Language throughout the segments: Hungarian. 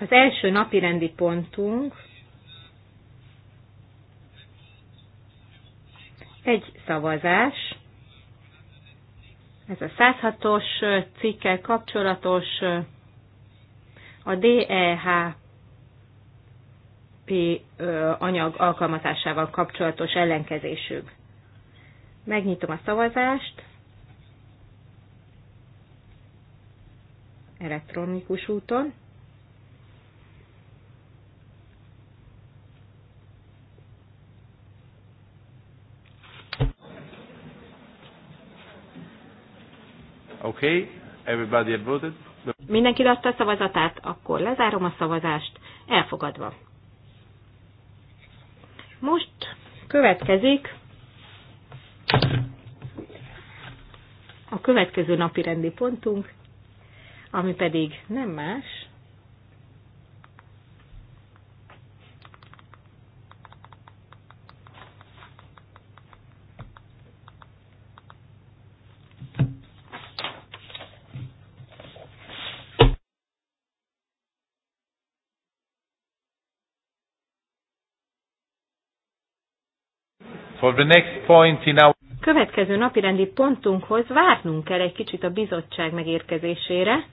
Az első napi rendi pontunk egy szavazás. Ez a 106-os cikkel kapcsolatos a DEHP anyag alkalmazásával kapcsolatos ellenkezésük. Megnyitom a szavazást. Elektronikus úton. Okay, everybody voted. Mindenki adta a szavazatát, akkor lezárom a szavazást, elfogadva. Most következik a következő napi rendi pontunk, ami pedig nem más, For the next point in our... Következő napirendi pontunkhoz várnunk kell egy kicsit a bizottság megérkezésére.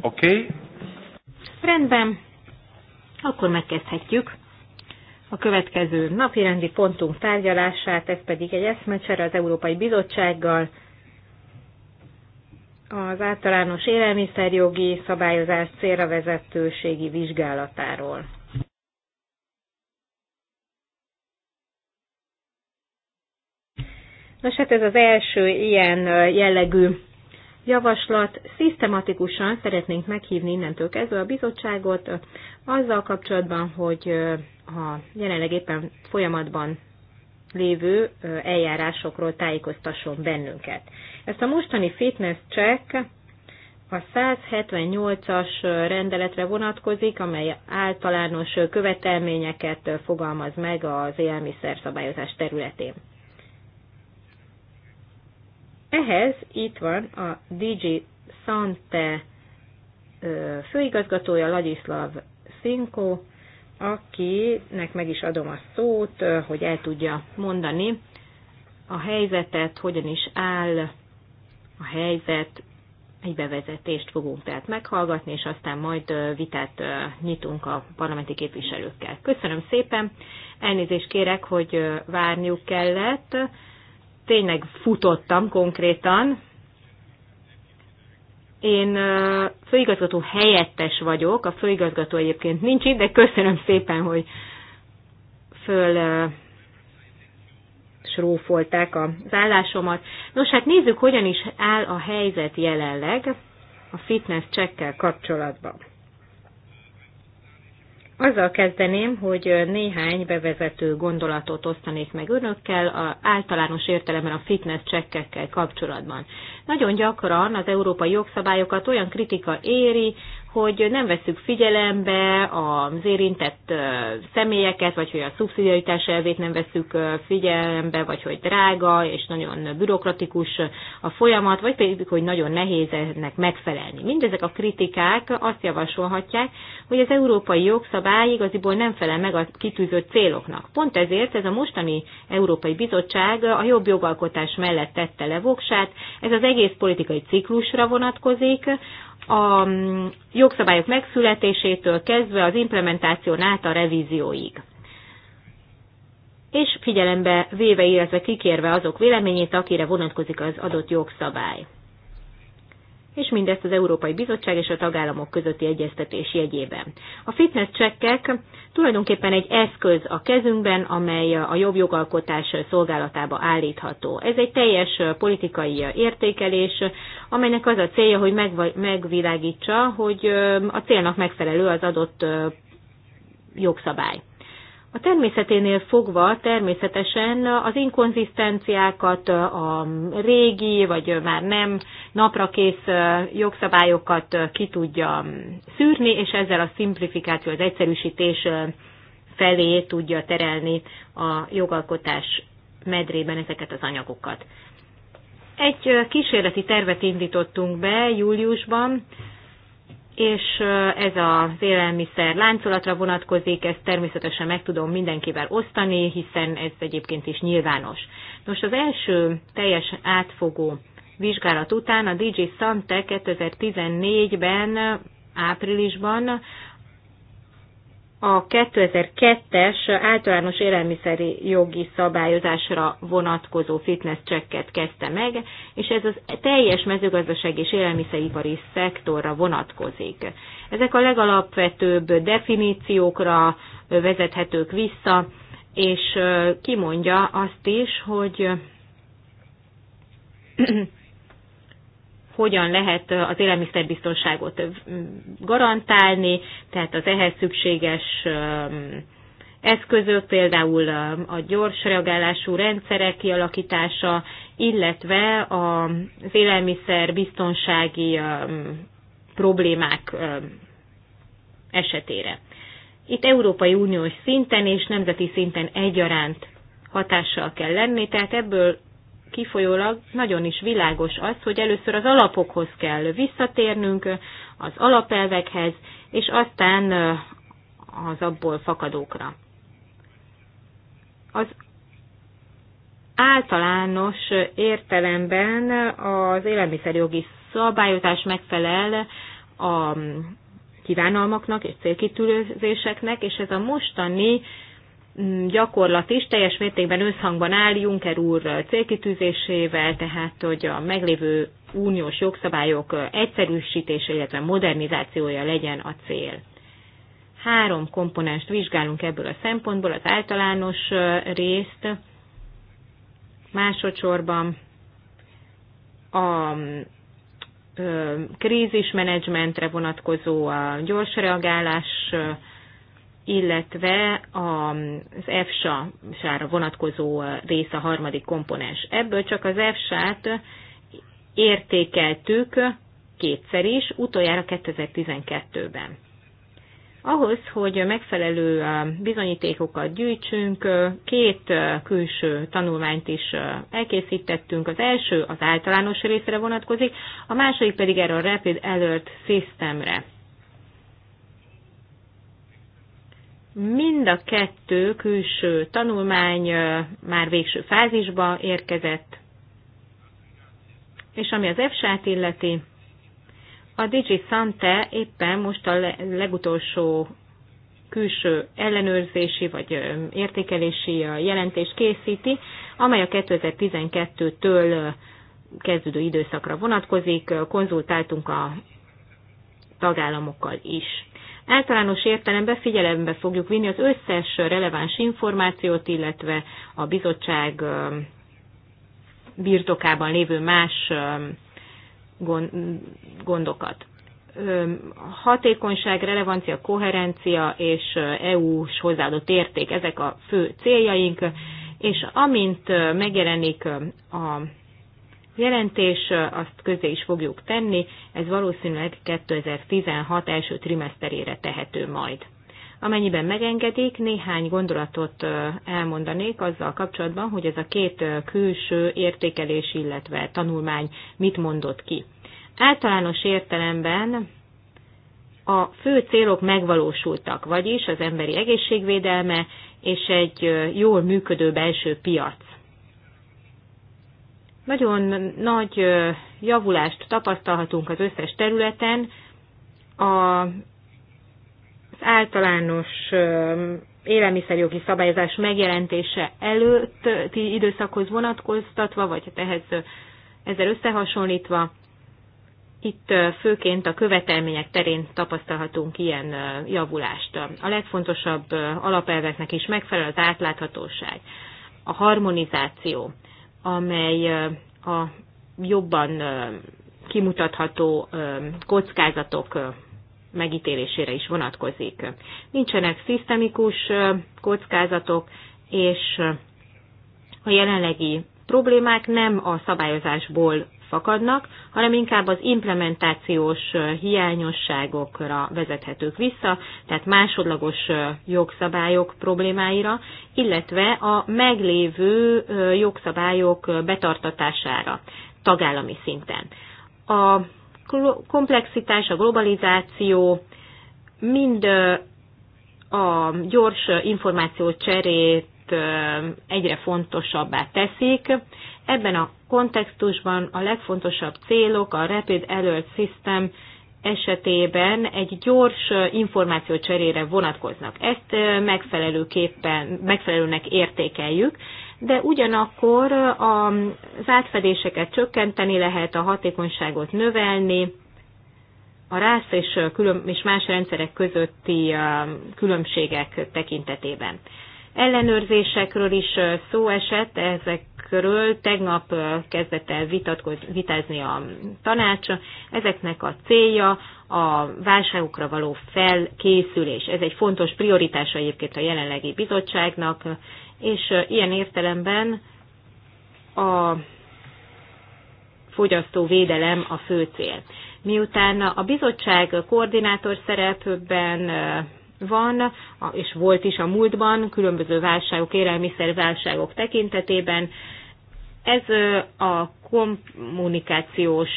Oké. Okay. Rendben. Akkor megkezdhetjük a következő napirendi pontunk tárgyalását, ez pedig egy eszmecsere az Európai Bizottsággal, az általános élelmiszerjogi szabályozás célra vezetőségi vizsgálatáról. Nos, hát ez az első ilyen jellegű javaslat. Szisztematikusan szeretnénk meghívni innentől kezdve a bizottságot azzal kapcsolatban, hogy a jelenleg éppen folyamatban lévő eljárásokról tájékoztasson bennünket. Ezt a mostani fitness check a 178-as rendeletre vonatkozik, amely általános követelményeket fogalmaz meg az élmiszer szabályozás területén. Ehhez itt van a DJ Sante főigazgatója, Ladislav Szinko, akinek meg is adom a szót, hogy el tudja mondani a helyzetet, hogyan is áll a helyzet, egy bevezetést fogunk tehát meghallgatni, és aztán majd vitát nyitunk a parlamenti képviselőkkel. Köszönöm szépen, elnézést kérek, hogy várniuk kellett, tényleg futottam konkrétan. Én főigazgató helyettes vagyok, a főigazgató egyébként nincs itt, de köszönöm szépen, hogy föl srófolták az állásomat. Nos, hát nézzük, hogyan is áll a helyzet jelenleg a fitness csekkel kapcsolatban. Azzal kezdeném, hogy néhány bevezető gondolatot osztanék meg önökkel a általános értelemben a fitness csekkekkel kapcsolatban. Nagyon gyakran az európai jogszabályokat olyan kritika éri, hogy nem veszük figyelembe az érintett személyeket, vagy hogy a szubszidiaritás elvét nem veszük figyelembe, vagy hogy drága és nagyon bürokratikus a folyamat, vagy pedig, hogy nagyon nehéz ennek megfelelni. Mindezek a kritikák azt javasolhatják, hogy az európai jogszabály igaziból nem felel meg a kitűzött céloknak. Pont ezért ez a mostani Európai Bizottság a jobb jogalkotás mellett tette le voksát, ez az egész politikai ciklusra vonatkozik, a jogszabályok megszületésétől kezdve az implementáción át a revízióig. És figyelembe véve, illetve kikérve azok véleményét, akire vonatkozik az adott jogszabály és mindezt az Európai Bizottság és a tagállamok közötti egyeztetés jegyében. A fitness csekkek tulajdonképpen egy eszköz a kezünkben, amely a jobb jogalkotás szolgálatába állítható. Ez egy teljes politikai értékelés, amelynek az a célja, hogy megvilágítsa, hogy a célnak megfelelő az adott jogszabály. A természeténél fogva természetesen az inkonzisztenciákat, a régi vagy már nem naprakész jogszabályokat ki tudja mm, szűrni, és ezzel a szimplifikáció, az egyszerűsítés felé tudja terelni a jogalkotás medrében ezeket az anyagokat. Egy kísérleti tervet indítottunk be júliusban, és ez az élelmiszer láncolatra vonatkozik, ezt természetesen meg tudom mindenkivel osztani, hiszen ez egyébként is nyilvános. Most az első teljes átfogó vizsgálat után a DJ Sante 2014-ben áprilisban a 2002-es általános élelmiszeri jogi szabályozásra vonatkozó fitness checket kezdte meg, és ez az teljes mezőgazdaság és élelmiszeripari szektorra vonatkozik. Ezek a legalapvetőbb definíciókra vezethetők vissza, és kimondja azt is, hogy hogyan lehet az élelmiszerbiztonságot garantálni, tehát az ehhez szükséges eszközök, például a gyors reagálású rendszerek kialakítása, illetve az élelmiszerbiztonsági problémák esetére. Itt Európai Uniós szinten és nemzeti szinten egyaránt hatással kell lenni, tehát ebből kifolyólag nagyon is világos az, hogy először az alapokhoz kell visszatérnünk, az alapelvekhez, és aztán az abból fakadókra. Az általános értelemben az élelmiszerjogi szabályozás megfelel a kívánalmaknak és célkitűzéseknek, és ez a mostani Mm, gyakorlat is teljes mértékben összhangban áll Juncker úr célkitűzésével, tehát hogy a meglévő uniós jogszabályok egyszerűsítése, illetve modernizációja legyen a cél. Három komponenst vizsgálunk ebből a szempontból, az általános részt, másodszorban a krízismenedzsmentre vonatkozó a gyors reagálás illetve az EFSA-sára vonatkozó rész a harmadik komponens. Ebből csak az EFSA-t értékeltük kétszer is, utoljára 2012-ben. Ahhoz, hogy megfelelő bizonyítékokat gyűjtsünk, két külső tanulmányt is elkészítettünk. Az első az általános részre vonatkozik, a második pedig erre a Rapid Alert Systemre Mind a kettő külső tanulmány már végső fázisba érkezett, és ami az EFSA-t illeti, a Digi Sante éppen most a legutolsó külső ellenőrzési vagy értékelési jelentést készíti, amely a 2012-től kezdődő időszakra vonatkozik. Konzultáltunk a tagállamokkal is. Általános értelemben figyelembe fogjuk vinni az összes releváns információt, illetve a bizottság birtokában lévő más gondokat. Hatékonyság, relevancia, koherencia és EU-s hozzáadott érték, ezek a fő céljaink, és amint megjelenik a jelentés, azt közé is fogjuk tenni, ez valószínűleg 2016 első trimeszterére tehető majd. Amennyiben megengedik, néhány gondolatot elmondanék azzal kapcsolatban, hogy ez a két külső értékelés, illetve tanulmány mit mondott ki. Általános értelemben a fő célok megvalósultak, vagyis az emberi egészségvédelme és egy jól működő belső piac. Nagyon nagy javulást tapasztalhatunk az összes területen. Az általános élelmiszerjogi szabályozás megjelentése előtti időszakhoz vonatkoztatva, vagy hát ehhez ezzel összehasonlítva, itt főként a követelmények terén tapasztalhatunk ilyen javulást. A legfontosabb alapelveknek is megfelel az átláthatóság, a harmonizáció, amely a jobban kimutatható kockázatok megítélésére is vonatkozik. Nincsenek szisztemikus kockázatok, és a jelenlegi problémák nem a szabályozásból fakadnak, hanem inkább az implementációs hiányosságokra vezethetők vissza, tehát másodlagos jogszabályok problémáira, illetve a meglévő jogszabályok betartatására tagállami szinten. A komplexitás, a globalizáció mind a gyors információ cserét egyre fontosabbá teszik. Ebben a kontextusban a legfontosabb célok a Rapid Alert System esetében egy gyors információcserére vonatkoznak. Ezt megfelelőképpen, megfelelőnek értékeljük, de ugyanakkor az átfedéseket csökkenteni lehet, a hatékonyságot növelni, a rász és, külön, és más rendszerek közötti különbségek tekintetében ellenőrzésekről is szó esett, ezekről tegnap kezdett el vitázni a tanács. Ezeknek a célja a válságokra való felkészülés. Ez egy fontos prioritása egyébként a jelenlegi bizottságnak, és ilyen értelemben a fogyasztóvédelem a fő cél. Miután a bizottság koordinátor szerepben van, és volt is a múltban, különböző válságok, válságok tekintetében. Ez a kommunikációs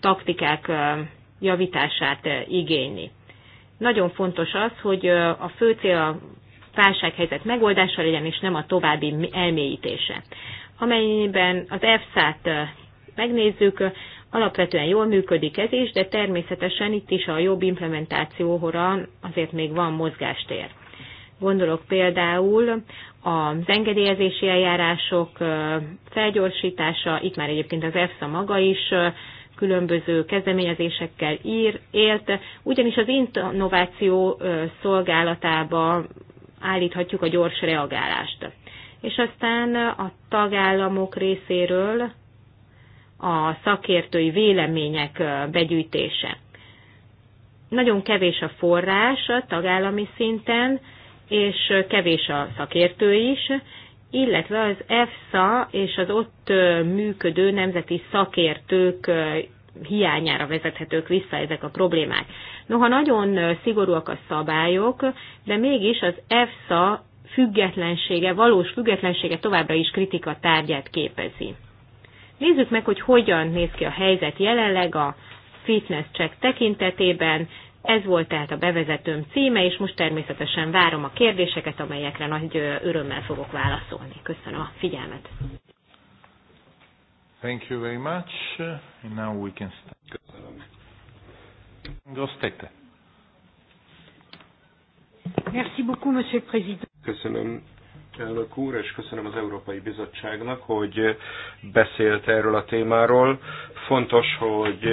taktikák javítását igényli. Nagyon fontos az, hogy a fő cél a válsághelyzet megoldása legyen, és nem a további elmélyítése. Amennyiben az EFSA-t megnézzük, Alapvetően jól működik ez is, de természetesen itt is a jobb implementációhora azért még van mozgástér. Gondolok például az engedélyezési eljárások felgyorsítása, itt már egyébként az EFSA maga is különböző kezdeményezésekkel ír, élt, ugyanis az innováció szolgálatába állíthatjuk a gyors reagálást. És aztán a tagállamok részéről a szakértői vélemények begyűjtése. Nagyon kevés a forrás a tagállami szinten, és kevés a szakértő is, illetve az EFSA és az ott működő nemzeti szakértők hiányára vezethetők vissza ezek a problémák. Noha nagyon szigorúak a szabályok, de mégis az EFSA függetlensége, valós függetlensége továbbra is kritika tárgyát képezi. Nézzük meg, hogy hogyan néz ki a helyzet jelenleg a fitness check tekintetében. Ez volt tehát a bevezetőm címe, és most természetesen várom a kérdéseket, amelyekre nagy örömmel fogok válaszolni. Köszönöm a figyelmet. Thank you very much. And now we can start. Köszönöm. Merci beaucoup, Monsieur le Président. Köszönöm, elnök úr, és köszönöm az Európai Bizottságnak, hogy beszélt erről a témáról. Fontos, hogy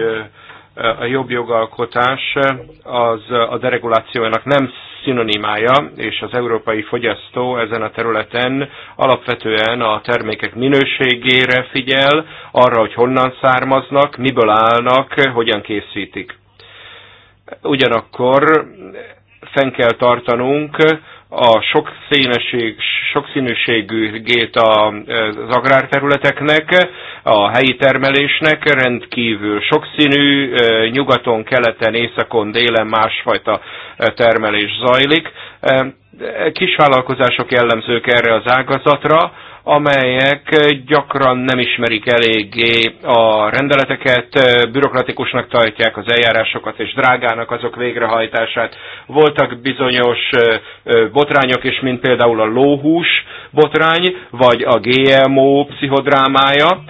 eh, a jobb jogalkotás az a deregulációnak nem szinonimája, és az európai fogyasztó ezen a területen alapvetően a termékek minőségére figyel, arra, hogy honnan származnak, miből állnak, hogyan készítik. Ugyanakkor fenn kell tartanunk a sokféleség, gét az agrárterületeknek, a helyi termelésnek rendkívül sokszínű, nyugaton, keleten, északon, délen másfajta termelés zajlik. Kisvállalkozások jellemzők erre az ágazatra, amelyek gyakran nem ismerik eléggé a rendeleteket, bürokratikusnak tartják az eljárásokat, és drágának azok végrehajtását. Voltak bizonyos botrányok is, mint például a lóhús botrány, vagy a GMO pszichodrámája,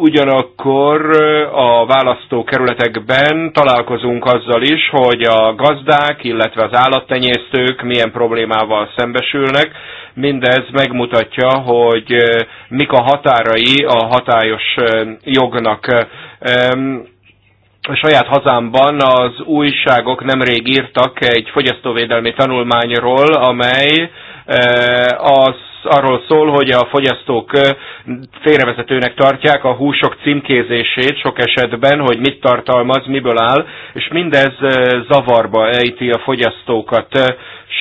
Ugyanakkor a választókerületekben találkozunk azzal is, hogy a gazdák, illetve az állattenyésztők milyen problémával szembesülnek. Mindez megmutatja, hogy mik a határai a hatályos jognak a saját hazámban az újságok nemrég írtak egy fogyasztóvédelmi tanulmányról, amely az arról szól, hogy a fogyasztók félrevezetőnek tartják a húsok címkézését sok esetben, hogy mit tartalmaz, miből áll, és mindez zavarba ejti a fogyasztókat.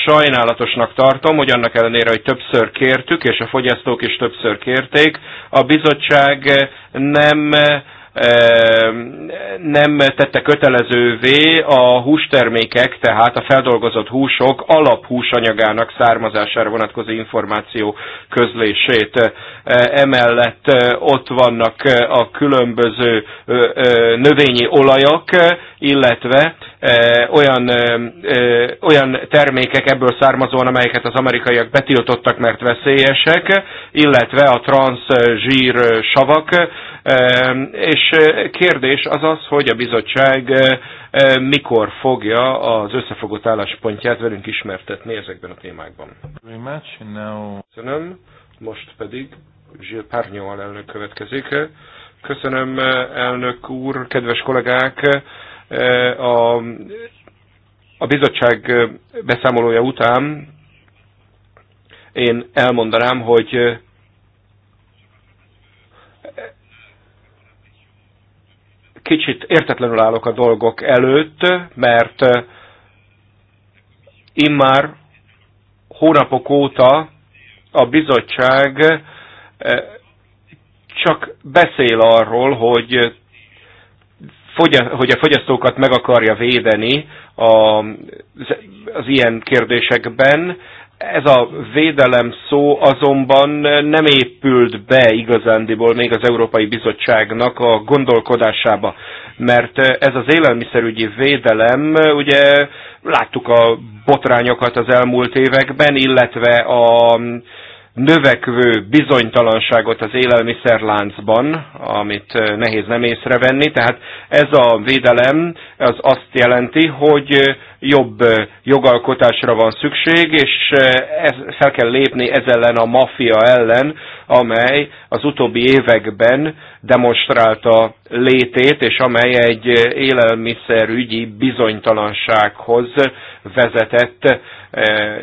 Sajnálatosnak tartom, hogy annak ellenére, hogy többször kértük, és a fogyasztók is többször kérték, a bizottság nem Ehm, nem tette kötelezővé a hústermékek, tehát a feldolgozott húsok alaphúsanyagának származására vonatkozó információ közlését. Ehm, emellett eh, ott vannak eh, a különböző eh, növényi olajak, illetve olyan, olyan termékek ebből származóan, amelyeket az amerikaiak betiltottak, mert veszélyesek, illetve a zsír savak. És kérdés az az, hogy a bizottság mikor fogja az összefogott álláspontját velünk ismertetni ezekben a témákban. Köszönöm. Most pedig zsír Párnyó elnök következik. Köszönöm, elnök úr, kedves kollégák! A, a bizottság beszámolója után én elmondanám, hogy kicsit értetlenül állok a dolgok előtt, mert immár hónapok óta a bizottság eh, csak beszél arról, hogy hogy a fogyasztókat meg akarja védeni az ilyen kérdésekben. Ez a védelem szó azonban nem épült be igazándiból még az Európai Bizottságnak a gondolkodásába, mert ez az élelmiszerügyi védelem, ugye láttuk a botrányokat az elmúlt években, illetve a növekvő bizonytalanságot az élelmiszerláncban, amit eh, nehéz nem észrevenni. Tehát ez a védelem az azt jelenti, hogy jobb jogalkotásra van szükség, és ez, fel kell lépni ez ellen a maffia ellen, amely az utóbbi években demonstrálta létét, és amely egy élelmiszerügyi bizonytalansághoz vezetett.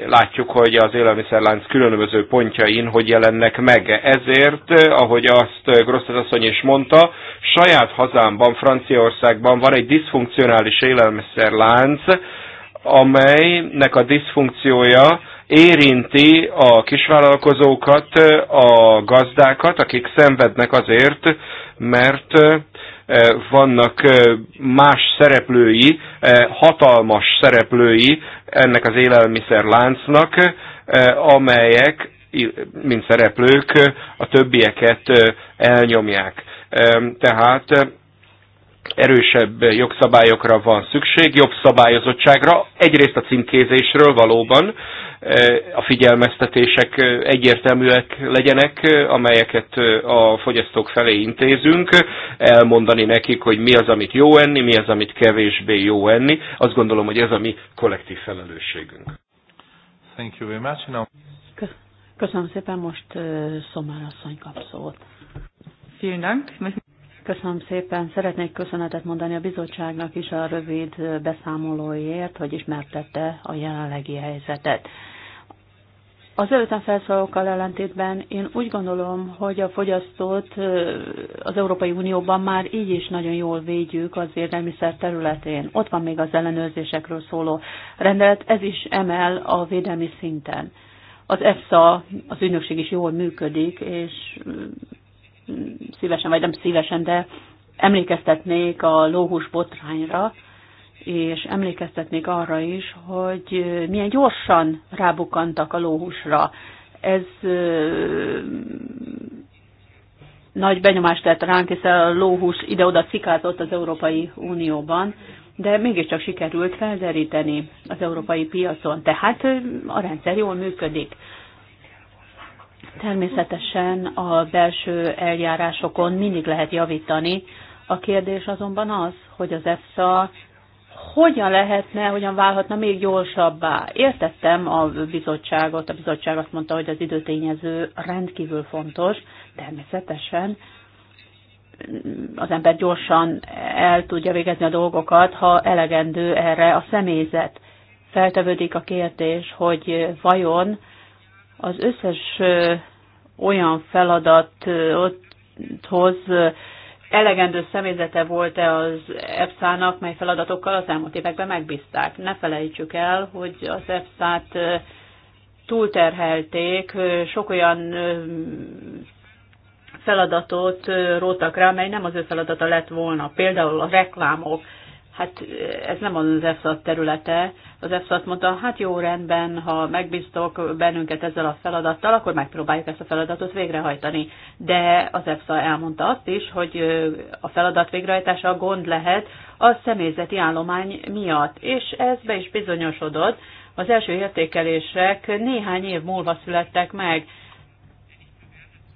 Látjuk, hogy az élelmiszerlánc különböző pontjain hogy jelennek meg. Ezért, ahogy azt Grosszett asszony is mondta, saját hazámban, Franciaországban van egy diszfunkció funkcionális élelmiszerlánc, amelynek a diszfunkciója érinti a kisvállalkozókat, a gazdákat, akik szenvednek azért, mert eh, vannak eh, más szereplői, eh, hatalmas szereplői ennek az élelmiszerláncnak, amelyek, mint szereplők, a többieket elnyomják. Tehát erősebb jogszabályokra van szükség, jobb szabályozottságra, egyrészt a címkézésről valóban, e, a figyelmeztetések egyértelműek legyenek, amelyeket e, a fogyasztók felé intézünk, elmondani nekik, hogy mi az, amit jó enni, mi az, amit kevésbé jó enni. Azt gondolom, hogy ez a mi kollektív felelősségünk. Thank you very much. Now... Köszönöm szépen, most uh, Szomár asszony kap szót. Vielen Dank. Köszönöm szépen. Szeretnék köszönetet mondani a bizottságnak is a rövid beszámolóért, hogy ismertette a jelenlegi helyzetet. Az előttem felszólókkal ellentétben én úgy gondolom, hogy a fogyasztót az Európai Unióban már így is nagyon jól védjük az élelmiszer területén. Ott van még az ellenőrzésekről szóló rendelet, ez is emel a védelmi szinten. Az EFSA, az ügynökség is jól működik, és szívesen, vagy nem szívesen, de emlékeztetnék a lóhús botrányra, és emlékeztetnék arra is, hogy milyen gyorsan rábukantak a lóhúsra. Ez nagy benyomást tett ránk, hiszen a lóhús ide-oda cikázott az Európai Unióban, de mégiscsak sikerült felderíteni az európai piacon. Tehát a rendszer jól működik. Természetesen a belső eljárásokon mindig lehet javítani. A kérdés azonban az, hogy az EFSA hogyan lehetne, hogyan válhatna még gyorsabbá. Értettem a bizottságot, a bizottság azt mondta, hogy az időtényező rendkívül fontos, természetesen az ember gyorsan el tudja végezni a dolgokat, ha elegendő erre a személyzet. Feltevődik a kérdés, hogy vajon az összes olyan feladathoz elegendő személyzete volt-e az EFSA-nak, mely feladatokkal az elmúlt években megbízták. Ne felejtsük el, hogy az EFSA-t túlterhelték, sok olyan feladatot rótak rá, mely nem az ő feladata lett volna. Például a reklámok, hát ez nem az EFSA területe. Az EFSA mondta, hát jó rendben, ha megbíztok bennünket ezzel a feladattal, akkor megpróbáljuk ezt a feladatot végrehajtani. De az EFSA elmondta azt is, hogy a feladat végrehajtása a gond lehet a személyzeti állomány miatt. És ez be is bizonyosodott. Az első értékelések néhány év múlva születtek meg,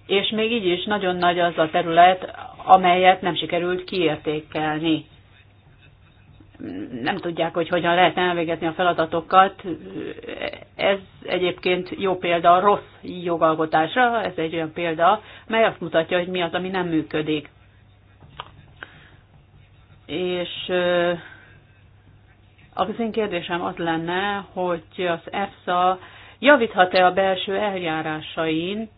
és még így is nagyon nagy az a terület, amelyet nem sikerült kiértékelni nem tudják, hogy hogyan lehetne elvégezni a feladatokat. Ez egyébként jó példa a rossz jogalkotásra, ez egy olyan példa, mely azt mutatja, hogy mi az, ami nem működik. És az én kérdésem az lenne, hogy az EFSA javíthat-e a belső eljárásain,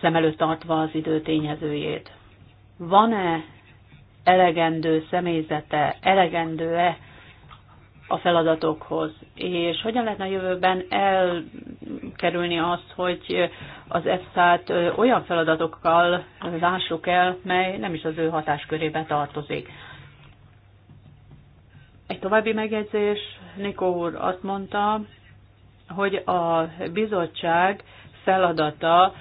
szem előtt tartva az időtényezőjét. Van-e elegendő személyzete, elegendő-e a feladatokhoz, és hogyan lehetne a jövőben elkerülni azt, hogy az EFSA-t olyan feladatokkal lássuk el, mely nem is az ő hatáskörébe tartozik. Egy további megjegyzés, Nikó úr azt mondta, hogy a bizottság feladata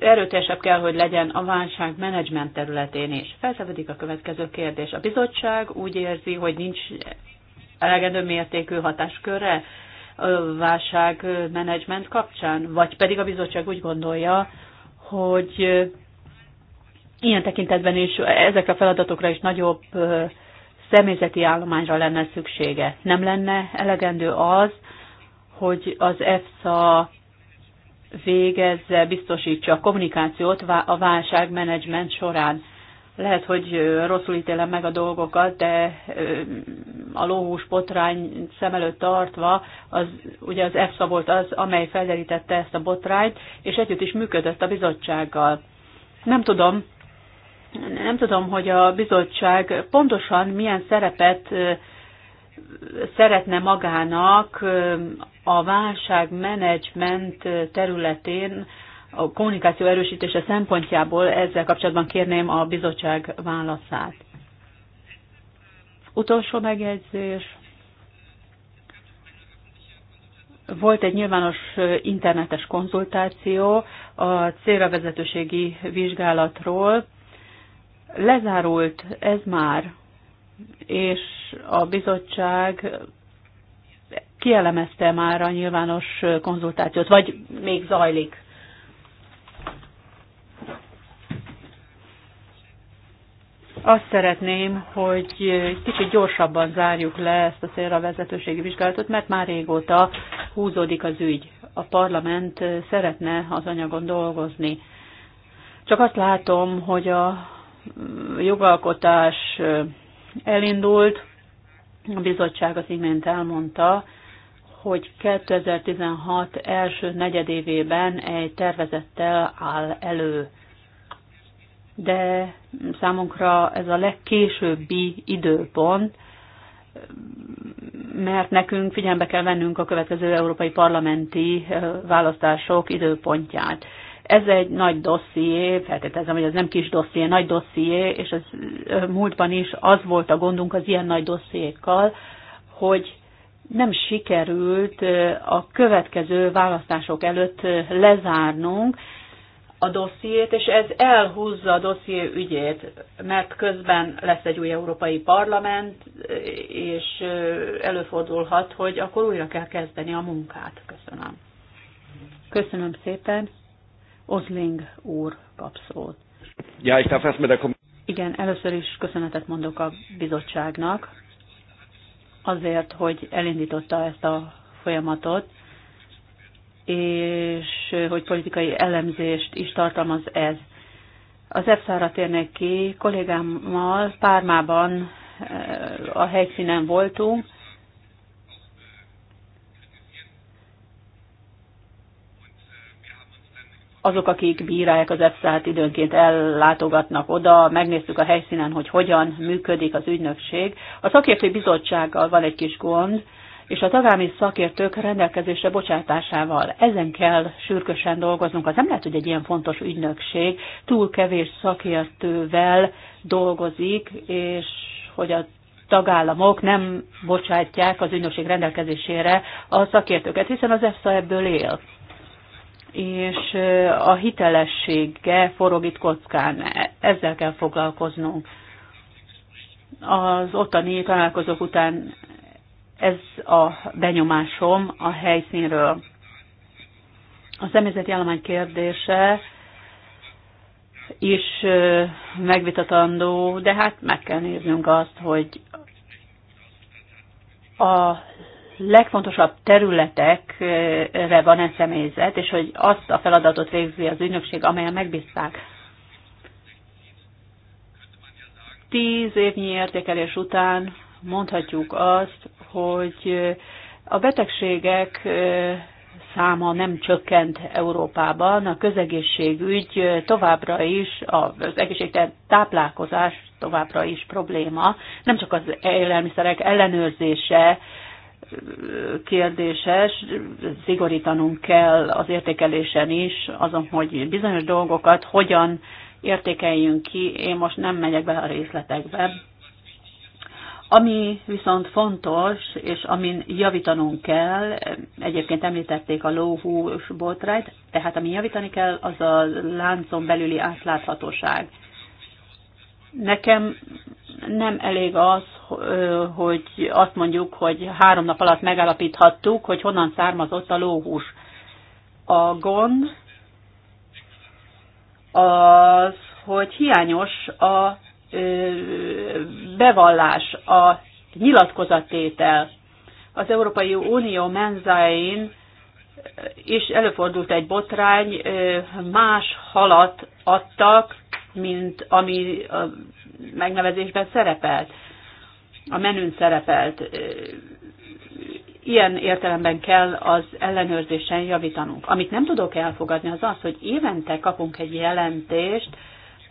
erőteljesebb kell, hogy legyen a válság menedzsment területén is. Felszabadik a következő kérdés. A bizottság úgy érzi, hogy nincs elegendő mértékű hatáskörre válság menedzsment kapcsán, vagy pedig a bizottság úgy gondolja, hogy ilyen tekintetben is ezekre a feladatokra is nagyobb személyzeti állományra lenne szüksége. Nem lenne elegendő az, hogy az EFSA végezze, biztosítsa a kommunikációt a válságmenedzsment során. Lehet, hogy rosszul ítélem meg a dolgokat, de a lóhús botrány szem előtt tartva, az, ugye az EFSA volt az, amely felderítette ezt a botrányt, és együtt is működött a bizottsággal. Nem tudom, nem tudom, hogy a bizottság pontosan milyen szerepet szeretne magának a válságmenedzsment területén a kommunikáció erősítése szempontjából ezzel kapcsolatban kérném a bizottság válaszát. Utolsó megjegyzés. Volt egy nyilvános internetes konzultáció a célra vezetőségi vizsgálatról. Lezárult ez már és a bizottság kielemezte már a nyilvános konzultációt, vagy még zajlik. Azt szeretném, hogy kicsit gyorsabban zárjuk le ezt a célra vezetőségi vizsgálatot, mert már régóta húzódik az ügy. A parlament szeretne az anyagon dolgozni. Csak azt látom, hogy a jogalkotás elindult. A bizottság az imént elmondta, hogy 2016 első negyedévében egy tervezettel áll elő. De számunkra ez a legkésőbbi időpont, mert nekünk figyelembe kell vennünk a következő európai parlamenti választások időpontját. Ez egy nagy dosszié, feltételezem, hogy ez nem kis dosszié, nagy dosszié, és ez múltban is az volt a gondunk az ilyen nagy dossziékkal, hogy nem sikerült a következő választások előtt lezárnunk a dossziét, és ez elhúzza a dosszié ügyét, mert közben lesz egy új európai parlament, és előfordulhat, hogy akkor újra kell kezdeni a munkát. Köszönöm. Köszönöm szépen. Ozling úr kap szót. Ja, ich darf erst mit der Igen, először is köszönetet mondok a bizottságnak azért, hogy elindította ezt a folyamatot, és hogy politikai elemzést is tartalmaz ez. Az EFSA-ra térnek ki, kollégámmal Pármában eh, a helyszínen voltunk, azok, akik bírálják az EFSA-t, időnként ellátogatnak oda, megnéztük a helyszínen, hogy hogyan működik az ügynökség. A szakértői bizottsággal van egy kis gond, és a tagállami szakértők rendelkezésre bocsátásával. Ezen kell sürgősen dolgoznunk. Az nem lehet, hogy egy ilyen fontos ügynökség túl kevés szakértővel dolgozik, és hogy a tagállamok nem bocsátják az ügynökség rendelkezésére a szakértőket, hiszen az EFSA ebből él és a hitelessége forog itt kockán. Ezzel kell foglalkoznunk. Az ottani találkozók után ez a benyomásom a helyszínről. A személyzeti állomány kérdése is megvitatandó, de hát meg kell néznünk azt, hogy a legfontosabb területekre van-e személyzet, és hogy azt a feladatot végzi az ügynökség, amelyen megbízták. Tíz évnyi értékelés után mondhatjuk azt, hogy a betegségek száma nem csökkent Európában, a közegészségügy továbbra is, az egészségtelen táplálkozás továbbra is probléma, nem csak az élelmiszerek ellenőrzése kérdéses, szigorítanunk kell az értékelésen is, azon, hogy bizonyos dolgokat hogyan értékeljünk ki, én most nem megyek bele a részletekbe. Ami viszont fontos, és amin javítanunk kell, egyébként említették a lóhús botrányt, tehát amin javítani kell, az a láncon belüli átláthatóság. Nekem nem elég az, hogy azt mondjuk, hogy három nap alatt megállapíthattuk, hogy honnan származott a lóhús. A gond az, hogy hiányos a bevallás, a nyilatkozattétel. Az Európai Unió menzáin és előfordult egy botrány, más halat adtak, mint ami a megnevezésben szerepelt a menün szerepelt. Ilyen értelemben kell az ellenőrzésen javítanunk. Amit nem tudok elfogadni, az az, hogy évente kapunk egy jelentést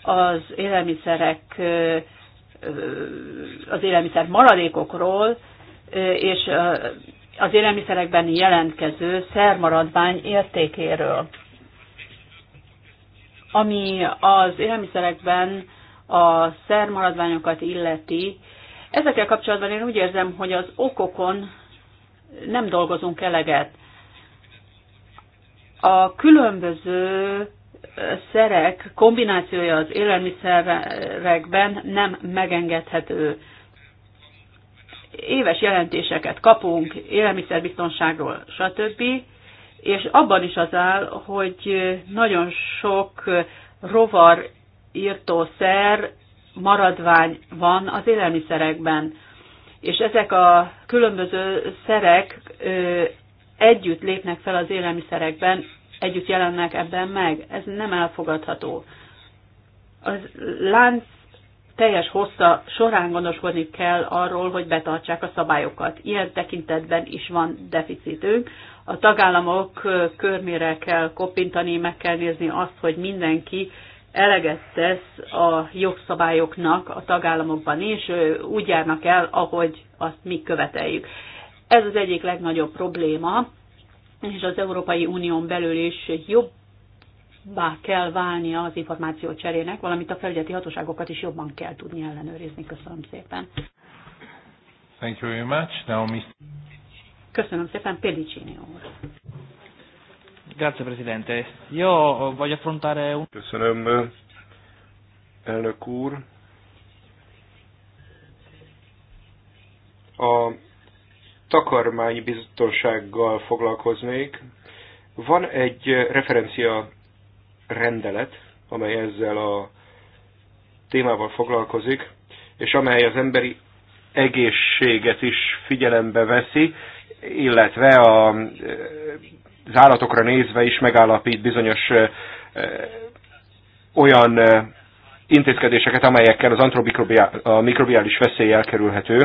az élelmiszerek, az élelmiszer maradékokról, és az élelmiszerekben jelentkező szermaradvány értékéről, ami az élelmiszerekben a szermaradványokat illeti, Ezekkel kapcsolatban én úgy érzem, hogy az okokon nem dolgozunk eleget. A különböző szerek kombinációja az élelmiszerekben nem megengedhető. Éves jelentéseket kapunk élelmiszerbiztonságról, stb. És abban is az áll, hogy nagyon sok rovar írtószer maradvány van az élelmiszerekben. És ezek a különböző szerek együtt lépnek fel az élelmiszerekben, együtt jelennek ebben meg. Ez nem elfogadható. Az lánc teljes hossza során gondoskodni kell arról, hogy betartsák a szabályokat. Ilyen tekintetben is van deficitünk. A tagállamok körmére kell kopintani, meg kell nézni azt, hogy mindenki eleget tesz a jogszabályoknak a tagállamokban is, úgy járnak el, ahogy azt mi követeljük. Ez az egyik legnagyobb probléma, és az Európai Unión belül is jobbá kell válnia az információ cserének, valamint a felügyeleti hatóságokat is jobban kell tudni ellenőrizni. Köszönöm szépen. Thank you very much. Now, Mr. Köszönöm szépen, Pedicini úr. Grazie Presidente. Io voglio affrontare un... Köszönöm, elnök úr. A takarmánybiztonsággal foglalkoznék. Van egy referencia rendelet, amely ezzel a témával foglalkozik, és amely az emberi egészséget is figyelembe veszi, illetve a az állatokra nézve is megállapít bizonyos olyan intézkedéseket, amelyekkel az antimikrobiális veszély elkerülhető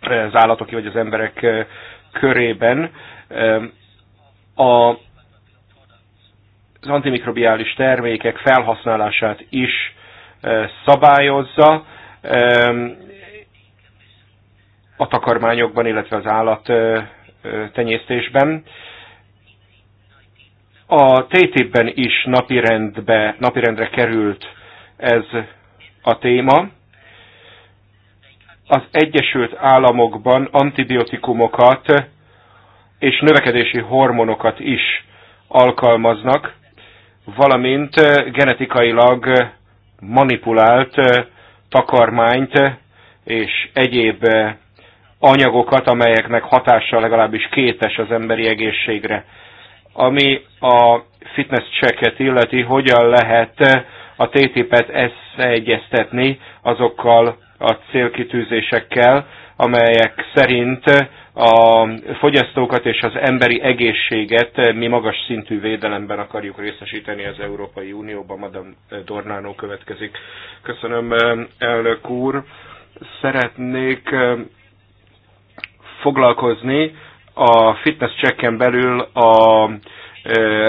az állatok vagy az emberek körében. A, az antimikrobiális termékek felhasználását is szabályozza a takarmányokban, illetve az állat tenyésztésben. A TTIP-ben is napirendbe, napirendre került ez a téma. Az Egyesült Államokban antibiotikumokat és növekedési hormonokat is alkalmaznak, valamint genetikailag manipulált takarmányt és egyéb anyagokat, amelyeknek hatása legalábbis kétes az emberi egészségre. Ami a fitness checket illeti, hogyan lehet a TTIP-et egyeztetni azokkal a célkitűzésekkel, amelyek szerint a fogyasztókat és az emberi egészséget mi magas szintű védelemben akarjuk részesíteni az Európai Unióban. Madam Dornánó következik. Köszönöm, elnök úr. Szeretnék foglalkozni a fitness checken belül a e,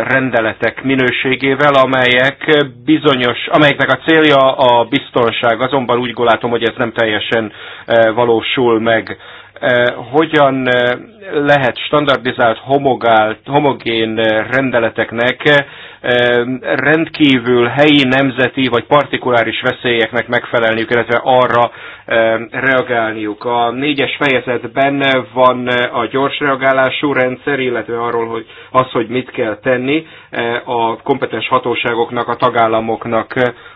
rendeletek minőségével, amelyek bizonyos, amelyeknek a célja a biztonság, azonban úgy gondolom, hogy ez nem teljesen e, valósul meg. Eh, hogyan eh, lehet standardizált, homogált, homogén eh, rendeleteknek rendkívül helyi, nemzeti vagy partikuláris veszélyeknek megfelelniük, illetve arra reagálniuk. A négyes fejezetben van a gyors reagálású rendszer, illetve arról, hogy az, hogy mit kell tenni a kompetens hatóságoknak, a tagállamoknak.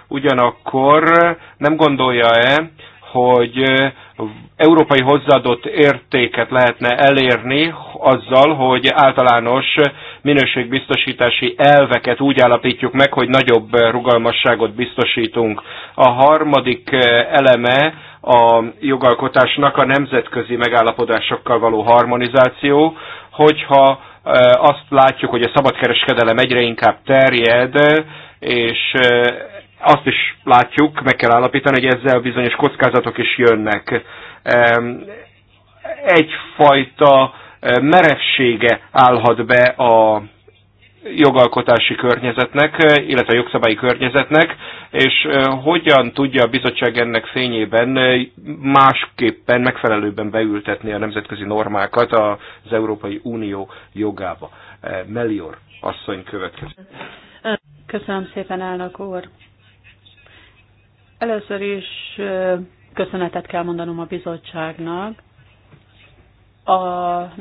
Ugyanakkor nem gondolja-e, hogy európai hozzáadott értéket lehetne elérni azzal, hogy általános minőségbiztosítási elveket úgy állapítjuk meg, hogy nagyobb rugalmasságot biztosítunk. A harmadik eleme a jogalkotásnak a nemzetközi megállapodásokkal való harmonizáció, hogyha azt látjuk, hogy a szabadkereskedelem egyre inkább terjed, és azt is látjuk, meg kell állapítani, hogy ezzel bizonyos kockázatok is jönnek. Egyfajta eh, merevsége állhat be a jogalkotási környezetnek, eh, illetve a jogszabályi környezetnek, és eh, hogyan tudja a bizottság ennek fényében másképpen, megfelelőben beültetni a nemzetközi normákat az Európai Unió jogába. Melior asszony következik. Köszönöm szépen, elnök úr. Először is köszönetet kell mondanom a bizottságnak a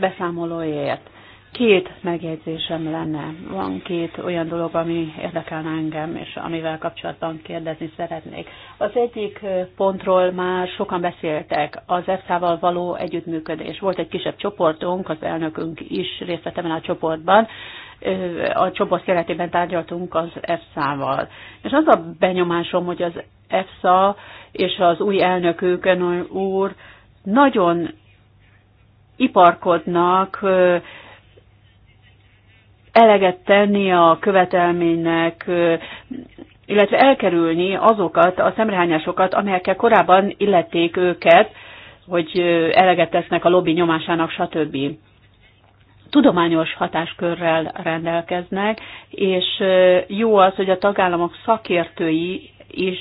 beszámolóért. Két megjegyzésem lenne. Van két olyan dolog, ami érdekel engem, és amivel kapcsolatban kérdezni szeretnék. Az egyik pontról már sokan beszéltek, az EFSA-val való együttműködés. Volt egy kisebb csoportunk, az elnökünk is részt vett a csoportban, a csoport keretében tárgyaltunk az EFSA-val. És az a benyomásom, hogy az EFSA és az új elnökük, Enol úr, nagyon iparkodnak eleget tenni a követelménynek, illetve elkerülni azokat a szemrehányásokat, amelyekkel korábban illették őket, hogy eleget tesznek a lobby nyomásának, stb tudományos hatáskörrel rendelkeznek, és jó az, hogy a tagállamok szakértői is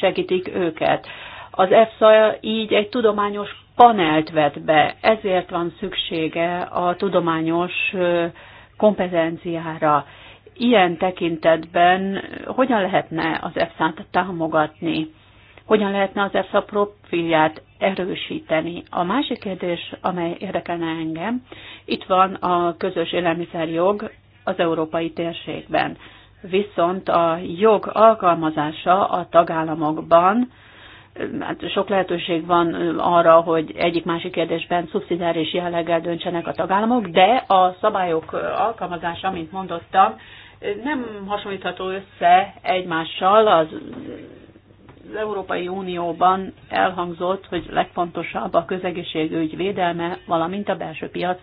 segítik őket. Az EFSA így egy tudományos panelt vet be, ezért van szüksége a tudományos kompetenciára. Ilyen tekintetben hogyan lehetne az EFSA-t támogatni? Hogyan lehetne az EFSA profilját erősíteni. A másik kérdés, amely érdekelne engem, itt van a közös élelmiszerjog az európai térségben. Viszont a jog alkalmazása a tagállamokban, hát sok lehetőség van arra, hogy egyik-másik kérdésben szubszidiáris jelleggel döntsenek a tagállamok, de a szabályok alkalmazása, mint mondottam, nem hasonlítható össze egymással az az Európai Unióban elhangzott, hogy legfontosabb a közegészségügy védelme, valamint a belső piac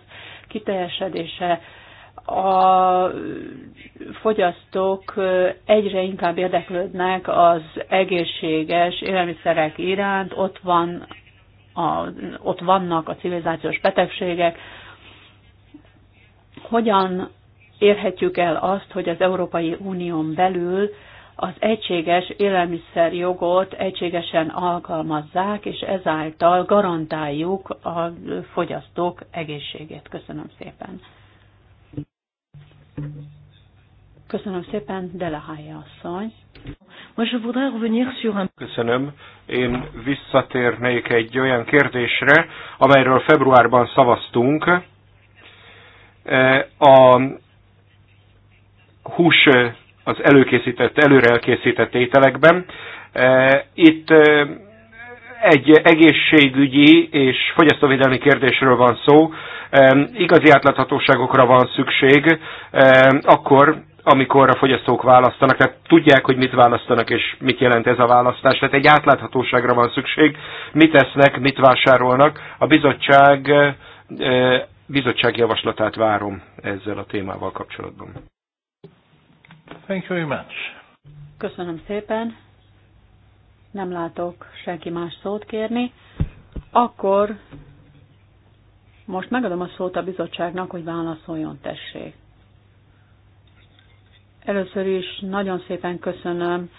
kiteljesedése. A fogyasztók egyre inkább érdeklődnek az egészséges élelmiszerek iránt, ott, van a, ott vannak a civilizációs betegségek. Hogyan érhetjük el azt, hogy az Európai Unión belül az egységes élelmiszerjogot egységesen alkalmazzák, és ezáltal garantáljuk a fogyasztók egészségét. Köszönöm szépen. Köszönöm szépen, Delehája asszony. Köszönöm. Én visszatérnék egy olyan kérdésre, amelyről februárban szavaztunk. E, a hús az előkészített, előre elkészített ételekben. E, itt e, egy egészségügyi és fogyasztóvédelmi kérdésről van szó. E, igazi átláthatóságokra van szükség, akkor, amikor a fogyasztók választanak, tehát tudják, hogy mit választanak és mit jelent ez a választás. Tehát egy átláthatóságra van szükség, mit esznek, mit vásárolnak. A bizottság, bizottság javaslatát várom ezzel a témával kapcsolatban. Thank you very much. Köszönöm szépen. Nem látok senki más szót kérni. Akkor most megadom a szót a bizottságnak, hogy válaszoljon, tessék. Először is nagyon szépen köszönöm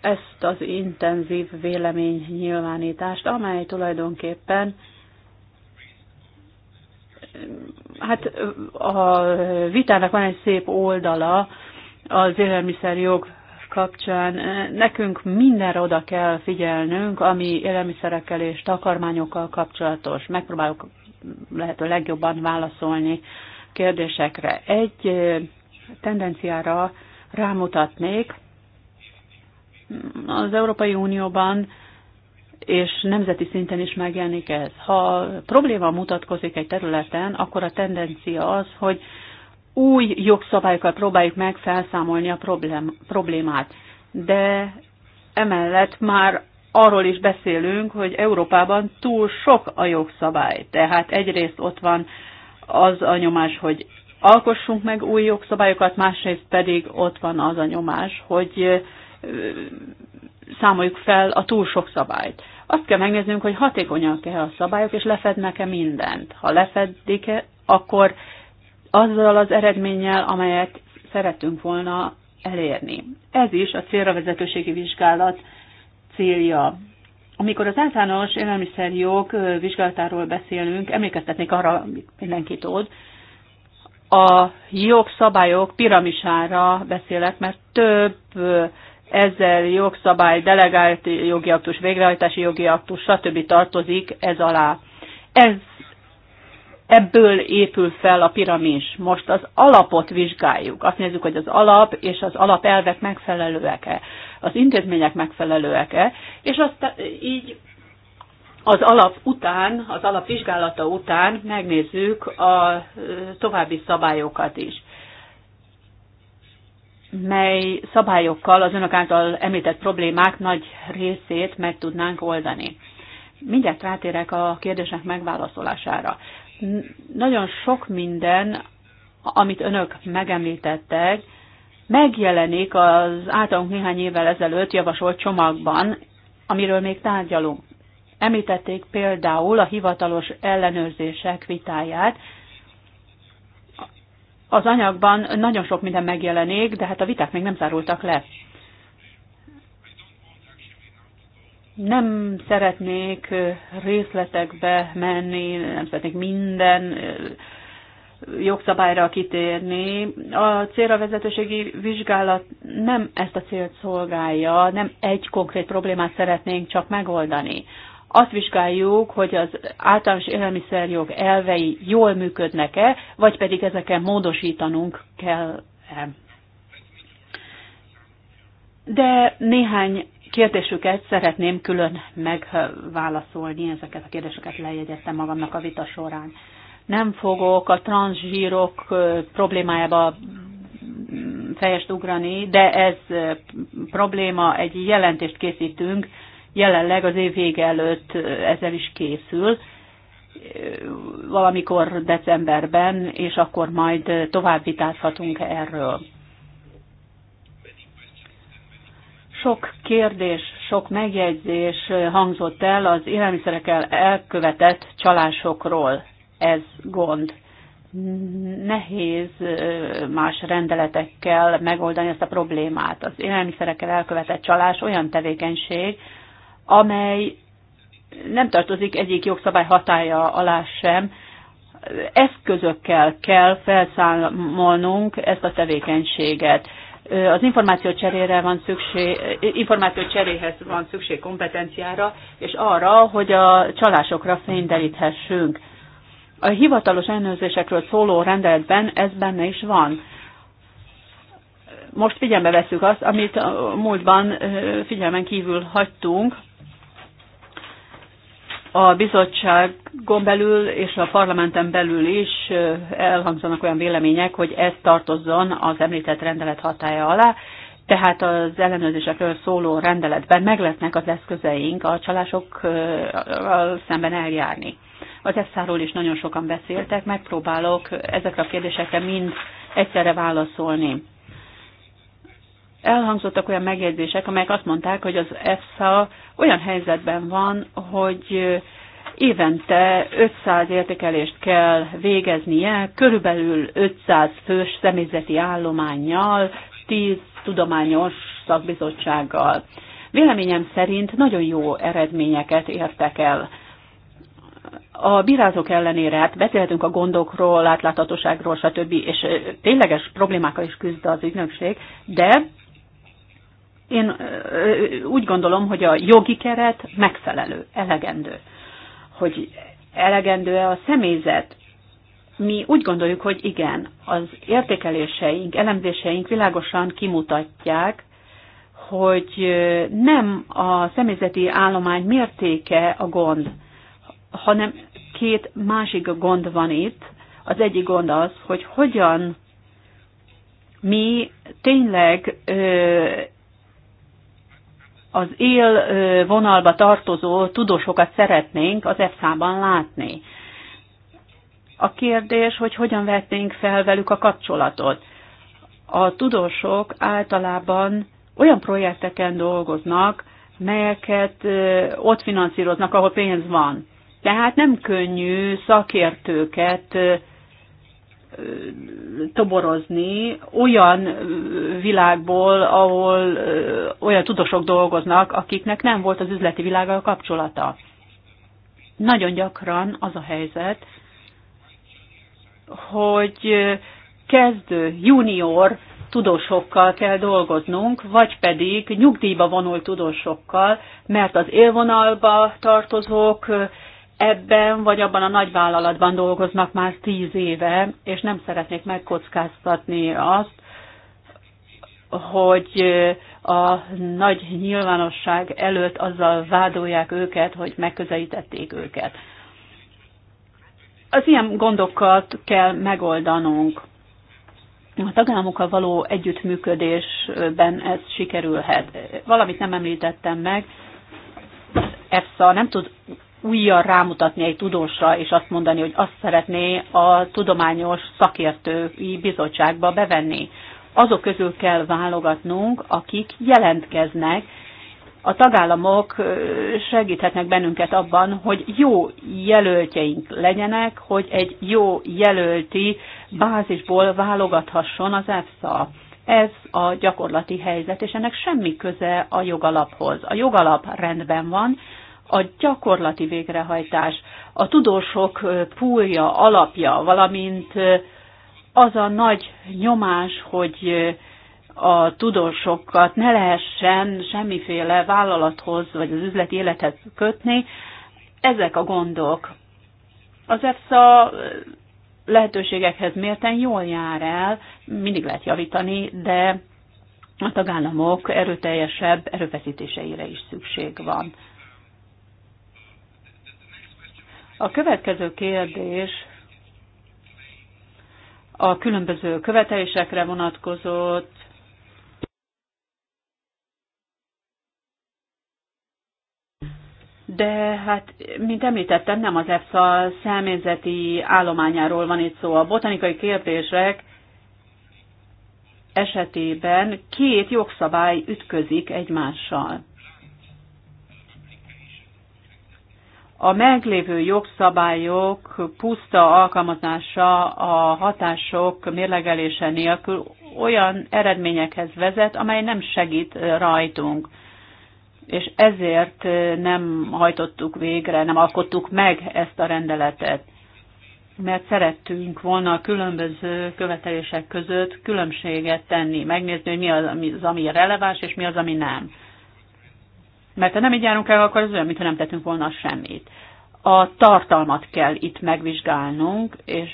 ezt az intenzív véleménynyilvánítást, amely tulajdonképpen hát a vitának van egy szép oldala az élelmiszerjog kapcsán. Nekünk mindenre oda kell figyelnünk, ami élelmiszerekkel és takarmányokkal kapcsolatos. Megpróbálok lehető legjobban válaszolni kérdésekre. Egy tendenciára rámutatnék. Az Európai Unióban és nemzeti szinten is megjelenik ez. Ha probléma mutatkozik egy területen, akkor a tendencia az, hogy új jogszabályokkal próbáljuk meg felszámolni a problém, problémát. De emellett már arról is beszélünk, hogy Európában túl sok a jogszabály. Tehát egyrészt ott van az a nyomás, hogy alkossunk meg új jogszabályokat, másrészt pedig ott van az a nyomás, hogy számoljuk fel a túl sok szabályt. Azt kell megnéznünk, hogy hatékonyak-e a szabályok, és lefednek-e mindent. Ha lefedik-e, akkor azzal az eredménnyel, amelyet szeretünk volna elérni. Ez is a célra vezetőségi vizsgálat célja. Amikor az általános élelmiszerjog vizsgálatáról beszélünk, emlékeztetnék arra, amit mindenki tud, a jogszabályok piramisára beszélek, mert több ezzel jogszabály, delegált jogi aktus, végrehajtási jogi aktus, stb. tartozik ez alá. Ez ebből épül fel a piramis. Most az alapot vizsgáljuk. Azt nézzük, hogy az alap és az alapelvek megfelelőek-e, az intézmények megfelelőek-e, és azt így az alap után, az alap vizsgálata után megnézzük a további szabályokat is mely szabályokkal az önök által említett problémák nagy részét meg tudnánk oldani. Mindjárt rátérek a kérdések megválaszolására. Nagyon sok minden, amit önök megemlítettek, megjelenik az általunk néhány évvel ezelőtt javasolt csomagban, amiről még tárgyalunk. Említették például a hivatalos ellenőrzések vitáját, az anyagban nagyon sok minden megjelenik, de hát a viták még nem zárultak le. Nem szeretnék részletekbe menni, nem szeretnék minden jogszabályra kitérni. A célra vezetőségi vizsgálat nem ezt a célt szolgálja, nem egy konkrét problémát szeretnénk csak megoldani azt vizsgáljuk, hogy az általános élelmiszerjog elvei jól működnek-e, vagy pedig ezeken módosítanunk kell -e. De néhány kérdésüket szeretném külön megválaszolni, ezeket a kérdéseket lejegyeztem magamnak a vita során. Nem fogok a transzsírok problémájába fejest ugrani, de ez probléma, egy jelentést készítünk jelenleg az év vége előtt ezzel is készül, valamikor decemberben, és akkor majd tovább vitázhatunk erről. Sok kérdés, sok megjegyzés hangzott el az élelmiszerekkel elkövetett csalásokról. Ez gond. Nehéz más rendeletekkel megoldani ezt a problémát. Az élelmiszerekkel elkövetett csalás olyan tevékenység, amely nem tartozik egyik jogszabály hatája alá sem. Eszközökkel kell felszámolnunk ezt a tevékenységet. Az információ cserére van szükség, információ cseréhez van szükség kompetenciára, és arra, hogy a csalásokra fényderíthessünk. A hivatalos ellenőrzésekről szóló rendeletben ez benne is van. Most figyelme veszük azt, amit a múltban figyelmen kívül hagytunk, a bizottságon belül és a parlamenten belül is elhangzanak olyan vélemények, hogy ez tartozzon az említett rendelet hatája alá, tehát az ellenőrzésekről szóló rendeletben meg lesznek az eszközeink a csalásokkal szemben eljárni. Az EFSA-ról is nagyon sokan beszéltek, megpróbálok ezekre a kérdésekre mind egyszerre válaszolni elhangzottak olyan megjegyzések, amelyek azt mondták, hogy az EFSA olyan helyzetben van, hogy évente 500 értékelést kell végeznie, körülbelül 500 fős személyzeti állományjal, 10 tudományos szakbizottsággal. Véleményem szerint nagyon jó eredményeket értek el. A bírázók ellenére, hát beszélhetünk a gondokról, átláthatóságról, stb., és tényleges problémákkal is küzd az ügynökség, de én úgy gondolom, hogy a jogi keret megfelelő, elegendő. Hogy elegendő-e a személyzet? Mi úgy gondoljuk, hogy igen, az értékeléseink, elemzéseink világosan kimutatják, hogy nem a személyzeti állomány mértéke a gond, hanem két másik gond van itt. Az egyik gond az, hogy hogyan mi tényleg ö, az él vonalba tartozó tudósokat szeretnénk az EFSA-ban látni. A kérdés, hogy hogyan vetnénk fel velük a kapcsolatot. A tudósok általában olyan projekteken dolgoznak, melyeket ott finanszíroznak, ahol pénz van. Tehát nem könnyű szakértőket toborozni olyan világból, ahol olyan tudósok dolgoznak, akiknek nem volt az üzleti világgal kapcsolata. Nagyon gyakran az a helyzet, hogy kezdő, junior tudósokkal kell dolgoznunk, vagy pedig nyugdíjba vonult tudósokkal, mert az élvonalba tartozók ebben vagy abban a nagyvállalatban dolgoznak már tíz éve, és nem szeretnék megkockáztatni azt, hogy a nagy nyilvánosság előtt azzal vádolják őket, hogy megközelítették őket. Az ilyen gondokat kell megoldanunk. A tagállamokkal való együttműködésben ez sikerülhet. Valamit nem említettem meg, EFSA nem tud újra rámutatni egy tudósra, és azt mondani, hogy azt szeretné a tudományos szakértői bizottságba bevenni. Azok közül kell válogatnunk, akik jelentkeznek, a tagállamok segíthetnek bennünket abban, hogy jó jelöltjeink legyenek, hogy egy jó jelölti bázisból válogathasson az EFSA. Ez a gyakorlati helyzet, és ennek semmi köze a jogalaphoz. A jogalap rendben van, a gyakorlati végrehajtás, a tudósok púlja, alapja, valamint az a nagy nyomás, hogy a tudósokat ne lehessen semmiféle vállalathoz vagy az üzleti élethez kötni, ezek a gondok. Az EFSA lehetőségekhez mérten jól jár el, mindig lehet javítani, de a tagállamok erőteljesebb erőfeszítéseire is szükség van. A következő kérdés a különböző követelésekre vonatkozott, De hát, mint említettem, nem az EFSA személyzeti állományáról van itt szó. A botanikai kérdések esetében két jogszabály ütközik egymással. A meglévő jogszabályok puszta alkalmazása a hatások mérlegelése nélkül olyan eredményekhez vezet, amely nem segít rajtunk. És ezért nem hajtottuk végre, nem alkottuk meg ezt a rendeletet mert szerettünk volna a különböző követelések között különbséget tenni, megnézni, hogy mi az, ami, az, ami releváns, és mi az, ami nem. Mert ha nem így járunk el, akkor az olyan, mintha nem tettünk volna semmit. A tartalmat kell itt megvizsgálnunk, és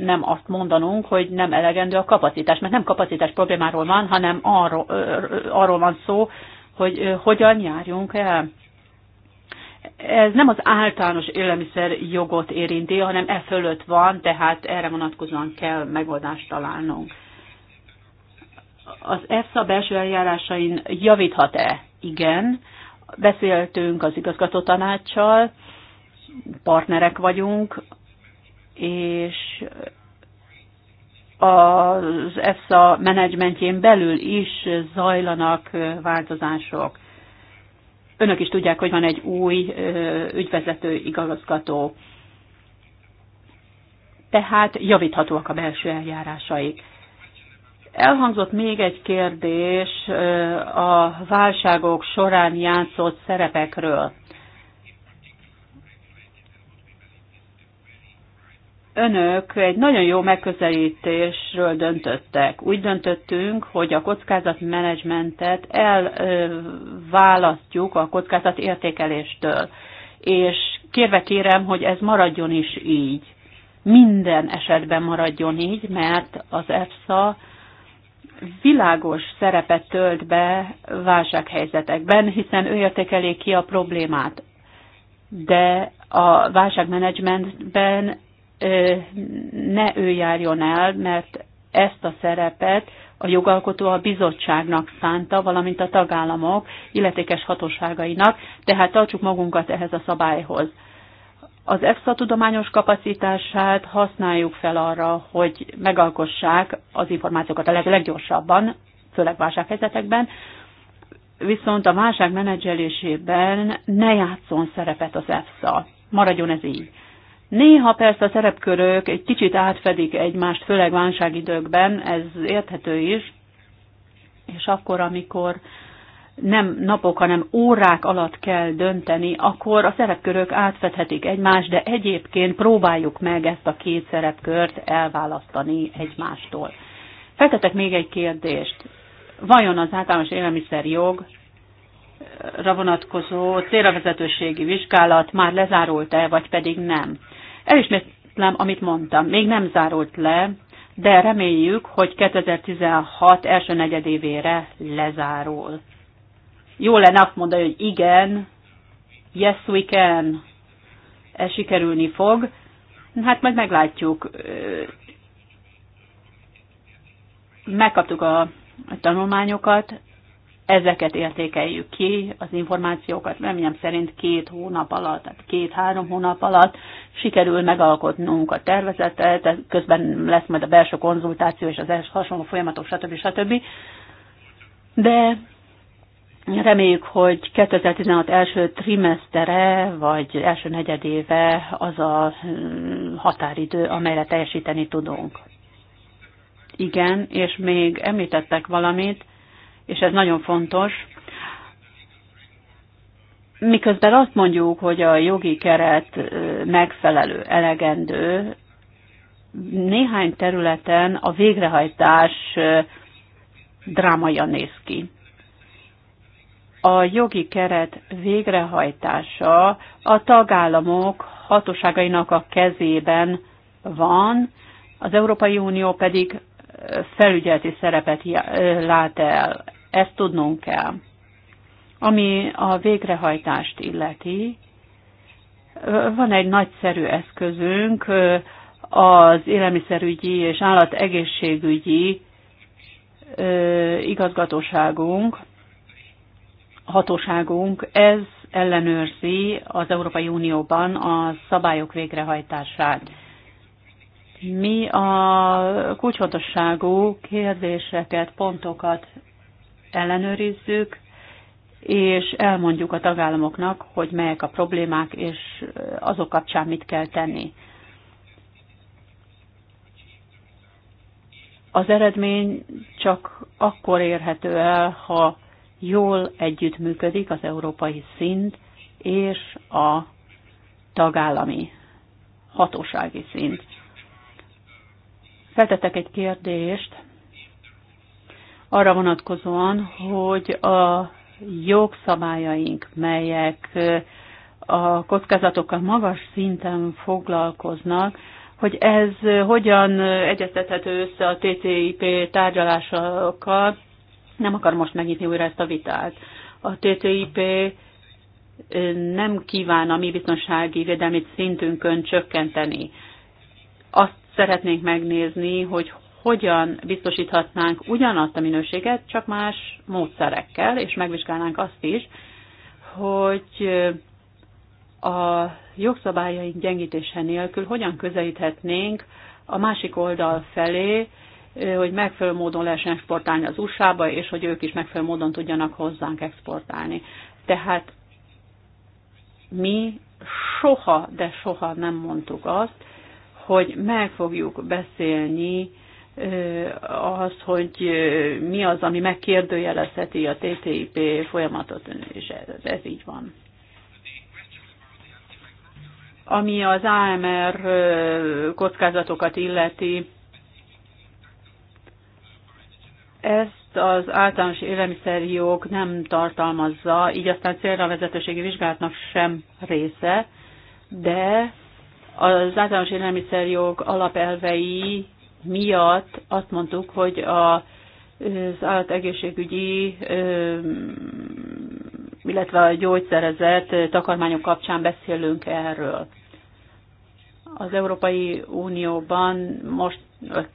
nem azt mondanunk, hogy nem elegendő a kapacitás, mert nem kapacitás problémáról van, hanem arról, arról van szó, hogy hogyan járjunk el. Ez nem az általános élelmiszer jogot érinti, hanem e fölött van, tehát erre vonatkozóan kell megoldást találnunk. Az EFSA belső eljárásain javíthat-e igen, beszéltünk az igazgató tanácssal, partnerek vagyunk, és az EFSA menedzsmentjén belül is zajlanak változások. Önök is tudják, hogy van egy új ügyvezető igazgató. Tehát javíthatóak a belső eljárásaik. Elhangzott még egy kérdés a válságok során játszott szerepekről. Önök egy nagyon jó megközelítésről döntöttek. Úgy döntöttünk, hogy a kockázatmenedzsmentet elválasztjuk a kockázat értékeléstől, és kérve kérem, hogy ez maradjon is így. Minden esetben maradjon így, mert az EFSA világos szerepet tölt be válsághelyzetekben, hiszen ő értékeli ki a problémát. De a válságmenedzsmentben ne ő járjon el, mert ezt a szerepet a jogalkotó a bizottságnak szánta, valamint a tagállamok illetékes hatóságainak, tehát tartsuk magunkat ehhez a szabályhoz az EFSA tudományos kapacitását használjuk fel arra, hogy megalkossák az információkat a leggyorsabban, főleg válsághelyzetekben, viszont a válság menedzselésében ne játszon szerepet az EFSA. Maradjon ez így. Néha persze a szerepkörök egy kicsit átfedik egymást, főleg válságidőkben, ez érthető is, és akkor, amikor uh, nem napok, hanem órák alatt kell dönteni, akkor a szerepkörök átfedhetik egymást, de egyébként próbáljuk meg ezt a két szerepkört elválasztani egymástól. Feltetek még egy kérdést. Vajon az általános élelmiszerjog vonatkozó célravezetőségi vizsgálat már lezárult-e, vagy pedig nem? Elismétlem, amit mondtam, még nem zárult le, de reméljük, hogy 2016 első negyedévére lezárul. Jó lenne azt mondani, hogy igen, yes we can, ez sikerülni fog. Hát majd meglátjuk. Megkaptuk a, tanulmányokat, ezeket értékeljük ki, az információkat reményem szerint két hónap alatt, tehát két-három hónap alatt sikerül megalkotnunk a tervezetet, közben lesz majd a belső konzultáció és az hasonló folyamatok, stb. stb. De Reméljük, hogy 2016 első trimestere vagy első negyedéve az a hm, határidő, amelyre teljesíteni tudunk. Igen, és még említettek valamit, és ez nagyon fontos. Miközben azt mondjuk, hogy a jogi keret hm, megfelelő, elegendő, néhány területen a végrehajtás hm, drámaian néz ki a jogi keret végrehajtása a tagállamok hatóságainak a kezében van, az Európai Unió pedig felügyeleti szerepet lát el. Ezt tudnunk kell. Ami a végrehajtást illeti, van egy nagyszerű eszközünk, az élelmiszerügyi és állategészségügyi igazgatóságunk, hatóságunk, ez ellenőrzi az Európai Unióban a szabályok végrehajtását. Mi a kulcsfontosságú kérdéseket, pontokat ellenőrizzük, és elmondjuk a tagállamoknak, hogy melyek a problémák, és azok kapcsán mit kell tenni. Az eredmény csak akkor érhető el, ha jól együttműködik az európai szint és a tagállami hatósági szint. Feltettek egy kérdést arra vonatkozóan, hogy a jogszabályaink, melyek a kockázatokkal magas szinten foglalkoznak, hogy ez hogyan egyeztethető össze a TTIP tárgyalásokkal, nem akar most megnyitni újra ezt a vitát. A TTIP nem kíván a mi biztonsági védelmi szintünkön csökkenteni. Azt szeretnénk megnézni, hogy hogyan biztosíthatnánk ugyanazt a minőséget, csak más módszerekkel, és megvizsgálnánk azt is, hogy a jogszabályaink gyengítése nélkül hogyan közelíthetnénk a másik oldal felé, hogy megfelelő módon lehessen exportálni az USA-ba, és hogy ők is megfelelő módon tudjanak hozzánk exportálni. Tehát mi soha, de soha nem mondtuk azt, hogy meg fogjuk beszélni az, hogy mi az, ami megkérdőjelezheti a TTIP folyamatot, és ez, ez így van. Ami az AMR kockázatokat illeti, ezt az általános élelmiszerjog nem tartalmazza, így aztán célra vezetőségi vizsgálatnak sem része, de az általános élelmiszerjog alapelvei miatt azt mondtuk, hogy a, az állategészségügyi, illetve a gyógyszerezett takarmányok kapcsán beszélünk erről az Európai Unióban most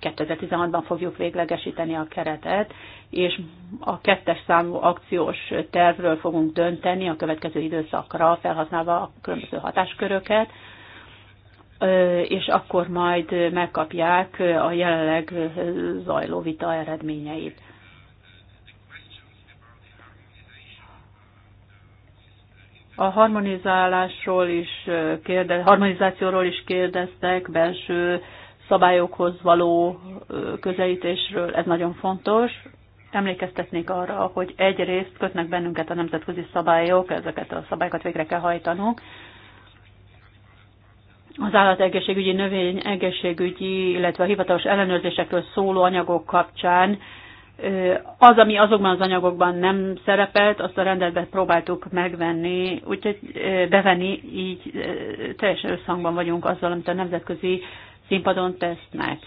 2016-ban fogjuk véglegesíteni a keretet, és a kettes számú akciós tervről fogunk dönteni a következő időszakra, felhasználva a különböző hatásköröket, és akkor majd megkapják a jelenleg zajló vita eredményeit. A harmonizálásról is kérdez, harmonizációról is kérdeztek, belső szabályokhoz való közelítésről, ez nagyon fontos. Emlékeztetnék arra, hogy egyrészt kötnek bennünket a nemzetközi szabályok, ezeket a szabályokat végre kell hajtanunk, az állategészségügyi, növény egészségügyi, illetve a hivatalos ellenőrzésekről szóló anyagok kapcsán az, ami azokban az anyagokban nem szerepelt, azt a rendeletben próbáltuk megvenni, úgyhogy bevenni, így teljesen összhangban vagyunk azzal, amit a nemzetközi színpadon tesznek.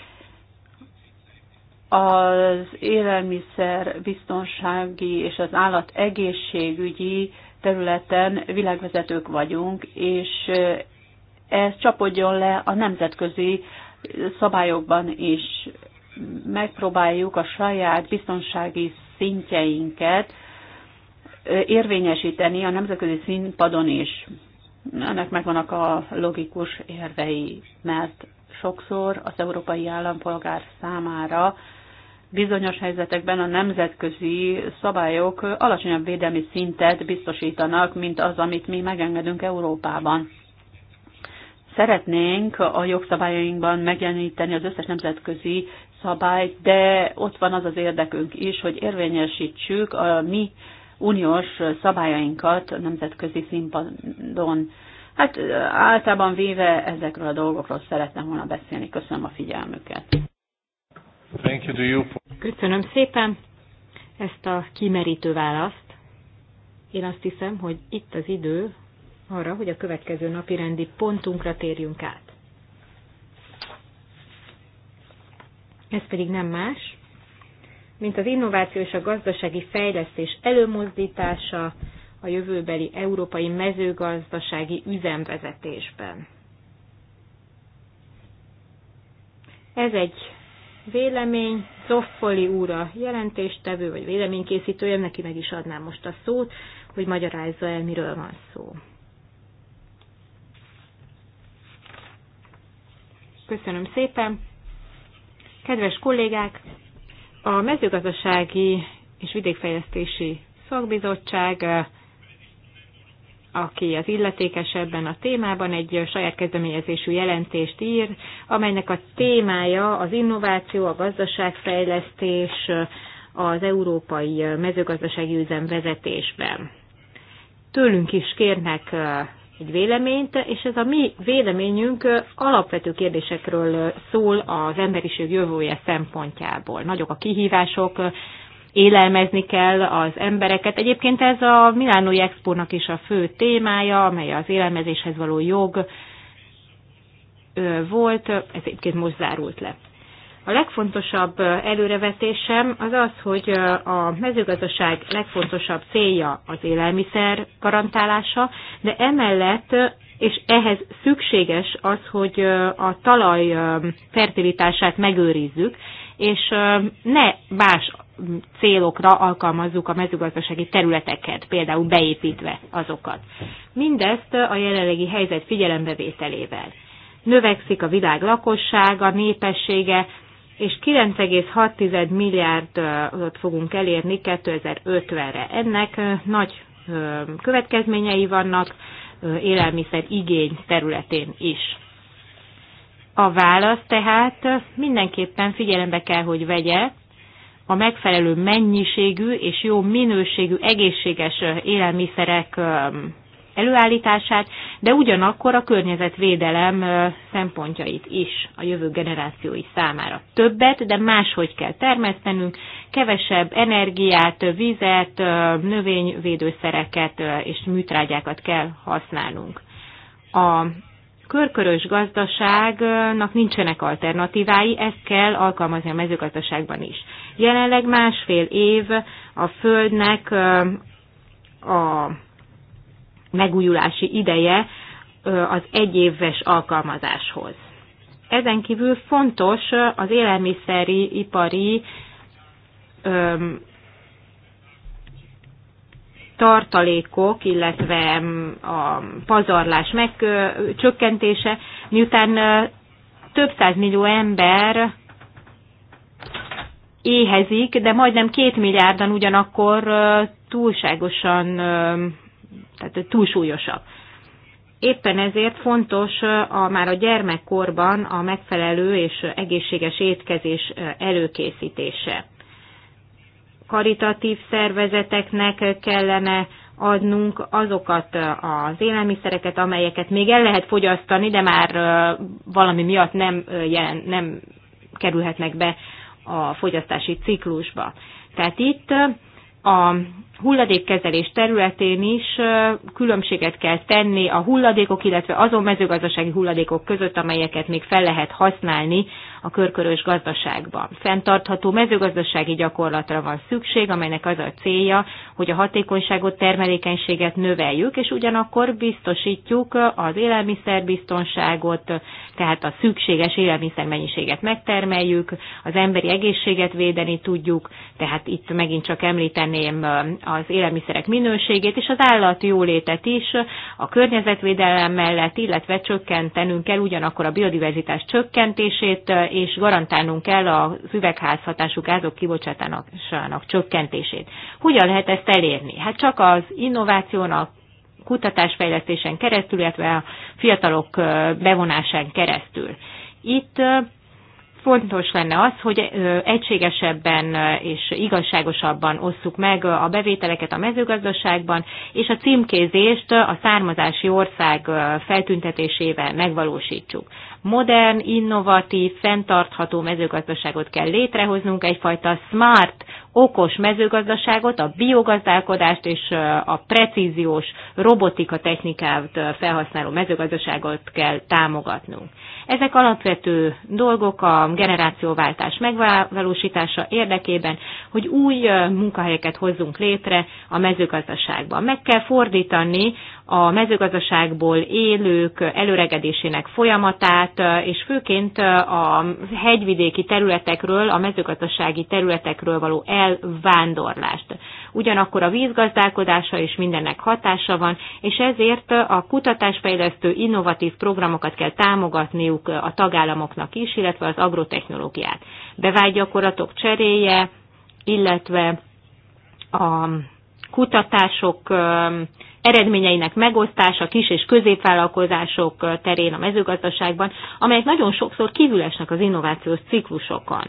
Az élelmiszer biztonsági és az állat egészségügyi területen világvezetők vagyunk, és ez csapodjon le a nemzetközi szabályokban is megpróbáljuk a saját biztonsági szintjeinket érvényesíteni a nemzetközi színpadon is. Ennek megvannak a logikus érvei, mert sokszor az európai állampolgár számára bizonyos helyzetekben a nemzetközi szabályok alacsonyabb védelmi szintet biztosítanak, mint az, amit mi megengedünk Európában. Szeretnénk a jogszabályainkban megjeleníteni az összes nemzetközi szabályt, de ott van az az érdekünk is, hogy érvényesítsük a mi uniós szabályainkat nemzetközi színpadon. Hát általában véve ezekről a dolgokról szeretném volna beszélni. Köszönöm a figyelmüket. Thank you to you. Köszönöm szépen ezt a kimerítő választ. Én azt hiszem, hogy itt az idő arra, hogy a következő napi rendi pontunkra térjünk át. Ez pedig nem más, mint az innováció és a gazdasági fejlesztés előmozdítása a jövőbeli európai mezőgazdasági üzemvezetésben. Ez egy vélemény, Zoffoli úra jelentéstevő, vagy véleménykészítője, neki meg is adnám most a szót, hogy magyarázza el, miről van szó. Köszönöm szépen! Kedves kollégák, a mezőgazdasági és vidékfejlesztési szakbizottság, aki az illetékes ebben a témában, egy saját kezdeményezésű jelentést ír, amelynek a témája az innováció, a gazdaságfejlesztés az európai mezőgazdasági üzemvezetésben. Tőlünk is kérnek egy véleményt, és ez a mi véleményünk alapvető kérdésekről szól az emberiség jövője szempontjából. Nagyok a kihívások, élelmezni kell az embereket. Egyébként ez a Milánói Expónak is a fő témája, amely az élelmezéshez való jog volt, ez egyébként most zárult le. A legfontosabb előrevetésem az az, hogy a mezőgazdaság legfontosabb célja az élelmiszer garantálása, de emellett és ehhez szükséges az, hogy a talaj fertilitását megőrizzük, és ne más célokra alkalmazzuk a mezőgazdasági területeket, például beépítve azokat. Mindezt a jelenlegi helyzet figyelembevételével. Növekszik a világ lakossága, népessége, és 9,6 milliárdot fogunk elérni 2050-re. Ennek nagy következményei vannak élelmiszer igény területén is. A válasz tehát mindenképpen figyelembe kell, hogy vegye a megfelelő mennyiségű és jó minőségű egészséges élelmiszerek előállítását, de ugyanakkor a környezetvédelem szempontjait is a jövő generációi számára. Többet, de máshogy kell termesztenünk, kevesebb energiát, vizet, növényvédőszereket és műtrágyákat kell használnunk. A körkörös gazdaságnak nincsenek alternatívái, ezt kell alkalmazni a mezőgazdaságban is. Jelenleg másfél év a földnek a megújulási ideje az egyéves alkalmazáshoz. Ezen kívül fontos az élelmiszeri, ipari öm, tartalékok, illetve a pazarlás megcsökkentése, miután több millió ember éhezik, de majdnem két milliárdan ugyanakkor túlságosan tehát túlsúlyosabb. Éppen ezért fontos a, már a gyermekkorban a megfelelő és egészséges étkezés előkészítése. Karitatív szervezeteknek kellene adnunk azokat az élelmiszereket, amelyeket még el lehet fogyasztani, de már valami miatt nem, jelen, nem kerülhetnek be a fogyasztási ciklusba. Tehát itt a hulladékkezelés területén is különbséget kell tenni a hulladékok, illetve azon mezőgazdasági hulladékok között, amelyeket még fel lehet használni a körkörös gazdaságban. Fenntartható mezőgazdasági gyakorlatra van szükség, amelynek az a célja, hogy a hatékonyságot, termelékenységet növeljük, és ugyanakkor biztosítjuk az élelmiszerbiztonságot, tehát a szükséges élelmiszermennyiséget megtermeljük, az emberi egészséget védeni tudjuk, tehát itt megint csak említeném az élelmiszerek minőségét, és az állati jólétet is a környezetvédelem mellett, illetve csökkentenünk kell ugyanakkor a biodiverzitás csökkentését, és garantálnunk kell az üvegházhatású gázok kibocsátásának csökkentését. Hogyan lehet ezt elérni? Hát csak az innovációnak, kutatásfejlesztésen keresztül, illetve a fiatalok bevonásán keresztül. Itt fontos lenne az, hogy egységesebben és igazságosabban osszuk meg a bevételeket a mezőgazdaságban, és a címkézést a származási ország feltüntetésével megvalósítsuk modern, innovatív, fenntartható mezőgazdaságot kell létrehoznunk, egyfajta smart okos mezőgazdaságot, a biogazdálkodást és a precíziós robotika technikát felhasználó mezőgazdaságot kell támogatnunk. Ezek alapvető dolgok a generációváltás megvalósítása érdekében, hogy új munkahelyeket hozzunk létre a mezőgazdaságban. Meg kell fordítani a mezőgazdaságból élők előregedésének folyamatát, és főként a hegyvidéki területekről, a mezőgazdasági területekről való el elvándorlást. Ugyanakkor a vízgazdálkodása is mindennek hatása van, és ezért a kutatásfejlesztő innovatív programokat kell támogatniuk a tagállamoknak is, illetve az agrotechnológiát. Bevált gyakorlatok cseréje, illetve a kutatások eredményeinek megosztása kis és középvállalkozások terén a mezőgazdaságban, amelyek nagyon sokszor kívülesnek az innovációs ciklusokon.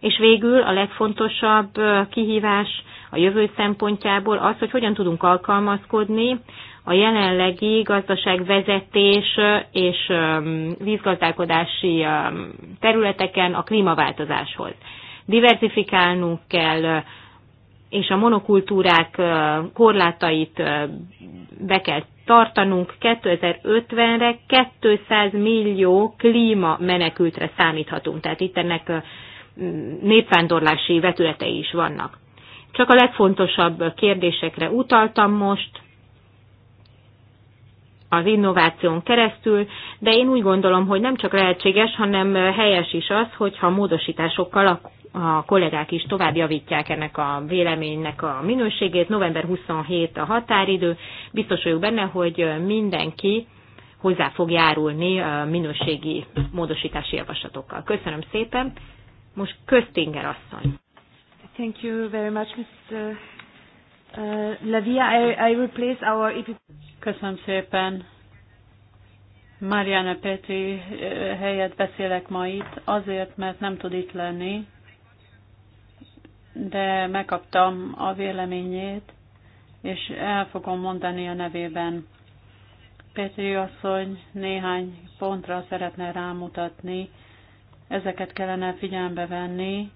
És végül a legfontosabb kihívás a jövő szempontjából az, hogy hogyan tudunk alkalmazkodni a jelenlegi gazdaságvezetés és vízgazdálkodási területeken a klímaváltozáshoz. Diversifikálnunk kell, és a monokultúrák korlátait be kell tartanunk 2050-re 200 millió klíma menekültre számíthatunk. Tehát itt ennek népvándorlási vetületei is vannak. Csak a legfontosabb kérdésekre utaltam most az innováción keresztül, de én úgy gondolom, hogy nem csak lehetséges, hanem helyes is az, hogyha módosításokkal a a kollégák is tovább javítják ennek a véleménynek a minőségét. November 27 a határidő. Biztos vagyok benne, hogy mindenki hozzá fog járulni minőségi módosítási javaslatokkal. Köszönöm szépen! Most Köztinger asszony. Thank you very much, Mr. Uh, Lavia. I, I replace our... E Köszönöm szépen. Mariana Petri uh, helyett beszélek ma itt, azért, mert nem tud itt lenni, de megkaptam a véleményét, és el fogom mondani a nevében. Petri asszony néhány pontra szeretne rámutatni, Ezeket kellene figyelembe venni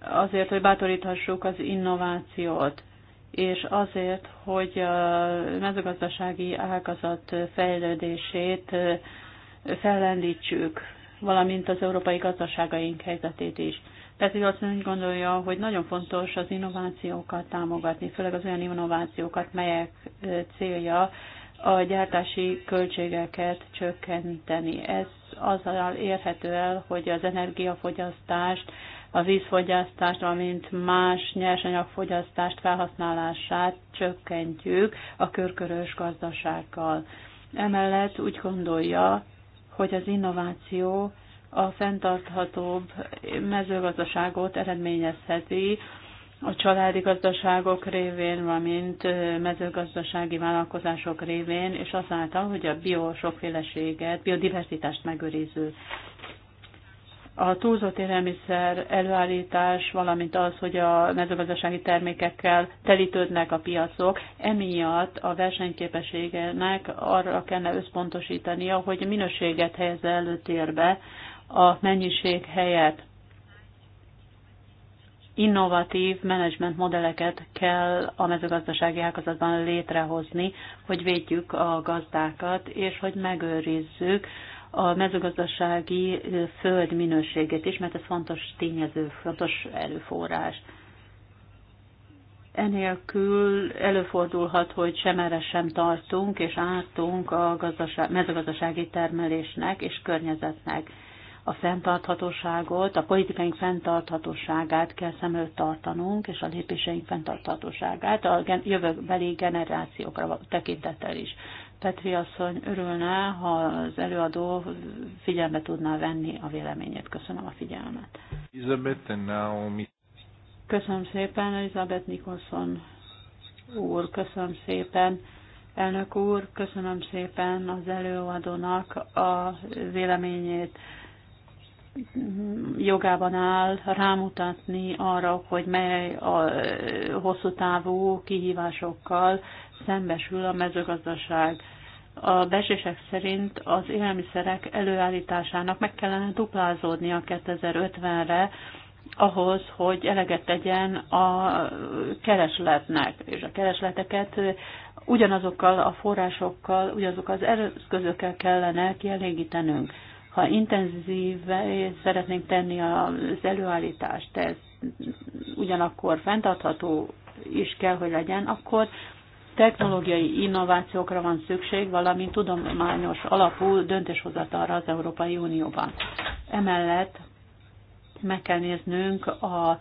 azért, hogy bátoríthassuk az innovációt, és azért, hogy a mezőgazdasági ágazat fejlődését fellendítsük, valamint az európai gazdaságaink helyzetét is. Tehát Olszön úgy gondolja, hogy nagyon fontos az innovációkat támogatni, főleg az olyan innovációkat, melyek célja a gyártási költségeket csökkenteni. Ez azzal érhető el, hogy az energiafogyasztást, a vízfogyasztást, valamint más nyersanyagfogyasztást, felhasználását csökkentjük a körkörös gazdasággal. Emellett úgy gondolja, hogy az innováció a fenntarthatóbb mezőgazdaságot eredményezheti, a családi gazdaságok révén, valamint mezőgazdasági vállalkozások révén, és azáltal, hogy a bio sokféleséget, biodiversitást megőriző. A túlzott élelmiszer előállítás, valamint az, hogy a mezőgazdasági termékekkel telítődnek a piacok, emiatt a versenyképességenek arra kellene összpontosítania, hogy minőséget helyez előtérbe a mennyiség helyett innovatív menedzsment modelleket kell a mezőgazdasági ágazatban létrehozni, hogy védjük a gazdákat, és hogy megőrizzük a mezőgazdasági föld minőségét is, mert ez fontos tényező, fontos erőforrás. Enélkül előfordulhat, hogy sem erre sem tartunk, és ártunk a gazdaság, mezőgazdasági termelésnek és környezetnek a fenntarthatóságot, a politikaink fenntarthatóságát kell szem előtt tartanunk, és a lépéseink fenntarthatóságát a jövőbeli generációkra tekintettel is. Petri asszony örülne, ha az előadó figyelme tudná venni a véleményét. Köszönöm a figyelmet. Elizabeth and Naomi. Köszönöm szépen, Elizabeth Nicholson úr, köszönöm szépen. Elnök úr, köszönöm szépen az előadónak a véleményét jogában áll rámutatni arra, hogy mely a hosszú távú kihívásokkal szembesül a mezőgazdaság. A besések szerint az élelmiszerek előállításának meg kellene duplázódni a 2050-re, ahhoz, hogy eleget tegyen a keresletnek, és a keresleteket ugyanazokkal a forrásokkal, ugyanazokkal az eszközökkel kellene kielégítenünk. Ha intenzíve szeretnénk tenni az előállítást, ez ugyanakkor fenntartható is kell, hogy legyen, akkor technológiai innovációkra van szükség, valamint tudományos alapú döntéshozatalra az Európai Unióban. Emellett meg kell néznünk a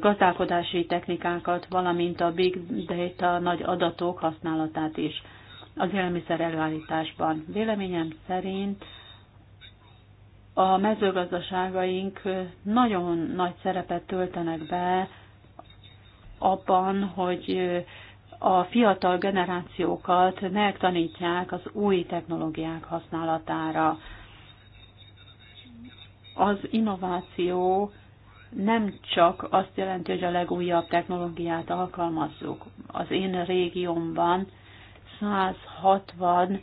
gazdálkodási technikákat, valamint a big data nagy adatok használatát is az élelmiszer előállításban. Véleményem szerint a mezőgazdaságaink nagyon nagy szerepet töltenek be abban, hogy a fiatal generációkat megtanítják az új technológiák használatára. Az innováció nem csak azt jelenti, hogy a legújabb technológiát alkalmazzuk. Az én régiómban 160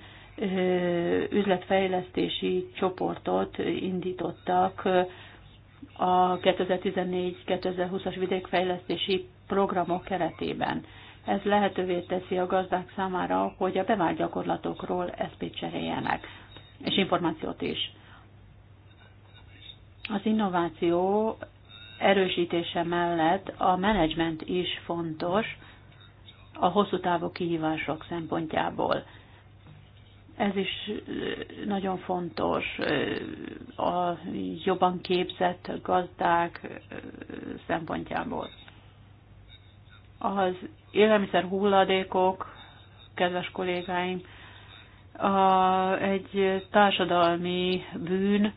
üzletfejlesztési csoportot indítottak a 2014-2020-as vidékfejlesztési programok keretében. Ez lehetővé teszi a gazdák számára, hogy a bevált gyakorlatokról eszpét cseréljenek, és információt is. Az innováció erősítése mellett a menedzsment is fontos a hosszú távú kihívások szempontjából. Ez is nagyon fontos. A jobban képzett gazdák szempontjából. Az élelmiszer hulladékok, kedves kollégáim, a, egy társadalmi bűn,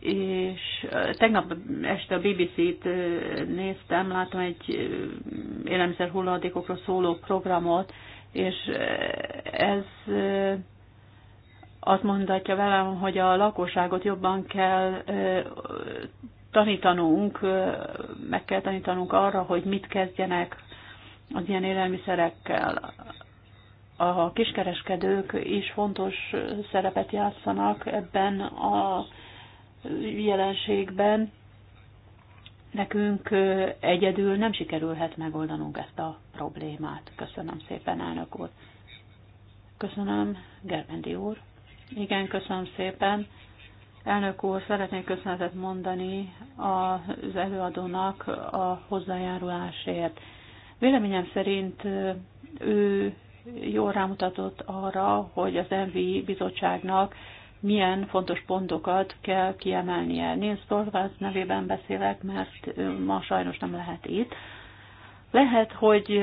és tegnap este a BBC-t néztem, láttam egy élelmiszer hulladékokról szóló programot, és ez azt mondhatja velem, hogy a lakosságot jobban kell tanítanunk, meg kell tanítanunk arra, hogy mit kezdjenek az ilyen élelmiszerekkel. A kiskereskedők is fontos szerepet játszanak ebben a jelenségben. Nekünk egyedül nem sikerülhet megoldanunk ezt a problémát. Köszönöm szépen, elnök úr. Köszönöm, Gerbendi úr. Igen, köszönöm szépen. Elnök úr, szeretnék köszönetet mondani az előadónak a hozzájárulásért. Véleményem szerint ő jól rámutatott arra, hogy az MVI bizottságnak milyen fontos pontokat kell kiemelnie. Nils Torvalds nevében beszélek, mert ma sajnos nem lehet itt. Lehet, hogy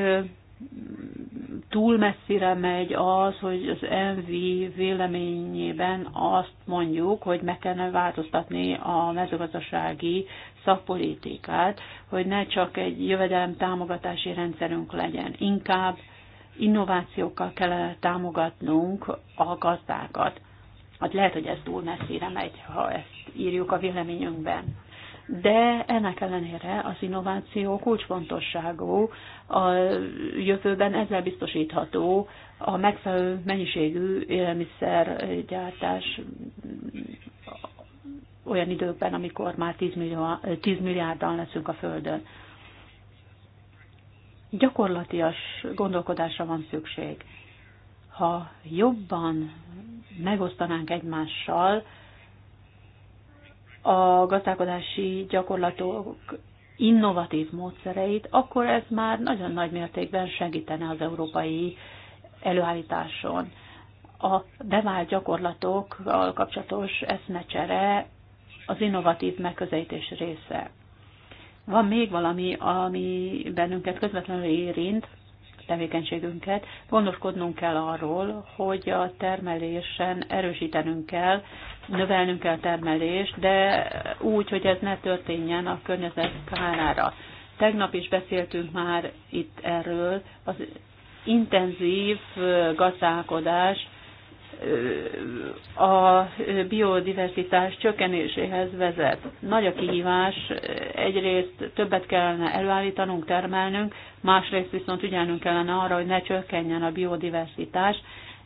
túl messzire megy az, hogy az MV véleményében azt mondjuk, hogy meg kellene változtatni a mezőgazdasági szakpolitikát, hogy ne csak egy jövedelem támogatási rendszerünk legyen, inkább innovációkkal kellene támogatnunk a gazdákat. Hát lehet, hogy ez túl messzire megy, ha ezt írjuk a véleményünkben de ennek ellenére az innováció kulcsfontosságú, a jövőben ezzel biztosítható a megfelelő mennyiségű élelmiszergyártás olyan időkben, amikor már 10, millió, 10 milliárdan leszünk a Földön. Gyakorlatias gondolkodásra van szükség. Ha jobban megosztanánk egymással, a gazdálkodási gyakorlatok innovatív módszereit, akkor ez már nagyon nagy mértékben segítene az európai előállításon. A bevált gyakorlatokkal kapcsolatos eszmecsere az innovatív megközelítés része. Van még valami, ami bennünket közvetlenül érint, tevékenységünket. Gondoskodnunk kell arról, hogy a termelésen erősítenünk kell, növelnünk kell a termelést, de úgy, hogy ez ne történjen a környezet kárára. Tegnap is beszéltünk már itt erről, az intenzív gazdálkodás a biodiverzitás csökkenéséhez vezet. Nagy a kihívás, egyrészt többet kellene előállítanunk, termelnünk, másrészt viszont ügyelnünk kellene arra, hogy ne csökkenjen a biodiverzitás.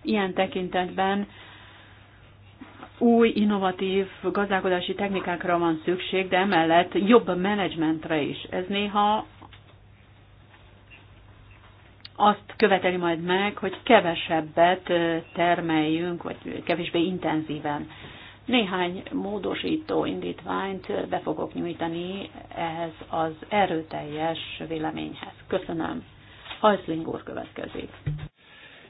Ilyen tekintetben új, innovatív gazdálkodási technikákra van szükség, de emellett jobb menedzsmentre is. Ez néha azt követeli majd meg, hogy kevesebbet termeljünk, vagy kevésbé intenzíven. Néhány módosító indítványt be fogok nyújtani ehhez az erőteljes véleményhez. Köszönöm. Hajszling úr következik.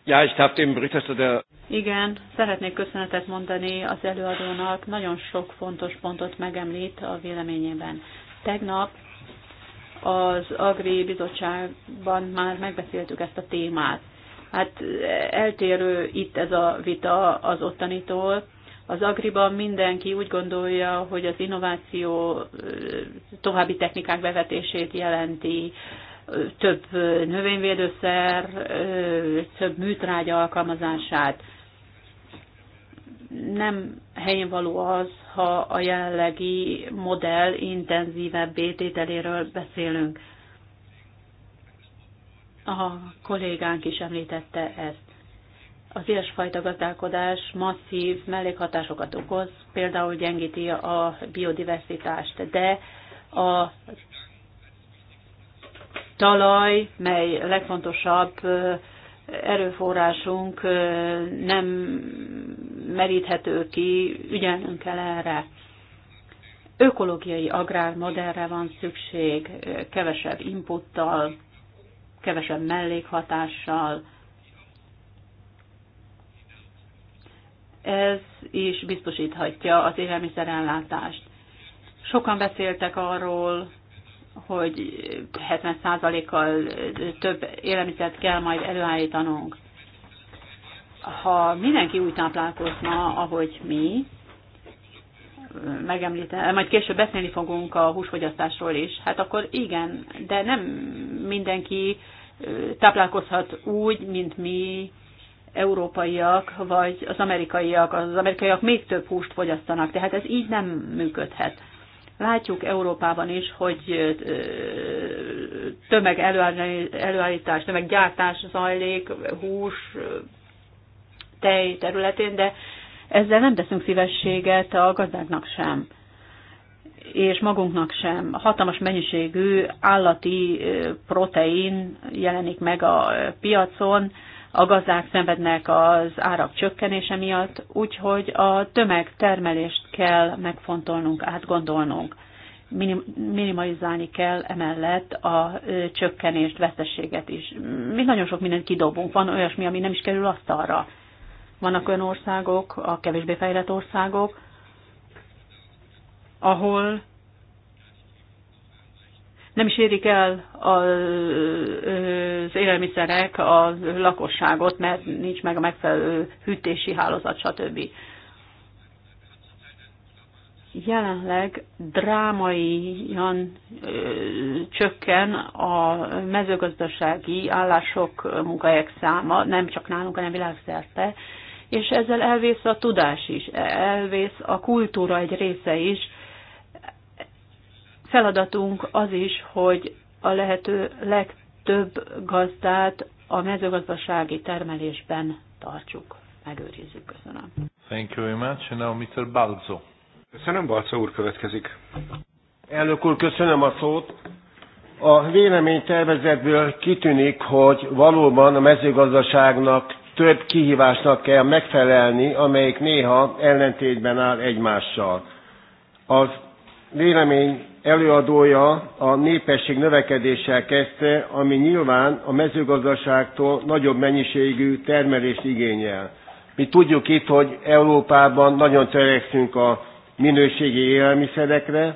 Ja, ich darf dem Berichterstatter. Igen, szeretnék köszönetet mondani az előadónak. Nagyon sok fontos pontot megemlít a véleményében. Tegnap az Agri Bizottságban már megbeszéltük ezt a témát. Hát eltérő itt ez a vita az ottanitól. Az Agriban mindenki úgy gondolja, hogy az innováció további technikák bevetését jelenti, több növényvédőszer, több műtrágya alkalmazását nem helyén való az, ha a jelenlegi modell intenzívebb tételéről beszélünk. A kollégánk is említette ezt. Az ilyesfajta gazdálkodás masszív mellékhatásokat okoz, például gyengíti a biodiversitást, de a talaj, mely legfontosabb erőforrásunk nem meríthető ki, ügyelnünk kell erre. Ökológiai agrármodellre van szükség, kevesebb inputtal, kevesebb mellékhatással. Ez is biztosíthatja az élelmiszerellátást. Sokan beszéltek arról, hogy 70%-kal több élelmiszert kell majd előállítanunk ha mindenki úgy táplálkozna, ahogy mi, megemlítem, majd később beszélni fogunk a húsfogyasztásról is, hát akkor igen, de nem mindenki táplálkozhat úgy, mint mi európaiak, vagy az amerikaiak. Az amerikaiak még több húst fogyasztanak, tehát ez így nem működhet. Látjuk Európában is, hogy tömeg előállítás, tömeggyártás zajlik, hús, tej területén, de ezzel nem teszünk szívességet a gazdáknak sem és magunknak sem. Hatalmas mennyiségű állati protein jelenik meg a piacon, a gazdák szenvednek az árak csökkenése miatt, úgyhogy a tömegtermelést kell megfontolnunk, átgondolnunk. Minim, minimalizálni kell emellett a csökkenést, vesztességet is. Mi nagyon sok mindent kidobunk, van olyasmi, ami nem is kerül asztalra. Vannak olyan országok, a kevésbé fejlett országok, ahol nem is érik el az élelmiszerek a lakosságot, mert nincs meg a megfelelő hűtési hálózat, stb. Jelenleg drámaian csökken a mezőgazdasági állások, munkahelyek száma, nem csak nálunk, hanem világszerte, és ezzel elvész a tudás is, elvész a kultúra egy része is. Feladatunk az is, hogy a lehető legtöbb gazdát a mezőgazdasági termelésben tartsuk, megőrizzük. Köszönöm. Thank you very much. And now Mr. Balzo. Köszönöm, Balzo úr következik. Elnök úr, köszönöm a szót. A véleménytervezetből kitűnik, hogy valóban a mezőgazdaságnak több kihívásnak kell megfelelni, amelyik néha ellentétben áll egymással. Az vélemény előadója a népesség növekedéssel kezdte, ami nyilván a mezőgazdaságtól nagyobb mennyiségű termelést igényel. Mi tudjuk itt, hogy Európában nagyon törekszünk a minőségi élelmiszerekre,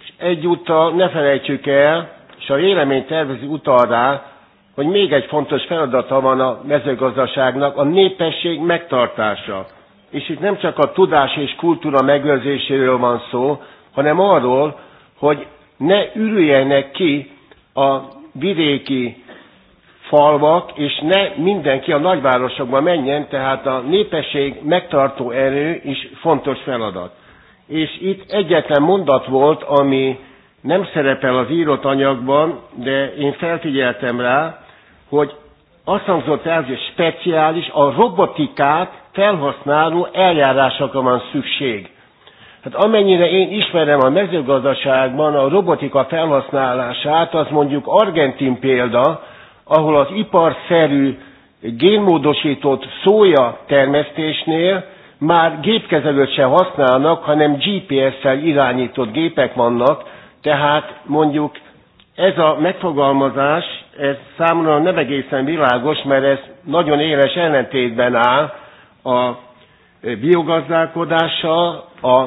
és egyúttal ne felejtsük el, és a vélemény tervezi utal rá, hogy még egy fontos feladata van a mezőgazdaságnak, a népesség megtartása. És itt nem csak a tudás és kultúra megőrzéséről van szó, hanem arról, hogy ne ürüljenek ki a vidéki falvak, és ne mindenki a nagyvárosokba menjen, tehát a népesség megtartó erő is fontos feladat. És itt egyetlen mondat volt, ami nem szerepel az írott anyagban, de én felfigyeltem rá, hogy azt hangzott el, hogy speciális, a robotikát felhasználó eljárásokra van szükség. Hát amennyire én ismerem a mezőgazdaságban a robotika felhasználását, az mondjuk argentin példa, ahol az iparszerű génmódosított szója termesztésnél már gépkezelőt se használnak, hanem GPS-szel irányított gépek vannak, tehát mondjuk ez a megfogalmazás, ez számomra nem egészen világos, mert ez nagyon éles ellentétben áll a biogazdálkodással, a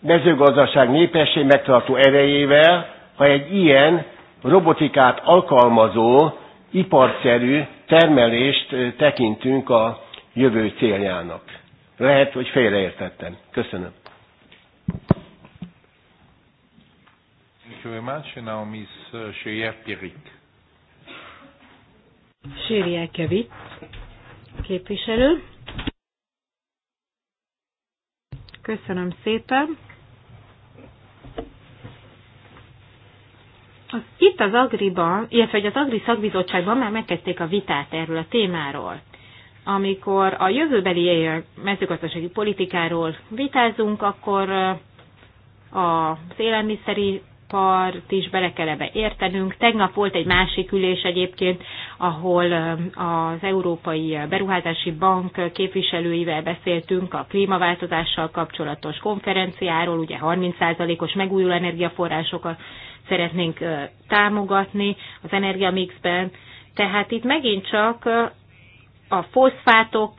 mezőgazdaság népesség megtartó erejével, ha egy ilyen robotikát alkalmazó, iparszerű termelést tekintünk a jövő céljának. Lehet, hogy félreértettem. Köszönöm you very much. And now Miss uh, Shirley Pirik. Shirley Kevit, képviselő. Köszönöm szépen. Az, itt az Agriban, illetve az Agri szakbizottságban már megkezdték a vitát erről a témáról. Amikor a jövőbeli mezőgazdasági politikáról vitázunk, akkor uh, az élelmiszeri part is bele kell ebbe értenünk. Tegnap volt egy másik ülés egyébként, ahol az Európai Beruházási Bank képviselőivel beszéltünk a klímaváltozással kapcsolatos konferenciáról, ugye 30%-os megújuló energiaforrásokat szeretnénk támogatni az energiamixben. Tehát itt megint csak a foszfátok,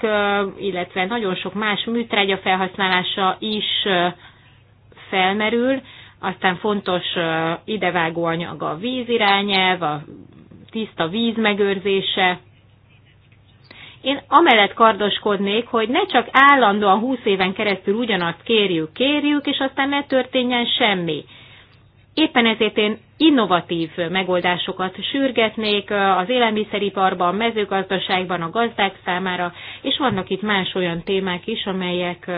illetve nagyon sok más műtrágya felhasználása is felmerül, aztán fontos idevágó anyag a vízirányelv, a tiszta víz megőrzése. Én amellett kardoskodnék, hogy ne csak állandóan 20 éven keresztül ugyanazt kérjük, kérjük, és aztán ne történjen semmi. Éppen ezért én innovatív megoldásokat sürgetnék az élelmiszeriparban, a mezőgazdaságban, a gazdák számára, és vannak itt más olyan témák is, amelyek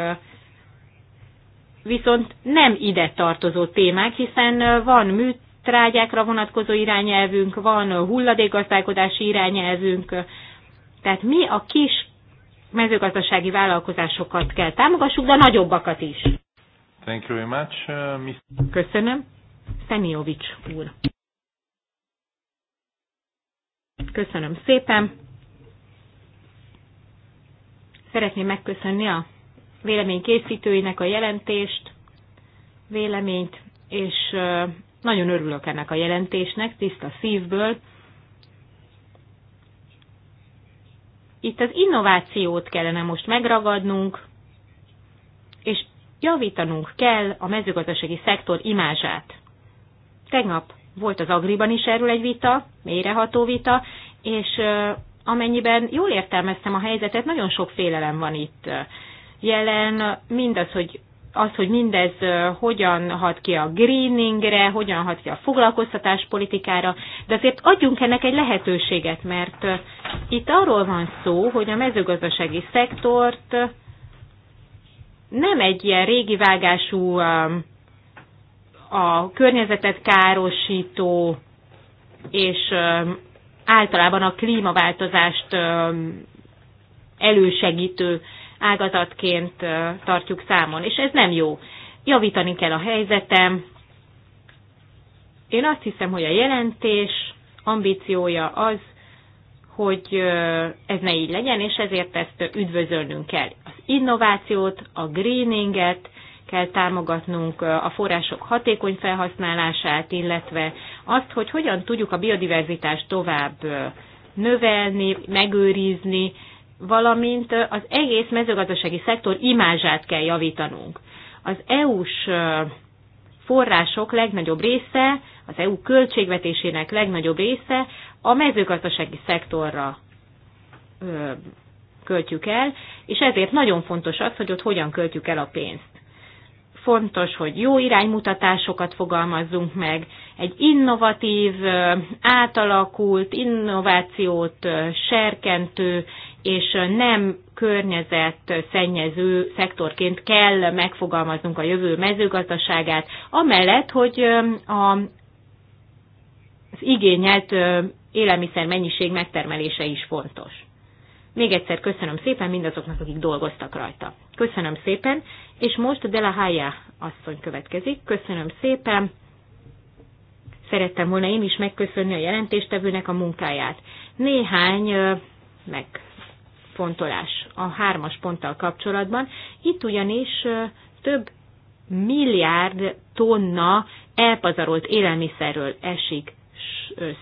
viszont nem ide tartozó témák, hiszen van műtrágyákra vonatkozó irányelvünk, van hulladékgazdálkodási irányelvünk, tehát mi a kis mezőgazdasági vállalkozásokat kell támogassuk, de a nagyobbakat is. Thank you very much, uh, Mr. Köszönöm. Szemiovics úr. Köszönöm szépen. Szeretném megköszönni a vélemény készítőinek a jelentést, véleményt, és nagyon örülök ennek a jelentésnek, tiszta szívből. Itt az innovációt kellene most megragadnunk, és javítanunk kell a mezőgazdasági szektor imázsát. Tegnap volt az Agriban is erről egy vita, mélyreható vita, és amennyiben jól értelmeztem a helyzetet, nagyon sok félelem van itt jelen mindaz, hogy az, hogy mindez hogyan hat ki a greeningre, hogyan hat ki a foglalkoztatáspolitikára, de azért adjunk ennek egy lehetőséget, mert itt arról van szó, hogy a mezőgazdasági szektort nem egy ilyen régi vágású a környezetet károsító és általában a klímaváltozást elősegítő ágazatként tartjuk számon, és ez nem jó. Javítani kell a helyzetem. Én azt hiszem, hogy a jelentés ambíciója az, hogy ez ne így legyen, és ezért ezt üdvözölnünk kell. Az innovációt, a greeninget kell támogatnunk, a források hatékony felhasználását, illetve azt, hogy hogyan tudjuk a biodiverzitást tovább növelni, megőrizni, valamint az egész mezőgazdasági szektor imázsát kell javítanunk. Az EU-s források legnagyobb része, az EU költségvetésének legnagyobb része a mezőgazdasági szektorra ö, költjük el, és ezért nagyon fontos az, hogy ott hogyan költjük el a pénzt. Fontos, hogy jó iránymutatásokat fogalmazzunk meg, egy innovatív, átalakult, innovációt serkentő és nem környezet szennyező szektorként kell megfogalmaznunk a jövő mezőgazdaságát, amellett, hogy a, az igényelt élelmiszer mennyiség megtermelése is fontos. Még egyszer köszönöm szépen mindazoknak, akik dolgoztak rajta. Köszönöm szépen, és most a Haya asszony következik. Köszönöm szépen. Szerettem volna én is megköszönni a jelentéstevőnek a munkáját. Néhány meg fontolás a hármas ponttal kapcsolatban. Itt ugyanis több milliárd tonna elpazarolt élelmiszerről esik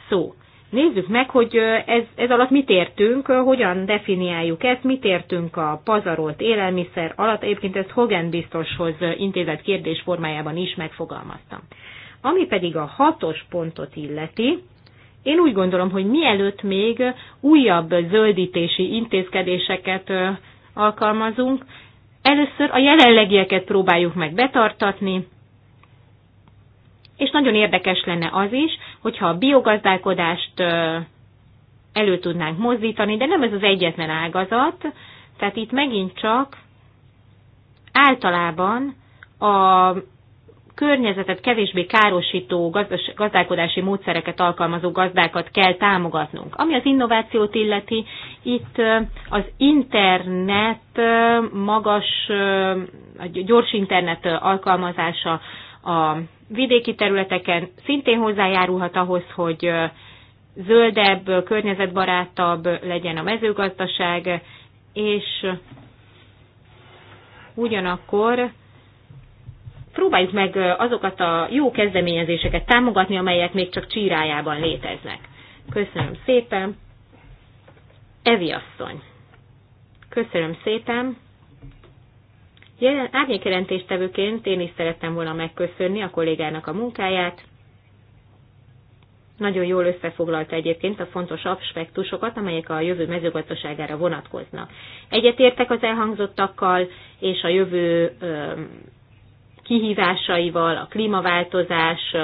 szó. Nézzük meg, hogy ez, ez alatt mit értünk, hogyan definiáljuk ezt, mit értünk a pazarolt élelmiszer alatt. Egyébként ezt Hogan biztoshoz intézett kérdés formájában is megfogalmaztam. Ami pedig a hatos pontot illeti, én úgy gondolom, hogy mielőtt még újabb zöldítési intézkedéseket alkalmazunk, először a jelenlegieket próbáljuk meg betartatni, és nagyon érdekes lenne az is, hogyha a biogazdálkodást elő tudnánk mozdítani, de nem ez az egyetlen ágazat, tehát itt megint csak általában a környezetet kevésbé károsító gazdas, gazdálkodási módszereket alkalmazó gazdákat kell támogatnunk. Ami az innovációt illeti, itt az internet magas, a gyors internet alkalmazása a vidéki területeken szintén hozzájárulhat ahhoz, hogy zöldebb, környezetbarátabb legyen a mezőgazdaság, és ugyanakkor próbáljuk meg azokat a jó kezdeményezéseket támogatni, amelyek még csak csírájában léteznek. Köszönöm szépen. Evi asszony. Köszönöm szépen. Jelen árnyékjelentéstevőként én is szerettem volna megköszönni a kollégának a munkáját. Nagyon jól összefoglalta egyébként a fontos aspektusokat, amelyek a jövő mezőgazdaságára vonatkoznak. Egyetértek az elhangzottakkal, és a jövő kihívásaival, a klímaváltozás,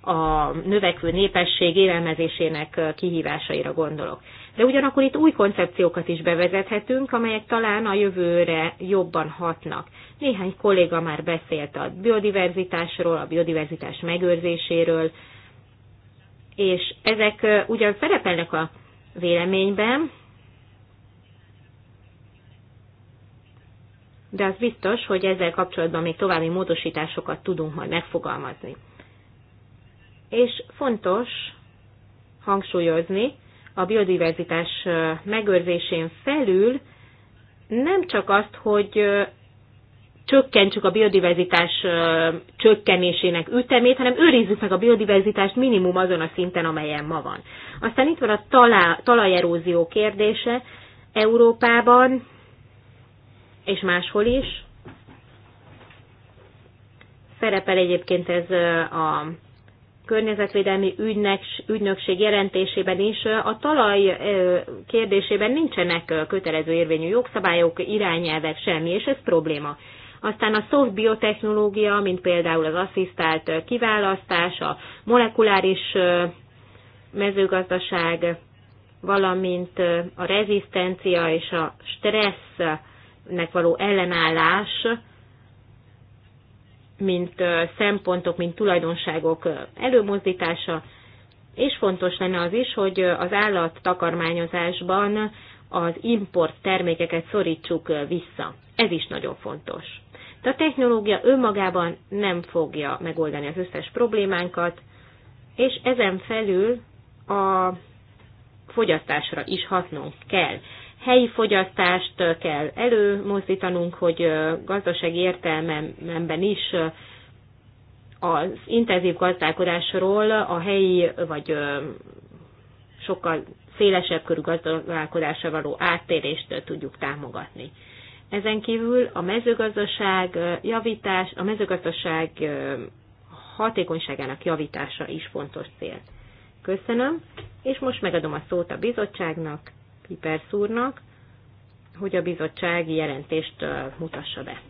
a növekvő népesség élelmezésének kihívásaira gondolok. De ugyanakkor itt új koncepciókat is bevezethetünk, amelyek talán a jövőre jobban hatnak. Néhány kolléga már beszélt a biodiverzitásról, a biodiverzitás megőrzéséről, és ezek ugyan szerepelnek a véleményben, de az biztos, hogy ezzel kapcsolatban még további módosításokat tudunk majd megfogalmazni. És fontos hangsúlyozni, a biodiverzitás megőrzésén felül nem csak azt, hogy csökkentsük a biodiverzitás csökkenésének ütemét, hanem őrizzük meg a biodiverzitást minimum azon a szinten, amelyen ma van. Aztán itt van a talá, talajerózió kérdése Európában, és máshol is. Szerepel egyébként ez a környezetvédelmi ügynek, ügynökség jelentésében is a talaj kérdésében nincsenek kötelező érvényű jogszabályok, irányelvek, semmi, és ez probléma. Aztán a soft biotechnológia, mint például az asszisztált kiválasztás, a molekuláris mezőgazdaság, valamint a rezisztencia és a stressz nek való ellenállás, mint szempontok, mint tulajdonságok előmozdítása, és fontos lenne az is, hogy az állat takarmányozásban az import termékeket szorítsuk vissza. Ez is nagyon fontos. De a technológia önmagában nem fogja megoldani az összes problémánkat, és ezen felül a fogyasztásra is hatnunk kell helyi fogyasztást kell előmozdítanunk, hogy gazdasági értelmemben is az intenzív gazdálkodásról a helyi vagy sokkal szélesebb körű gazdálkodásra való áttérést tudjuk támogatni. Ezen kívül a mezőgazdaság javítás, a mezőgazdaság hatékonyságának javítása is fontos cél. Köszönöm, és most megadom a szót a bizottságnak, Pipersz úrnak, hogy a bizottsági jelentést mutassa be.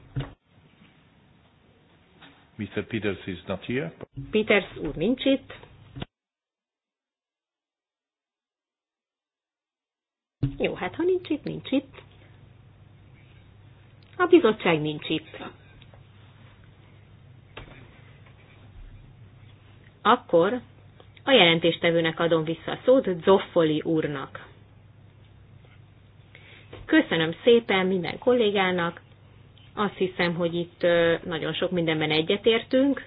Mr. Peters is not here. Peters úr nincs itt. Jó, hát ha nincs itt, nincs itt. A bizottság nincs itt. Akkor a jelentéstevőnek adom vissza a szót Zoffoli úrnak. Köszönöm szépen minden kollégának, azt hiszem, hogy itt nagyon sok mindenben egyetértünk,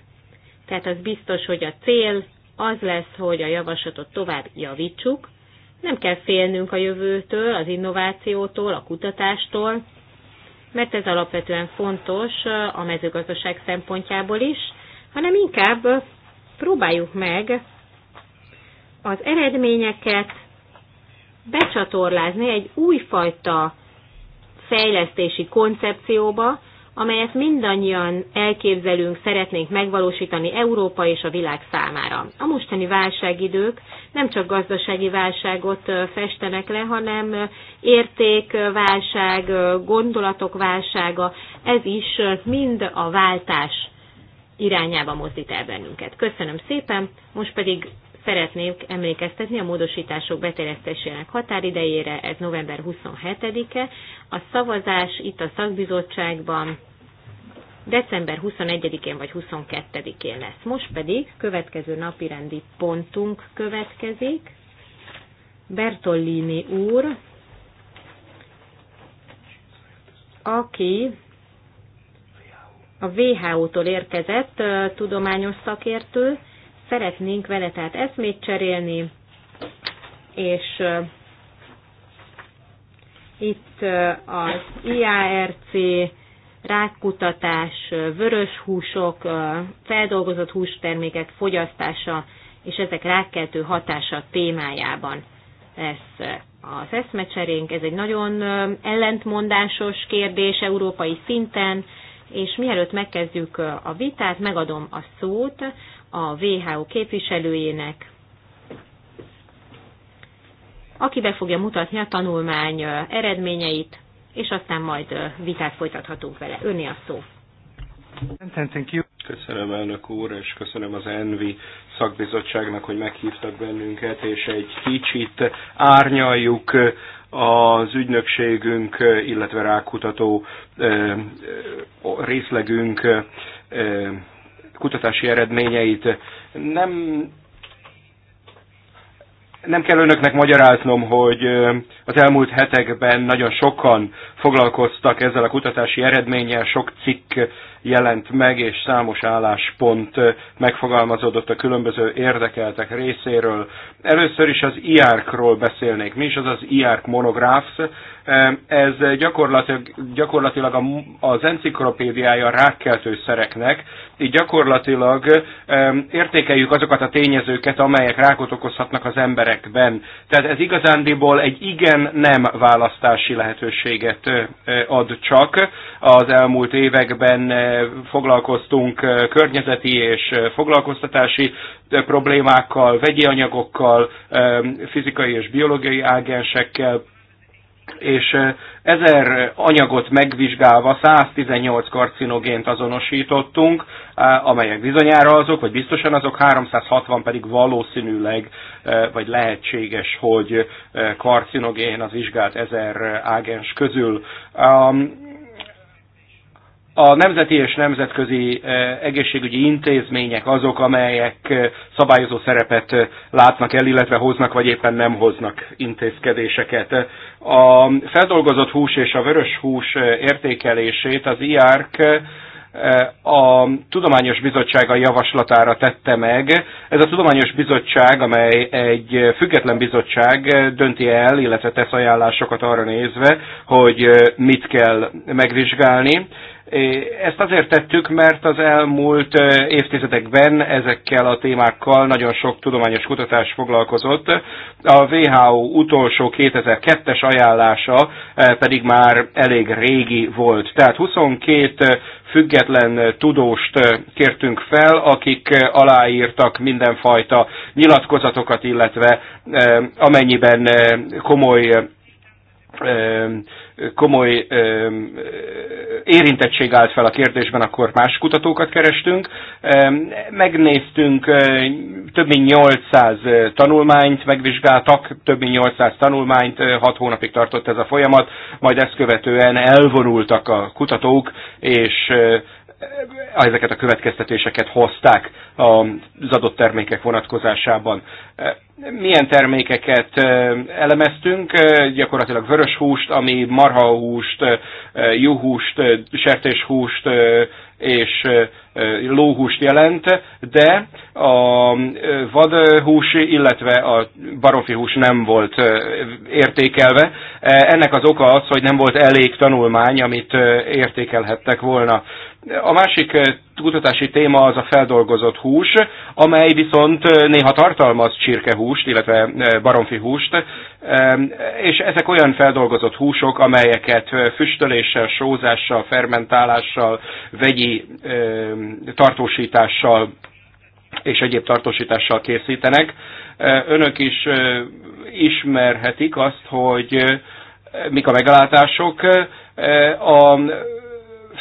tehát az biztos, hogy a cél az lesz, hogy a javaslatot tovább javítsuk. Nem kell félnünk a jövőtől, az innovációtól, a kutatástól, mert ez alapvetően fontos a mezőgazdaság szempontjából is, hanem inkább próbáljuk meg az eredményeket becsatorlázni egy újfajta fejlesztési koncepcióba, amelyet mindannyian elképzelünk, szeretnénk megvalósítani Európa és a világ számára. A mostani válságidők nem csak gazdasági válságot festenek le, hanem értékválság, gondolatok válsága, ez is mind a váltás irányába mozdít el bennünket. Köszönöm szépen, most pedig szeretnék emlékeztetni a módosítások beterjesztésének határidejére, ez november 27-e. A szavazás itt a szakbizottságban december 21-én vagy 22-én lesz. Most pedig következő napirendi pontunk következik. Bertolini úr, aki a WHO-tól érkezett tudományos szakértő, Szeretnénk vele tehát eszmét cserélni, és itt az IARC, rákkutatás, vörös húsok, feldolgozott hústermékek fogyasztása és ezek rákkeltő hatása témájában lesz az eszmecserénk. Ez egy nagyon ellentmondásos kérdés európai szinten, és mielőtt megkezdjük a vitát, megadom a szót a WHO képviselőjének, aki be fogja mutatni a tanulmány eredményeit, és aztán majd vitát folytathatunk vele. Önni a szó. Köszönöm elnök úr, és köszönöm az Envi szakbizottságnak, hogy meghívtak bennünket, és egy kicsit árnyaljuk az ügynökségünk, illetve rákutató részlegünk kutatási eredményeit. Nem, nem kell önöknek magyaráznom, hogy az elmúlt hetekben nagyon sokan foglalkoztak ezzel a kutatási eredménnyel, sok cikk jelent meg, és számos álláspont megfogalmazódott a különböző érdekeltek részéről. Először is az IARC-ról beszélnék. Mi is az az IARC Monographs? Ez gyakorlatilag, gyakorlatilag az enciklopédiája rákkeltő szereknek, így gyakorlatilag értékeljük azokat a tényezőket, amelyek rákot okozhatnak az emberekben. Tehát ez igazándiból egy igen-nem választási lehetőséget ad csak. Az elmúlt években foglalkoztunk eh, környezeti és eh, foglalkoztatási eh, problémákkal, vegyi anyagokkal, fizikai és biológiai ágensekkel, és ezer anyagot megvizsgálva 118 karcinogént azonosítottunk, amelyek bizonyára azok, vagy biztosan azok, 360 pedig valószínűleg, vagy lehetséges, hogy karcinogén az vizsgált ezer ágens közül a nemzeti és nemzetközi eh, egészségügyi intézmények azok, amelyek eh, szabályozó szerepet eh, látnak el, illetve hoznak, vagy éppen nem hoznak intézkedéseket. A feldolgozott hús és a vörös hús értékelését az IARC a Tudományos Bizottsága javaslatára tette meg. Ez a Tudományos Bizottság, amely egy független bizottság, dönti el, illetve tesz ajánlásokat arra nézve, hogy mit kell megvizsgálni. Ezt azért tettük, mert az elmúlt évtizedekben ezekkel a témákkal nagyon sok tudományos kutatás foglalkozott. A WHO utolsó 2002-es ajánlása pedig már elég régi volt. Tehát 22 független tudóst kértünk fel, akik aláírtak mindenfajta nyilatkozatokat, illetve amennyiben komoly komoly érintettség állt fel a kérdésben, akkor más kutatókat kerestünk. Megnéztünk több mint 800 tanulmányt, megvizsgáltak több mint 800 tanulmányt, 6 hónapig tartott ez a folyamat, majd ezt követően elvonultak a kutatók, és ezeket a következtetéseket hozták az adott termékek vonatkozásában milyen termékeket elemeztünk, gyakorlatilag vörös húst, ami marha húst juhúst, sertéshúst és lóhúst jelent, de a vadhús, illetve a baromfi hús nem volt értékelve. Ennek az oka az, hogy nem volt elég tanulmány, amit értékelhettek volna. A másik kutatási téma az a feldolgozott hús, amely viszont néha tartalmaz csirkehúst, illetve baromfi húst, és ezek olyan feldolgozott húsok, amelyeket füstöléssel, sózással, fermentálással, vegyi tartósítással és egyéb tartósítással készítenek. Önök is ismerhetik azt, hogy mik a meglátások. A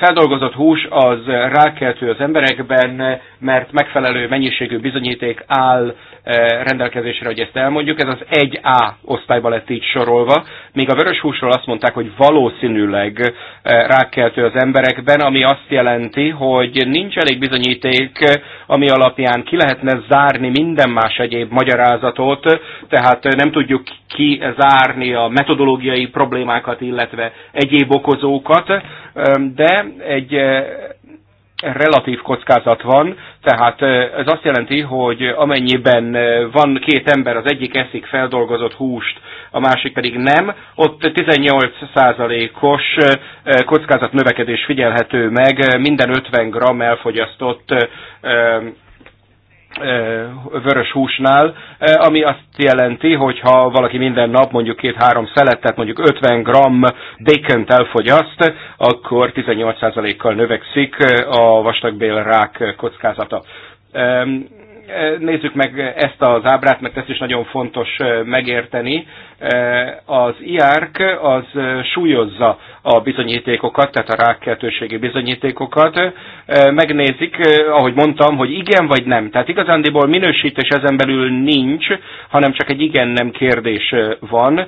feldolgozott hús az rákeltő az emberekben, mert megfelelő mennyiségű bizonyíték áll eh, rendelkezésre, hogy ezt elmondjuk. Ez az 1A osztályba lett így sorolva, míg a vörös húsról azt mondták, hogy valószínűleg eh, rákeltő az emberekben, ami azt jelenti, hogy nincs elég bizonyíték, ami alapján ki lehetne zárni minden más egyéb magyarázatot, tehát eh, nem tudjuk kizárni a metodológiai problémákat, illetve egyéb okozókat, de egy relatív kockázat van, tehát ez azt jelenti, hogy amennyiben van két ember, az egyik eszik feldolgozott húst, a másik pedig nem, ott 18%-os kockázat növekedés figyelhető meg minden 50 g elfogyasztott vörös húsnál, ami azt jelenti, hogy ha valaki minden nap mondjuk két-három szelettet, mondjuk 50 g bacon elfogyaszt, akkor 18%-kal növekszik a rák kockázata. Eh, nézzük meg ezt az ábrát, mert ezt is nagyon fontos eh, megérteni. Eh, az IARC az súlyozza a bizonyítékokat, tehát a rákkeltőségi bizonyítékokat. Megnézik, ahogy mondtam, hogy igen vagy nem. Tehát igazándiból minősítés ezen belül nincs, hanem csak egy igen-nem kérdés van.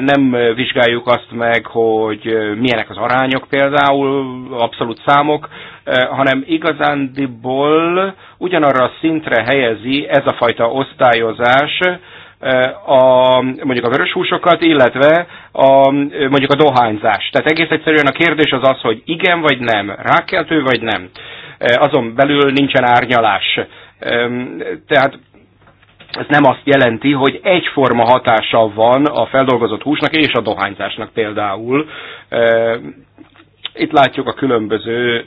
Nem vizsgáljuk azt meg, hogy milyenek az arányok például, abszolút számok, Eh, hanem igazándiból ugyanarra a szintre helyezi ez a fajta osztályozás eh, a, mondjuk a vörös húsokat, illetve a, mondjuk a dohányzás. Tehát egész egyszerűen a kérdés az az, hogy igen vagy nem, rákeltő vagy nem. Eh, azon belül nincsen árnyalás. Tehát ez nem azt jelenti, hogy egyforma hatása van a feldolgozott húsnak és a dohányzásnak például. Itt látjuk a különböző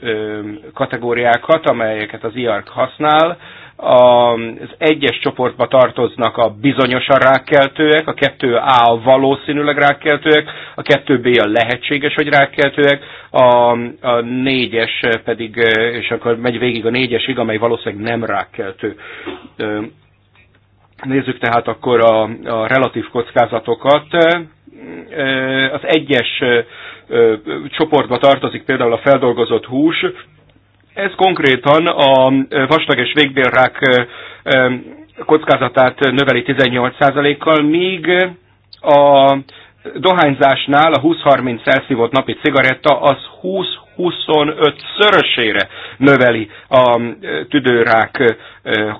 kategóriákat, amelyeket az IARC használ. Az egyes csoportba tartoznak a bizonyosan rákkeltőek, a kettő a a valószínűleg rákkeltőek, a kettő b a lehetséges, hogy rákkeltőek, a, a négyes pedig, és akkor megy végig a négyesig, amely valószínűleg nem rákkeltő. Nézzük tehát akkor a, a relatív kockázatokat az egyes csoportba tartozik például a feldolgozott hús. Ez konkrétan a vastag és végbélrák kockázatát növeli 18%-kal, míg a dohányzásnál a 20-30 elszívott napi cigaretta az 25-szörösére növeli a tüdőrák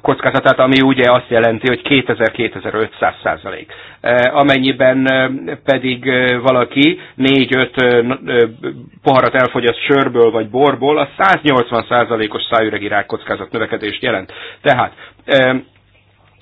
kockázatát, ami ugye azt jelenti, hogy 2000-2500 százalék. Amennyiben pedig valaki 4-5 poharat elfogyaszt sörből vagy borból, az 180 százalékos szájüregi rák kockázat növekedést jelent. Tehát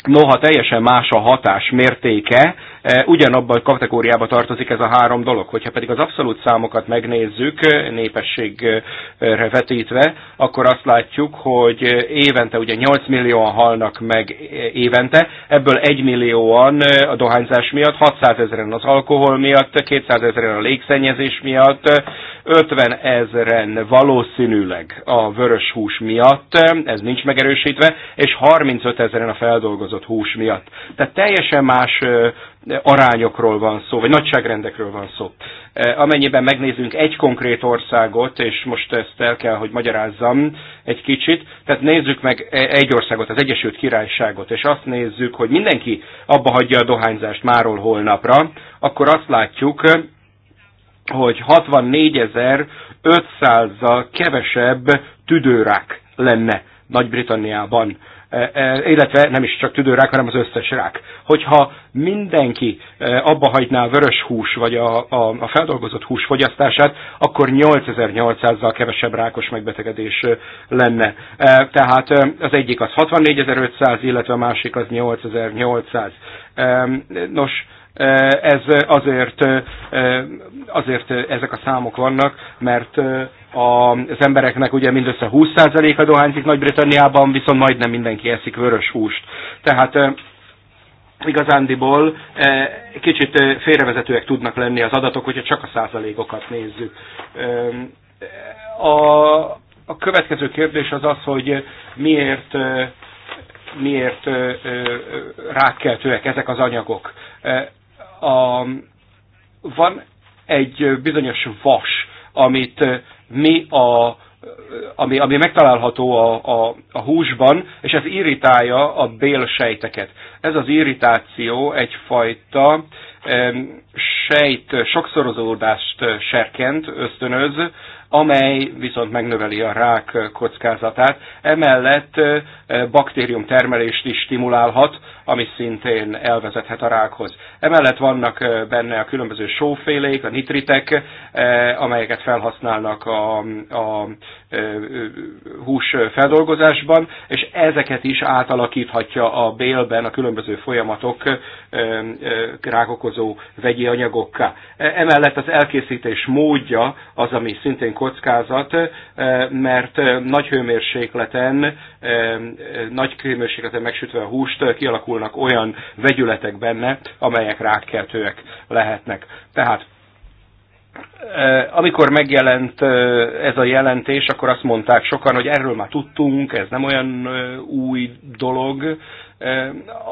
noha teljesen más a hatás mértéke, Eh, ugyanabban a kategóriába tartozik ez a három dolog. Hogyha pedig az abszolút számokat megnézzük, eh, népességre vetítve, akkor azt látjuk, hogy eh, évente ugye 8 millióan halnak meg évente, ebből 1 millióan a dohányzás miatt, 600 ezeren az alkohol miatt, 200 ezeren a légszennyezés miatt, 50 ezeren valószínűleg a vörös hús miatt, ez nincs megerősítve, és 35 ezeren a feldolgozott hús miatt. Tehát teljesen más arányokról van szó, vagy nagyságrendekről van szó. E, amennyiben megnézünk egy konkrét országot, és most ezt el kell, hogy magyarázzam egy kicsit, tehát nézzük meg e, egy országot, az Egyesült Királyságot, és azt nézzük, hogy mindenki abba hagyja a dohányzást máról holnapra, akkor azt látjuk, hogy 64.500-zal kevesebb tüdőrák lenne Nagy-Britanniában. E, e, illetve nem is csak tüdőrák, hanem az összes rák. Hogyha mindenki e, abba hagyná a vörös hús, vagy a, a, a feldolgozott hús fogyasztását, akkor 8800-zal kevesebb rákos megbetegedés lenne. Tehát az egyik az 64500, illetve a másik az 8800. Nos, ez azért, azért ezek a számok vannak, mert az embereknek ugye mindössze 20%-a dohányzik Nagy-Britanniában, viszont majdnem mindenki eszik vörös húst. Tehát igazándiból kicsit félrevezetőek tudnak lenni az adatok, hogyha csak a százalékokat nézzük. A, a következő kérdés az az, hogy miért miért rákkeltőek ezek az anyagok. A, van egy bizonyos vas, amit mi a, ami, ami megtalálható a, a, a húsban, és ez irritálja a bélsejteket. Ez az irritáció egyfajta sejt sokszorozódást serkent, ösztönöz, amely viszont megnöveli a rák kockázatát. Emellett baktérium termelést is stimulálhat, ami szintén elvezethet a rákhoz. Emellett vannak benne a különböző sófélék, a nitritek, amelyeket felhasználnak a, a hús feldolgozásban, és ezeket is átalakíthatja a bélben a különböző folyamatok rákokozó vegyi anyagokká. E, emellett az elkészítés módja az, ami szintén kockázat, mert nagy hőmérsékleten, nagy hőmérsékleten megsütve a húst kialakul megalakulnak olyan vegyületek benne, amelyek rákkeltőek lehetnek. Tehát amikor megjelent ez a jelentés, akkor azt mondták sokan, hogy erről már tudtunk, ez nem olyan új dolog.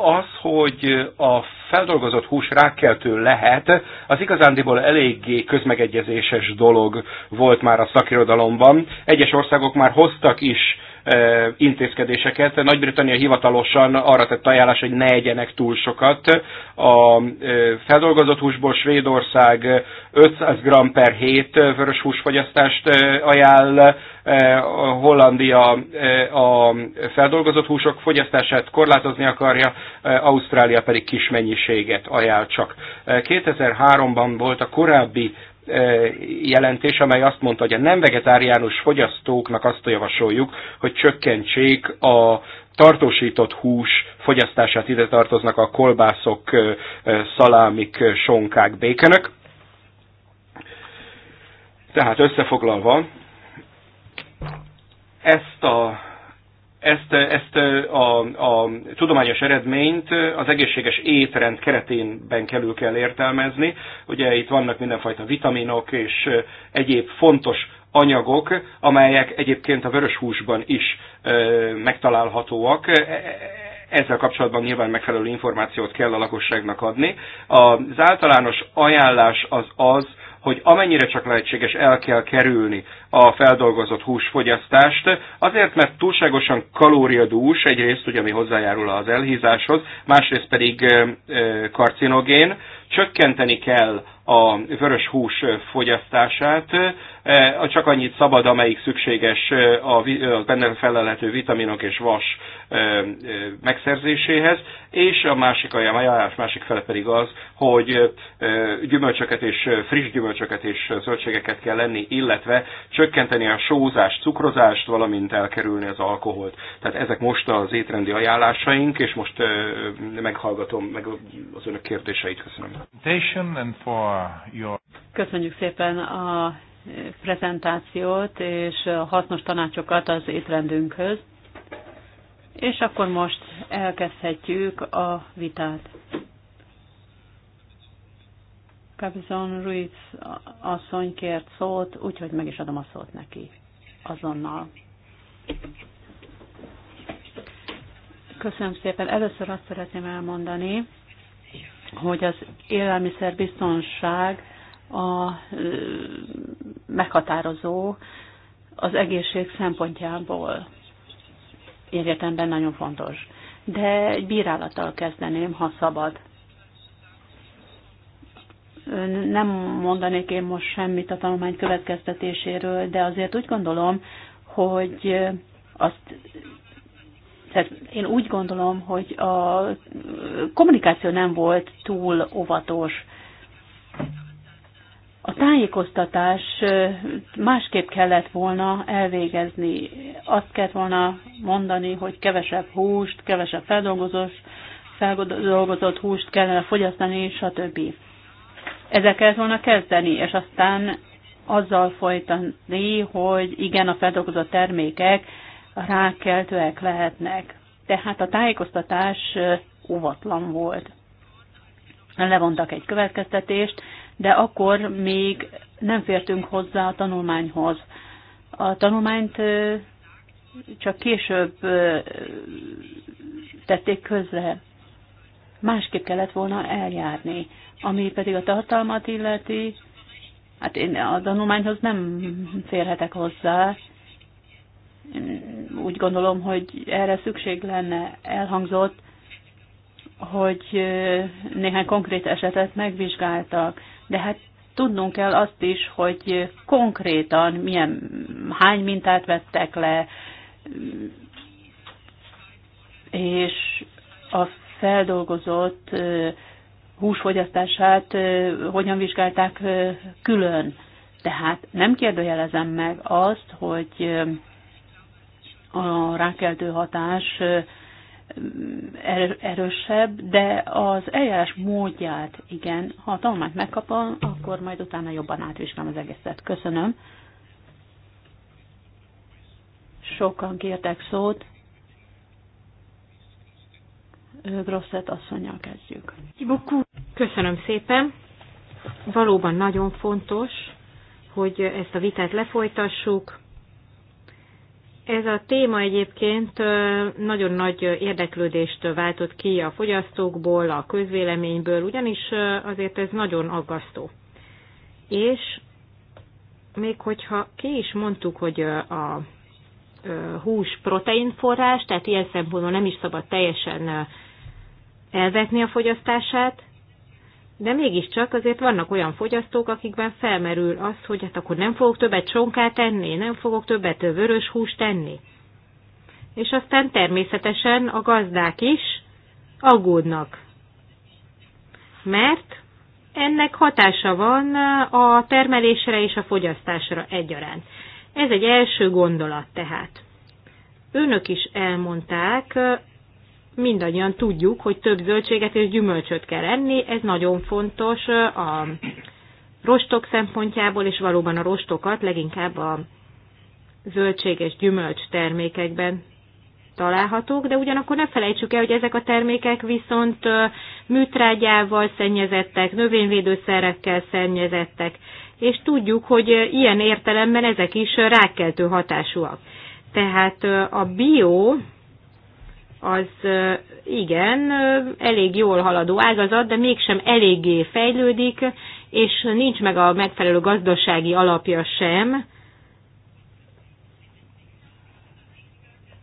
Az, hogy a feldolgozott hús rákkeltő lehet, az igazándiból eléggé közmegegyezéses dolog volt már a szakirodalomban. Egyes országok már hoztak is intézkedéseket. Nagy-Britannia hivatalosan arra tett ajánlás, hogy ne egyenek túl sokat. A feldolgozott húsból Svédország 500 g per hét vörös húsfogyasztást ajánl, Hollandia a feldolgozott húsok fogyasztását korlátozni akarja, Ausztrália pedig kis mennyiséget ajánl csak. 2003-ban volt a korábbi jelentés, amely azt mondta, hogy a nem vegetáriánus fogyasztóknak azt javasoljuk, hogy csökkentsék a tartósított hús fogyasztását. Ide tartoznak a kolbászok, szalámik, sonkák, békenek. Tehát összefoglalva, ezt a ezt, ezt a, a tudományos eredményt az egészséges étrend keretében kerül kell értelmezni. Ugye itt vannak mindenfajta vitaminok és egyéb fontos anyagok, amelyek egyébként a vörös húsban is ö, megtalálhatóak. E, e, ezzel kapcsolatban nyilván megfelelő információt kell a lakosságnak adni. Az általános ajánlás az az, hogy amennyire csak lehetséges el kell kerülni a feldolgozott húsfogyasztást, azért mert túlságosan kalóriadús, egyrészt ugye ami hozzájárul az elhízáshoz, másrészt pedig karcinogén, csökkenteni kell a vörös hús fogyasztását, e, csak annyit szabad, amelyik szükséges e, a e, benne felelhető vitaminok és vas megszerzéséhez, és a másik ajánlás, másik fele pedig az, hogy gyümölcsöket és friss gyümölcsöket és zöldségeket kell lenni, illetve csökkenteni a sózást, cukrozást, valamint elkerülni az alkoholt. Tehát ezek most az étrendi ajánlásaink, és most meghallgatom meg az önök kérdéseit. Köszönöm. Köszönjük szépen a prezentációt és a hasznos tanácsokat az étrendünkhöz. És akkor most elkezdhetjük a vitát. Kapizon Ruiz asszony kért szót, úgyhogy meg is adom a szót neki azonnal. Köszönöm szépen. Először azt szeretném elmondani, hogy az élelmiszerbiztonság a meghatározó az egészség szempontjából érjetemben nagyon fontos. De egy bírálattal kezdeném, ha szabad. Nem mondanék én most semmit a tanulmány következtetéséről, de azért úgy gondolom, hogy azt tehát én úgy gondolom, hogy a kommunikáció nem volt túl óvatos. A tájékoztatás másképp kellett volna elvégezni. Azt kellett volna mondani, hogy kevesebb húst, kevesebb feldolgozós, feldolgozott húst kellene fogyasztani, stb. Ezzel kellett volna kezdeni, és aztán azzal folytani, hogy igen, a feldolgozott termékek rákeltőek lehetnek. Tehát a tájékoztatás óvatlan volt. Levontak egy következtetést, de akkor még nem fértünk hozzá a tanulmányhoz. A tanulmányt csak később tették közre. Másképp kellett volna eljárni. Ami pedig a tartalmat illeti, hát én a tanulmányhoz nem férhetek hozzá, úgy gondolom, hogy erre szükség lenne elhangzott, hogy néhány konkrét esetet megvizsgáltak, de hát tudnunk kell azt is, hogy konkrétan milyen, hány mintát vettek le, és a feldolgozott húsfogyasztását hogyan vizsgálták külön. Tehát nem kérdőjelezem meg azt, hogy a rákeltő hatás erősebb, de az eljárás módját, igen, ha a tanulmányt megkapom, akkor majd utána jobban átvizsgálom az egészet. Köszönöm. Sokan kértek szót. Grosszett asszonyjal kezdjük. Köszönöm szépen. Valóban nagyon fontos, hogy ezt a vitát lefolytassuk, ez a téma egyébként nagyon nagy érdeklődést váltott ki a fogyasztókból, a közvéleményből, ugyanis azért ez nagyon aggasztó. És még hogyha ki is mondtuk, hogy a hús proteinforrás, tehát ilyen szempontból nem is szabad teljesen elvetni a fogyasztását, de mégiscsak azért vannak olyan fogyasztók, akikben felmerül az, hogy hát akkor nem fogok többet sonkát enni, nem fogok többet vörös húst tenni, És aztán természetesen a gazdák is aggódnak, mert ennek hatása van a termelésre és a fogyasztásra egyaránt. Ez egy első gondolat tehát. Önök is elmondták mindannyian tudjuk, hogy több zöldséget és gyümölcsöt kell enni, ez nagyon fontos a rostok szempontjából, és valóban a rostokat leginkább a zöldség és gyümölcs termékekben találhatók, de ugyanakkor ne felejtsük el, hogy ezek a termékek viszont műtrágyával szennyezettek, növényvédőszerekkel szennyezettek, és tudjuk, hogy ilyen értelemben ezek is rákkeltő hatásúak. Tehát a bio az igen, elég jól haladó ágazat, de mégsem eléggé fejlődik, és nincs meg a megfelelő gazdasági alapja sem.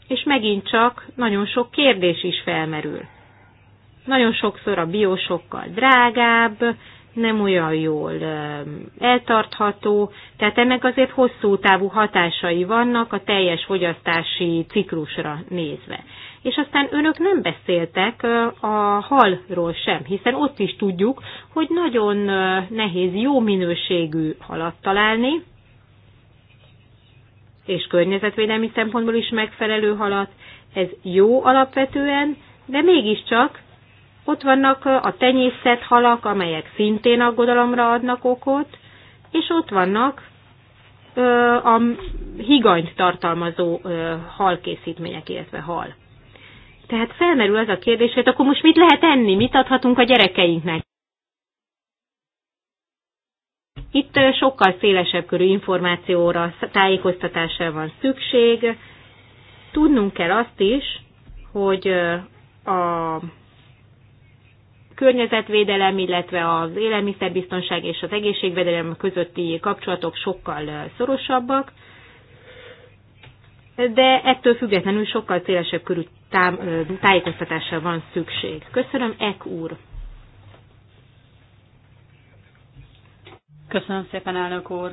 És megint csak nagyon sok kérdés is felmerül. Nagyon sokszor a bió sokkal drágább, nem olyan jól eltartható, tehát ennek azért hosszú távú hatásai vannak a teljes fogyasztási ciklusra nézve és aztán önök nem beszéltek a halról sem, hiszen ott is tudjuk, hogy nagyon nehéz jó minőségű halat találni, és környezetvédelmi szempontból is megfelelő halat. Ez jó alapvetően, de mégiscsak ott vannak a tenyészet halak, amelyek szintén aggodalomra adnak okot, és ott vannak a higanyt tartalmazó halkészítmények, illetve hal. Tehát felmerül az a kérdés, hogy akkor most mit lehet enni, mit adhatunk a gyerekeinknek? Itt sokkal szélesebb körű információra, tájékoztatásra van szükség. Tudnunk kell azt is, hogy a környezetvédelem, illetve az élelmiszerbiztonság és az egészségvédelem közötti kapcsolatok sokkal szorosabbak, de ettől függetlenül sokkal szélesebb körű tájékoztatásra van szükség. Köszönöm, Ek úr! Köszönöm szépen, elnök úr!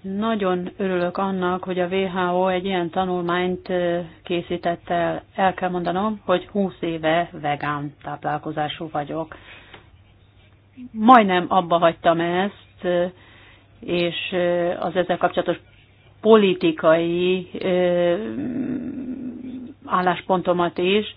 Nagyon örülök annak, hogy a WHO egy ilyen tanulmányt készített el. El kell mondanom, hogy 20 éve vegán táplálkozású vagyok. Majdnem abba hagytam ezt, és az ezzel kapcsolatos politikai álláspontomat is,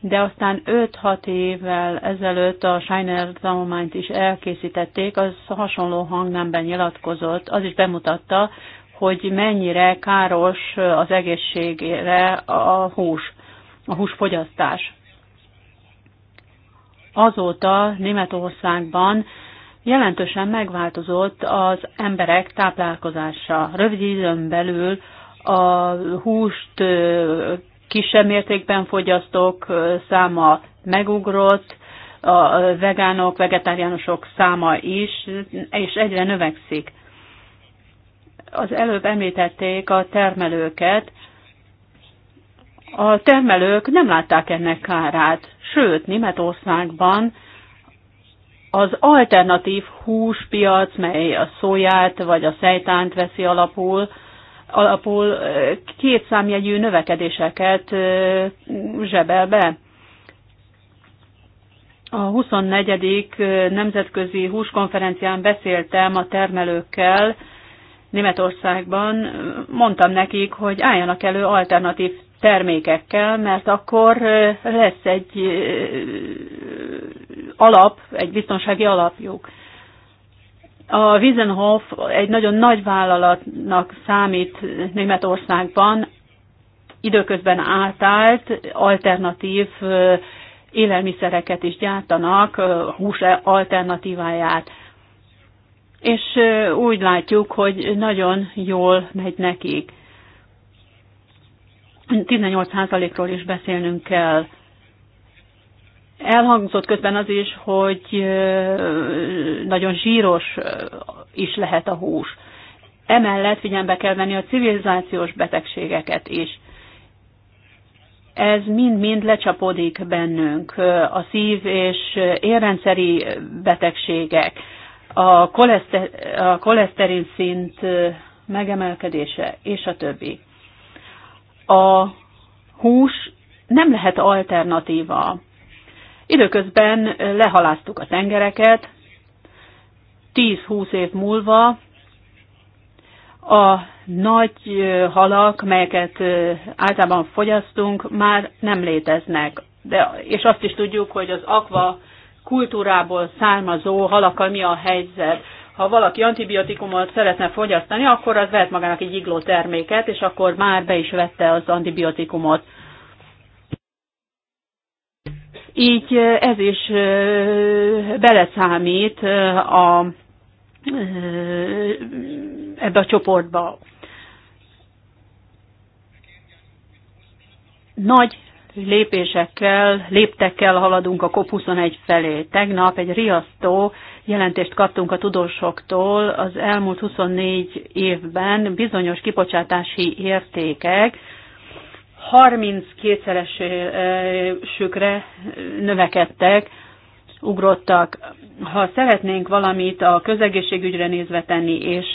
de aztán 5-6 évvel ezelőtt a Scheiner tanulmányt is elkészítették, az hasonló hangnemben nyilatkozott, az is bemutatta, hogy mennyire káros az egészségére a hús, a húsfogyasztás. Azóta Németországban jelentősen megváltozott az emberek táplálkozása. Rövid időn belül a húst kisebb mértékben fogyasztók száma megugrott, a vegánok, vegetáriánusok száma is, és egyre növekszik. Az előbb említették a termelőket. A termelők nem látták ennek kárát, sőt, Németországban az alternatív húspiac, mely a szóját vagy a szejtánt veszi alapul, alapul két számjegyű növekedéseket zsebel be. A 24. nemzetközi húskonferencián beszéltem a termelőkkel Németországban, mondtam nekik, hogy álljanak elő alternatív termékekkel, mert akkor lesz egy alap, egy biztonsági alapjuk. A Wiesenhof egy nagyon nagy vállalatnak számít Németországban, időközben átállt, alternatív élelmiszereket is gyártanak, hús alternatíváját. És úgy látjuk, hogy nagyon jól megy nekik. 18%-ról is beszélnünk kell. Elhangzott közben az is, hogy nagyon zsíros is lehet a hús. Emellett figyelembe kell venni a civilizációs betegségeket is. Ez mind-mind lecsapódik bennünk. A szív- és érrendszeri betegségek, a, koleszter- a koleszterin szint megemelkedése, és a többi a hús nem lehet alternatíva. Időközben lehaláztuk a tengereket, 10-20 év múlva a nagy halak, melyeket általában fogyasztunk, már nem léteznek. De, és azt is tudjuk, hogy az akva kultúrából származó halakkal mi a helyzet ha valaki antibiotikumot szeretne fogyasztani, akkor az vett magának egy igló terméket, és akkor már be is vette az antibiotikumot. Így ez is beleszámít a, ebbe a csoportba. Nagy lépésekkel, léptekkel haladunk a COP21 felé. Tegnap egy riasztó jelentést kaptunk a tudósoktól az elmúlt 24 évben bizonyos kibocsátási értékek 32-szeresükre növekedtek, ugrottak. Ha szeretnénk valamit a közegészségügyre nézve tenni, és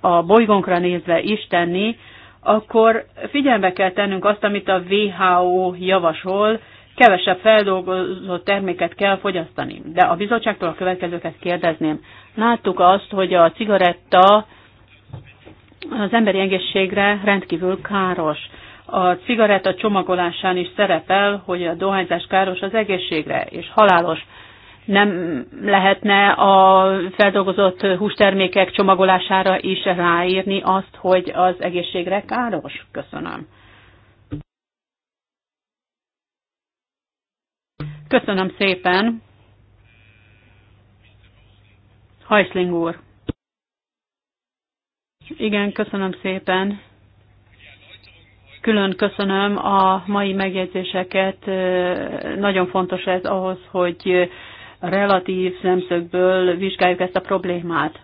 a bolygónkra nézve is tenni, akkor figyelme kell tennünk azt, amit a WHO javasol, kevesebb feldolgozott terméket kell fogyasztani. De a bizottságtól a következőket kérdezném. Láttuk azt, hogy a cigaretta az emberi egészségre rendkívül káros. A cigaretta csomagolásán is szerepel, hogy a dohányzás káros az egészségre, és halálos nem lehetne a feldolgozott hústermékek csomagolására is ráírni azt, hogy az egészségre káros? Köszönöm. Köszönöm szépen. Hajszling úr. Igen, köszönöm szépen. Külön köszönöm a mai megjegyzéseket. Nagyon fontos ez ahhoz, hogy relatív szemszögből vizsgáljuk ezt a problémát.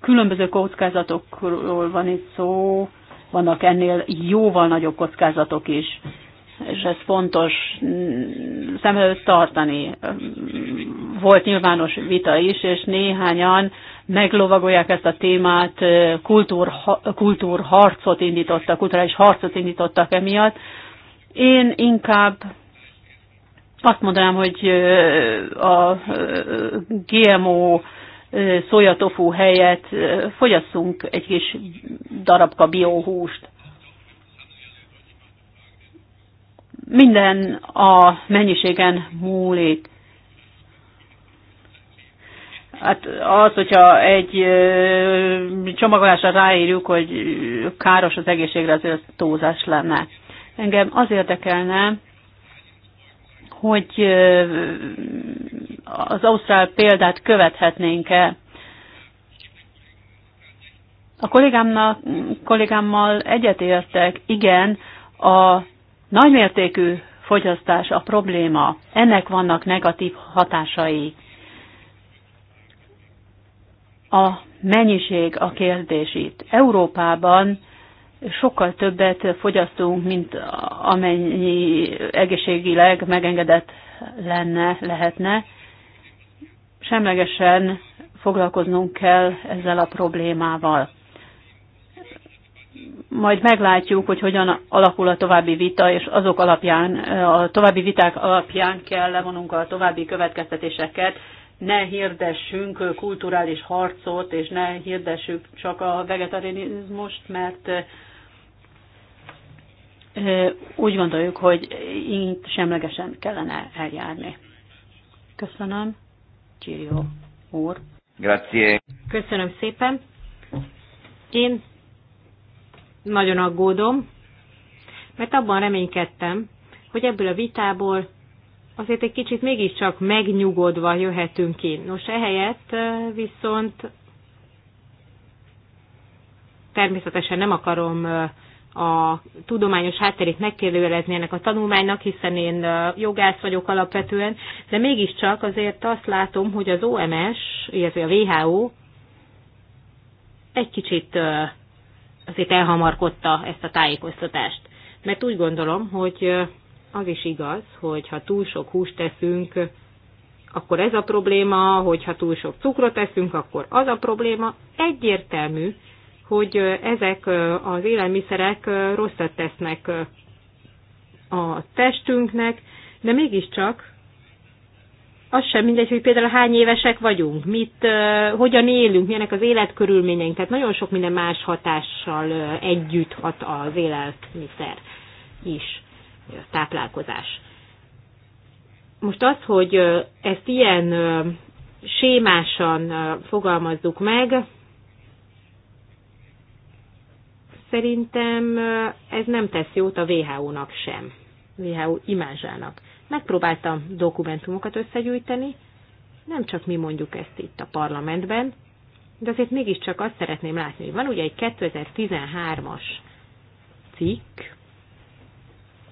Különböző kockázatokról van itt szó, vannak ennél jóval nagyobb kockázatok is, és ez fontos szem előtt tartani. Volt nyilvános vita is, és néhányan meglovagolják ezt a témát, kultúr, kultúrharcot indítottak, kulturális harcot indítottak emiatt. Én inkább azt mondanám, hogy a GMO szójatofú helyett fogyasszunk egy kis darabka bióhúst. Minden a mennyiségen múlik. Hát az, hogyha egy csomagolásra ráírjuk, hogy káros az egészségre, azért az túlzás lenne. Engem az érdekelne, hogy az Ausztrál példát követhetnénk-e. A kollégámnak, kollégámmal egyetértek, igen, a nagymértékű fogyasztás a probléma. Ennek vannak negatív hatásai. A mennyiség a kérdés itt. Európában sokkal többet fogyasztunk, mint amennyi egészségileg megengedett lenne, lehetne. Semlegesen foglalkoznunk kell ezzel a problémával. Majd meglátjuk, hogy hogyan alakul a további vita, és azok alapján, a további viták alapján kell levonunk a további következtetéseket. Ne hirdessünk kulturális harcot, és ne hirdessük csak a vegetarianizmust, mert úgy gondoljuk, hogy így semlegesen kellene eljárni. Köszönöm. Csirió úr. Grazie. Köszönöm szépen. Én nagyon aggódom, mert abban reménykedtem, hogy ebből a vitából azért egy kicsit mégiscsak megnyugodva jöhetünk ki. Nos, ehelyett viszont természetesen nem akarom a tudományos hátterét megkérdőjelezni ennek a tanulmánynak, hiszen én jogász vagyok alapvetően, de mégiscsak azért azt látom, hogy az OMS, illetve a WHO egy kicsit azért elhamarkodta ezt a tájékoztatást. Mert úgy gondolom, hogy az is igaz, hogy ha túl sok húst teszünk, akkor ez a probléma, hogyha túl sok cukrot teszünk, akkor az a probléma. Egyértelmű, hogy ezek az élelmiszerek rosszat tesznek a testünknek, de mégiscsak az sem mindegy, hogy például hány évesek vagyunk, mit, hogyan élünk, milyenek az életkörülményeink, tehát nagyon sok minden más hatással együtt hat az élelmiszer is, a táplálkozás. Most az, hogy ezt ilyen sémásan fogalmazzuk meg, Szerintem ez nem tesz jót a WHO-nak sem, WHO imázsának. Megpróbáltam dokumentumokat összegyűjteni, nem csak mi mondjuk ezt itt a parlamentben, de azért mégiscsak azt szeretném látni, hogy van ugye egy 2013-as cikk,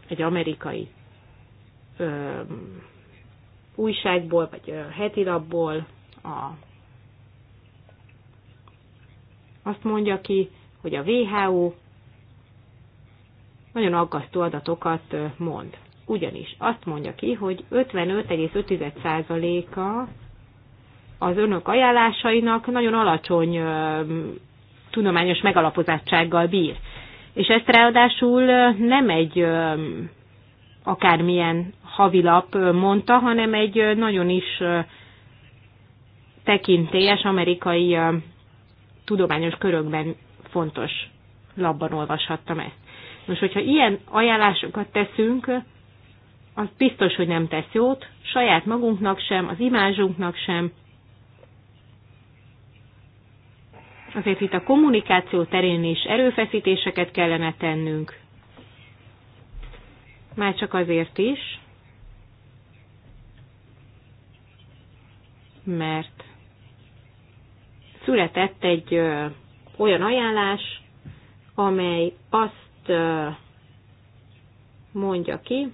egy amerikai ö, újságból, vagy ö, hetilapból a, azt mondja ki, hogy a WHO nagyon aggasztó adatokat mond. Ugyanis azt mondja ki, hogy 55,5%-a az önök ajánlásainak nagyon alacsony tudományos megalapozottsággal bír. És ezt ráadásul nem egy akármilyen havilap mondta, hanem egy nagyon is tekintélyes amerikai tudományos körökben fontos labban olvashattam ezt. Most, hogyha ilyen ajánlásokat teszünk, az biztos, hogy nem tesz jót, saját magunknak sem, az imázsunknak sem. Azért itt a kommunikáció terén is erőfeszítéseket kellene tennünk. Már csak azért is, mert született egy olyan ajánlás, amely azt mondja ki,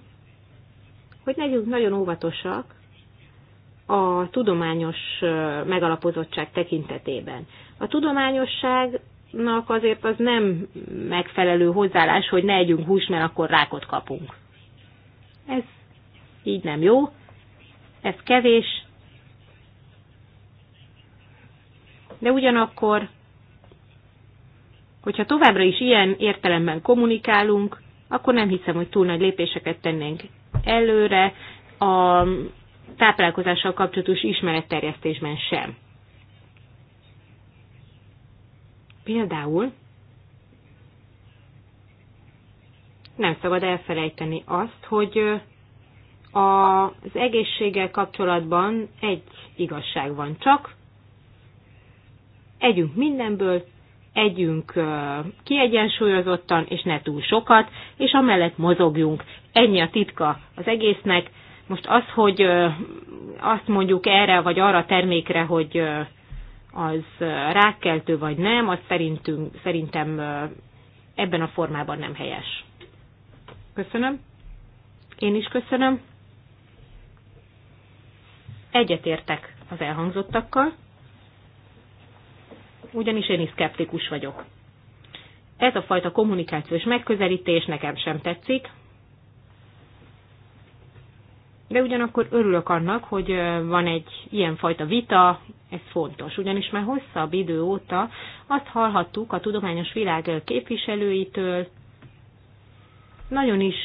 hogy legyünk nagyon óvatosak a tudományos megalapozottság tekintetében. A tudományosságnak azért az nem megfelelő hozzáállás, hogy ne együnk hús, mert akkor rákot kapunk. Ez így nem jó, ez kevés, de ugyanakkor Hogyha továbbra is ilyen értelemben kommunikálunk, akkor nem hiszem, hogy túl nagy lépéseket tennénk előre a táplálkozással kapcsolatos ismeretterjesztésben sem. Például nem szabad elfelejteni azt, hogy az egészséggel kapcsolatban egy igazság van csak, együnk mindenből, együnk kiegyensúlyozottan, és ne túl sokat, és amellett mozogjunk. Ennyi a titka az egésznek. Most az, hogy azt mondjuk erre vagy arra termékre, hogy az rákkeltő vagy nem, az szerintünk, szerintem ebben a formában nem helyes. Köszönöm. Én is köszönöm. Egyetértek az elhangzottakkal ugyanis én is szkeptikus vagyok. Ez a fajta kommunikációs megközelítés nekem sem tetszik, de ugyanakkor örülök annak, hogy van egy ilyenfajta vita, ez fontos, ugyanis már hosszabb idő óta azt hallhattuk a tudományos világ képviselőitől, nagyon is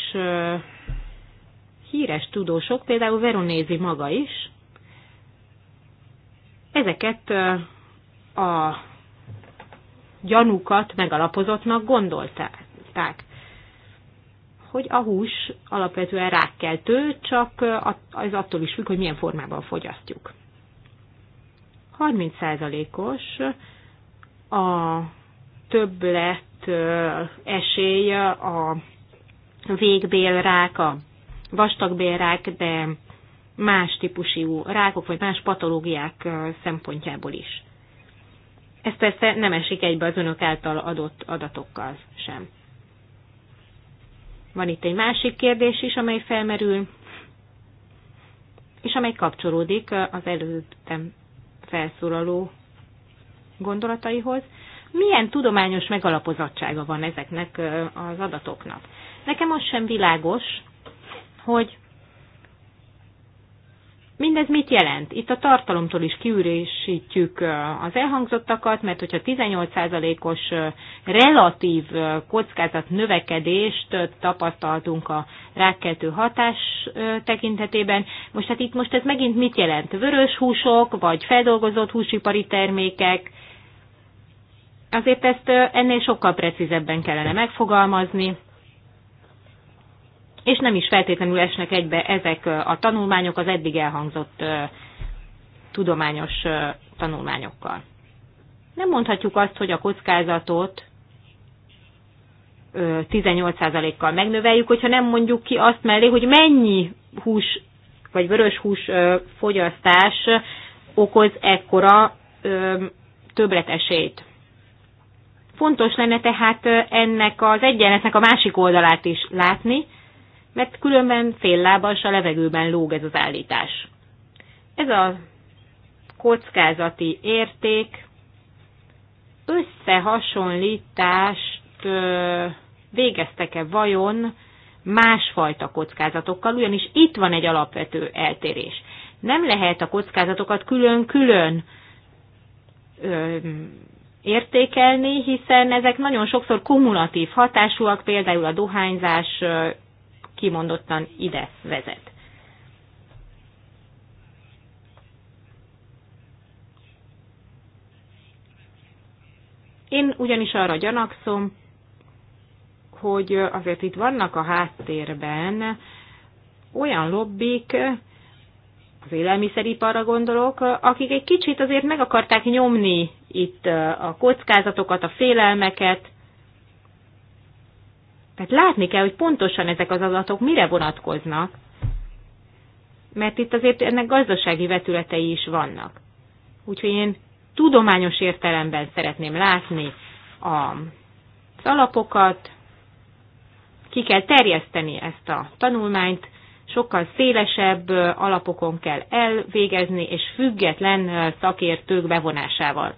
híres tudósok, például Veronézi maga is, ezeket a gyanúkat megalapozottnak gondolták. Hogy a hús alapvetően rákkeltő, csak az attól is függ, hogy milyen formában fogyasztjuk. 30%-os a többlet esély a végbélrák, a vastagbélrák, de más típusú rákok, vagy más patológiák szempontjából is. Ez persze nem esik egybe az önök által adott adatokkal sem. Van itt egy másik kérdés is, amely felmerül, és amely kapcsolódik az előttem felszólaló gondolataihoz. Milyen tudományos megalapozottsága van ezeknek az adatoknak? Nekem az sem világos, hogy Mindez mit jelent? Itt a tartalomtól is kiürésítjük az elhangzottakat, mert hogyha 18%-os relatív kockázat növekedést tapasztaltunk a rákkeltő hatás tekintetében, most hát itt most ez megint mit jelent? Vörös húsok, vagy feldolgozott húsipari termékek? Azért ezt ennél sokkal precízebben kellene megfogalmazni és nem is feltétlenül esnek egybe ezek a tanulmányok az eddig elhangzott tudományos tanulmányokkal. Nem mondhatjuk azt, hogy a kockázatot 18%-kal megnöveljük, hogyha nem mondjuk ki azt mellé, hogy mennyi hús vagy vörös hús fogyasztás okoz ekkora többletesét. Fontos lenne tehát ennek az egyenletnek a másik oldalát is látni, mert különben fél lábbal a levegőben lóg ez az állítás. Ez a kockázati érték összehasonlítást végeztek-e vajon másfajta kockázatokkal, ugyanis itt van egy alapvető eltérés. Nem lehet a kockázatokat külön-külön értékelni, hiszen ezek nagyon sokszor kumulatív hatásúak, például a dohányzás kimondottan ide vezet. Én ugyanis arra gyanakszom, hogy azért itt vannak a háttérben olyan lobbik, az élelmiszeriparra gondolok, akik egy kicsit azért meg akarták nyomni itt a kockázatokat, a félelmeket, tehát látni kell, hogy pontosan ezek az adatok mire vonatkoznak, mert itt azért ennek gazdasági vetületei is vannak. Úgyhogy én tudományos értelemben szeretném látni a alapokat, ki kell terjeszteni ezt a tanulmányt, sokkal szélesebb alapokon kell elvégezni, és független szakértők bevonásával.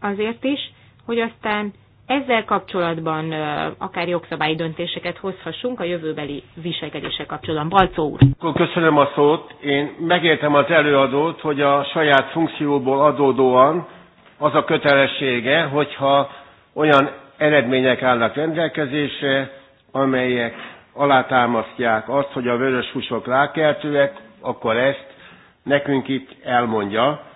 Azért is, hogy aztán ezzel kapcsolatban akár jogszabályi döntéseket hozhassunk a jövőbeli viselkedéssel kapcsolatban. Balcó úr. Köszönöm a szót. Én megértem az előadót, hogy a saját funkcióból adódóan az a kötelessége, hogyha olyan eredmények állnak rendelkezésre, amelyek alátámasztják azt, hogy a vörös húsok rákeltőek, akkor ezt nekünk itt elmondja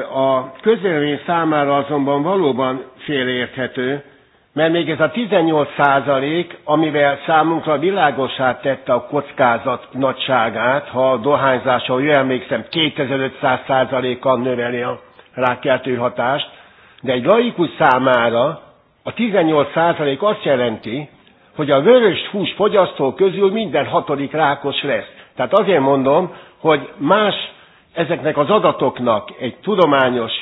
a közvélemény számára azonban valóban félérthető, mert még ez a 18 százalék, amivel számunkra világosá tette a kockázat nagyságát, ha a dohányzás, ahogy emlékszem, 2500 százalékkal növeli a rákkeltő hatást, de egy laikus számára a 18 százalék azt jelenti, hogy a vörös hús fogyasztó közül minden hatodik rákos lesz. Tehát azért mondom, hogy más ezeknek az adatoknak egy tudományos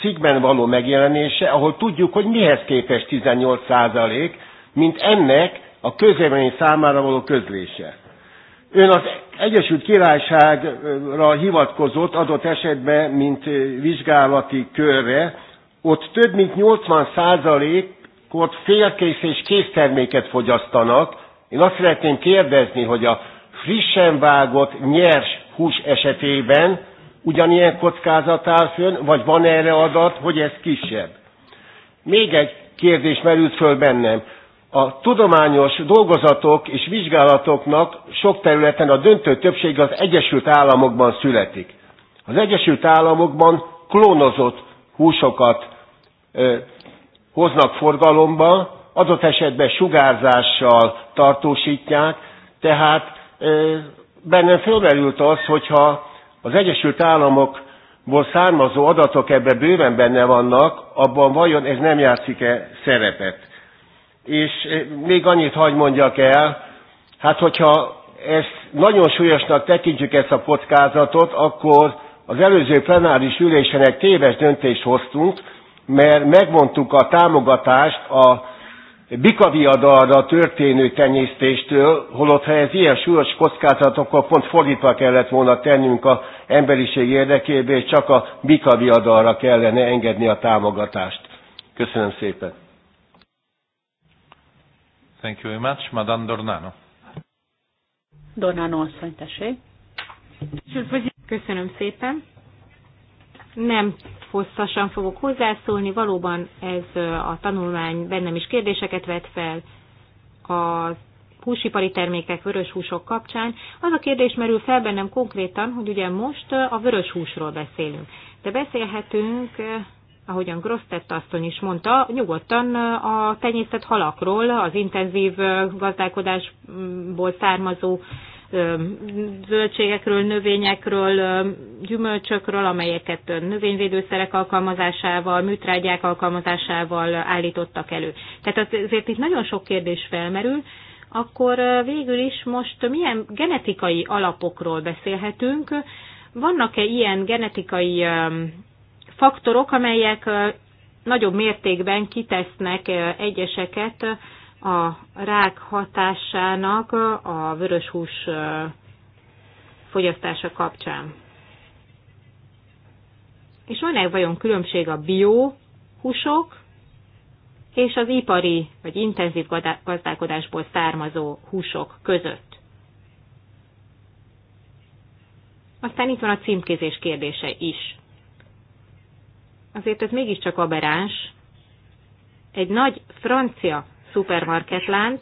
cikkben való megjelenése, ahol tudjuk, hogy mihez képes 18%, mint ennek a közvélemény számára való közlése. Ön az Egyesült Királyságra hivatkozott adott esetben, mint vizsgálati körre, ott több mint 80%-ot félkész és készterméket fogyasztanak. Én azt szeretném kérdezni, hogy a frissen vágott nyers hús esetében ugyanilyen kockázat áll fönn, vagy van -e erre adat, hogy ez kisebb? Még egy kérdés merült föl bennem. A tudományos dolgozatok és vizsgálatoknak sok területen a döntő többség az Egyesült Államokban születik. Az Egyesült Államokban klónozott húsokat ö, hoznak forgalomba, adott esetben sugárzással tartósítják, tehát ö, bennem fölmerült az, hogyha az Egyesült Államokból származó adatok ebbe bőven benne vannak, abban vajon ez nem játszik-e szerepet. És eh, még annyit hagy mondjak el, hát hogyha ezt nagyon súlyosnak tekintjük ezt a kockázatot, akkor az előző plenáris ülésen egy téves döntést hoztunk, mert megmondtuk a támogatást a bikaviadalra történő tenyésztéstől, holott ha ez ilyen súlyos akkor pont fordítva kellett volna tennünk az emberiség érdekébe, és csak a bikaviadalra kellene engedni a támogatást. Köszönöm szépen. Thank you very much. Madame Dornano. Dornano asszony, tessék. Köszönöm szépen. Nem hosszasan fogok hozzászólni. Valóban ez a tanulmány bennem is kérdéseket vet fel a húsipari termékek, vörös húsok kapcsán. Az a kérdés merül fel bennem konkrétan, hogy ugye most a vörös húsról beszélünk. De beszélhetünk, ahogyan Grosztett asszony is mondta, nyugodtan a tenyésztett halakról, az intenzív gazdálkodásból származó zöldségekről, növényekről, gyümölcsökről, amelyeket növényvédőszerek alkalmazásával, műtrágyák alkalmazásával állítottak elő. Tehát azért itt nagyon sok kérdés felmerül, akkor végül is most milyen genetikai alapokról beszélhetünk, vannak-e ilyen genetikai faktorok, amelyek nagyobb mértékben kitesznek egyeseket a rák hatásának a hús fogyasztása kapcsán. És van-e vajon különbség a bio húsok és az ipari vagy intenzív gazdálkodásból származó húsok között? Aztán itt van a címkézés kérdése is. Azért ez mégiscsak aberáns. Egy nagy francia lánc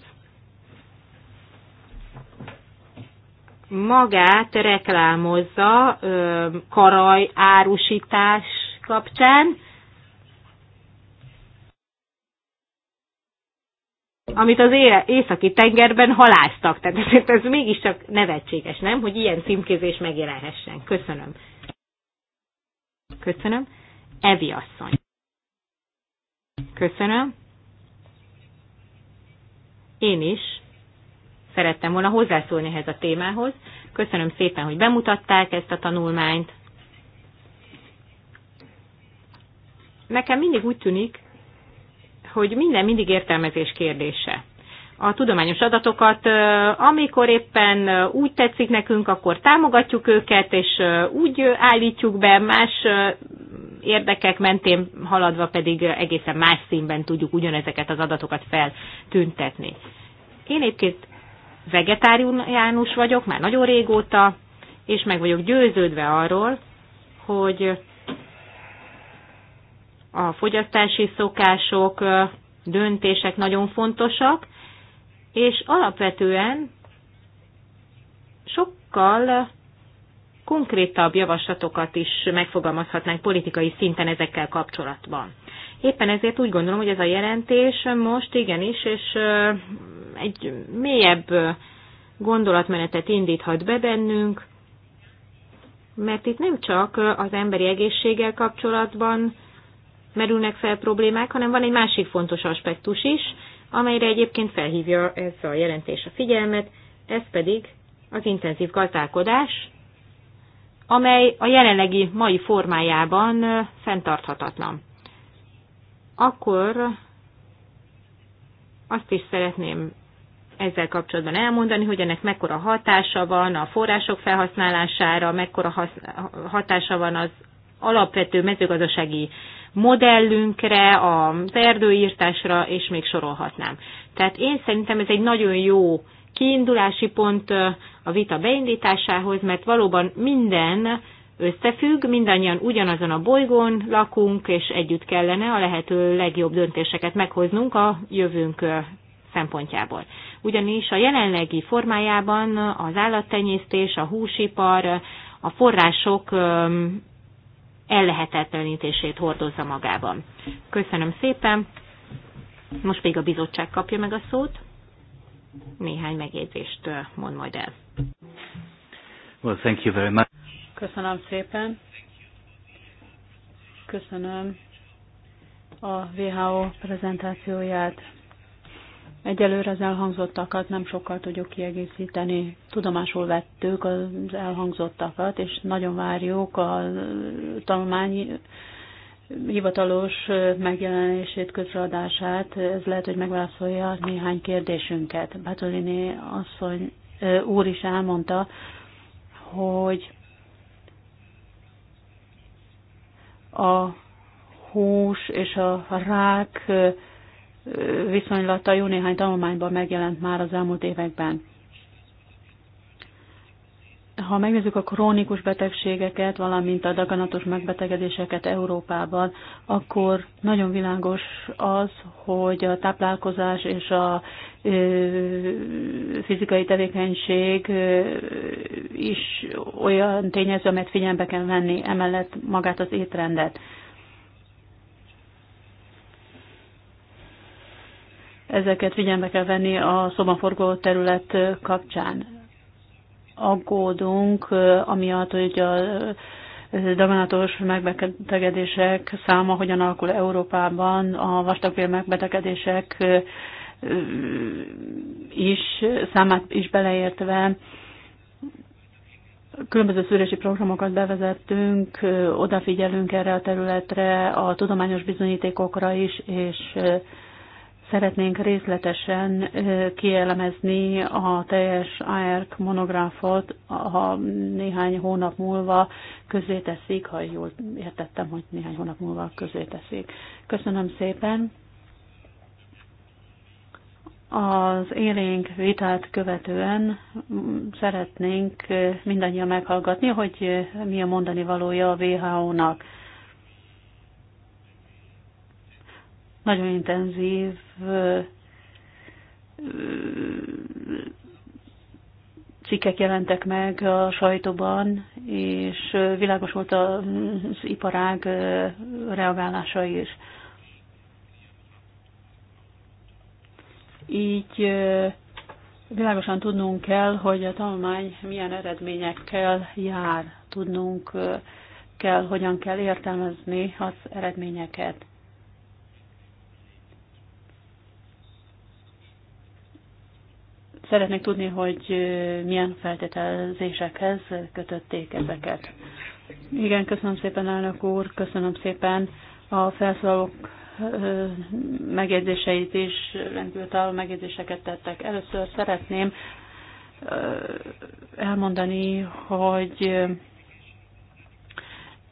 magát reklámozza karaj árusítás kapcsán, amit az északi tengerben haláztak. Tehát ezért ez mégiscsak nevetséges, nem? Hogy ilyen címkézés megjelenhessen. Köszönöm. Köszönöm. Evi asszony. Köszönöm én is szerettem volna hozzászólni ehhez a témához. Köszönöm szépen, hogy bemutatták ezt a tanulmányt. Nekem mindig úgy tűnik, hogy minden mindig értelmezés kérdése. A tudományos adatokat, amikor éppen úgy tetszik nekünk, akkor támogatjuk őket, és úgy állítjuk be, más érdekek mentén haladva pedig egészen más színben tudjuk ugyanezeket az adatokat feltüntetni. Én egyébként vegetáriánus vagyok, már nagyon régóta, és meg vagyok győződve arról, hogy a fogyasztási szokások, döntések nagyon fontosak, és alapvetően sokkal konkrétabb javaslatokat is megfogalmazhatnánk politikai szinten ezekkel kapcsolatban. Éppen ezért úgy gondolom, hogy ez a jelentés most igenis, és egy mélyebb gondolatmenetet indíthat be bennünk, mert itt nem csak az emberi egészséggel kapcsolatban merülnek fel problémák, hanem van egy másik fontos aspektus is, amelyre egyébként felhívja ez a jelentés a figyelmet, ez pedig az intenzív gazdálkodás, amely a jelenlegi mai formájában fenntarthatatlan. Akkor azt is szeretném ezzel kapcsolatban elmondani, hogy ennek mekkora hatása van a források felhasználására, mekkora hatása van az alapvető mezőgazdasági modellünkre, az erdőírtásra, és még sorolhatnám. Tehát én szerintem ez egy nagyon jó kiindulási pont a vita beindításához, mert valóban minden összefügg, mindannyian ugyanazon a bolygón lakunk, és együtt kellene a lehető legjobb döntéseket meghoznunk a jövőnk szempontjából. Ugyanis a jelenlegi formájában az állattenyésztés, a húsipar, a források ellehetetlenítését hordozza magában. Köszönöm szépen. Most még a bizottság kapja meg a szót néhány megjegyzést mond majd el. Well, thank you very much. Köszönöm szépen. Köszönöm a WHO prezentációját. Egyelőre az elhangzottakat nem sokkal tudjuk kiegészíteni. Tudomásul vettük az elhangzottakat, és nagyon várjuk a tanulmányi hivatalos megjelenését, közreadását, ez lehet, hogy megválaszolja néhány kérdésünket. Bátoliné asszony úr is elmondta, hogy a hús és a rák viszonylata jó néhány tanulmányban megjelent már az elmúlt években. Ha megnézzük a krónikus betegségeket, valamint a daganatos megbetegedéseket Európában, akkor nagyon világos az, hogy a táplálkozás és a fizikai tevékenység is olyan tényező, amelyet figyelembe kell venni, emellett magát az étrendet. Ezeket figyelembe kell venni a szobaforgó terület kapcsán aggódunk, amiatt, hogy a daganatos megbetegedések száma hogyan alakul Európában, a vastagbél megbetegedések is, számát is beleértve. Különböző szűrési programokat bevezettünk, odafigyelünk erre a területre, a tudományos bizonyítékokra is, és Szeretnénk részletesen kielemezni a teljes ARK monográfot, ha néhány hónap múlva közé teszik, ha jól értettem, hogy néhány hónap múlva közé teszik. Köszönöm szépen. Az élénk vitát követően szeretnénk mindannyian meghallgatni, hogy mi a mondani valója a WHO-nak. Nagyon intenzív cikkek jelentek meg a sajtóban, és világos volt az iparág reagálása is. Így világosan tudnunk kell, hogy a tanulmány milyen eredményekkel jár, tudnunk kell, hogyan kell értelmezni az eredményeket. Szeretnék tudni, hogy milyen feltételezésekhez kötötték ezeket. Igen, köszönöm szépen, elnök úr, köszönöm szépen a felszólalók megjegyzéseit is, rendkívül megjegyzéseket tettek. Először szeretném elmondani, hogy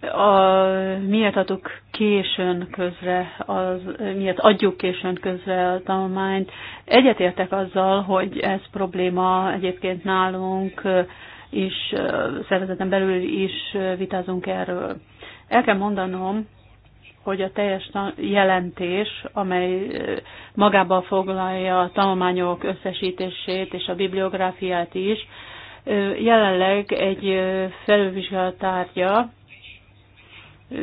a, miért adjuk későn közre, az, miért adjuk későn közre a tanulmányt. Egyetértek azzal, hogy ez probléma egyébként nálunk is, szervezeten belül is vitázunk erről. El kell mondanom, hogy a teljes jelentés, amely eh, magába foglalja a tanulmányok összesítését és a bibliográfiát is, eh, jelenleg egy eh, felülvizsgálat tárgya,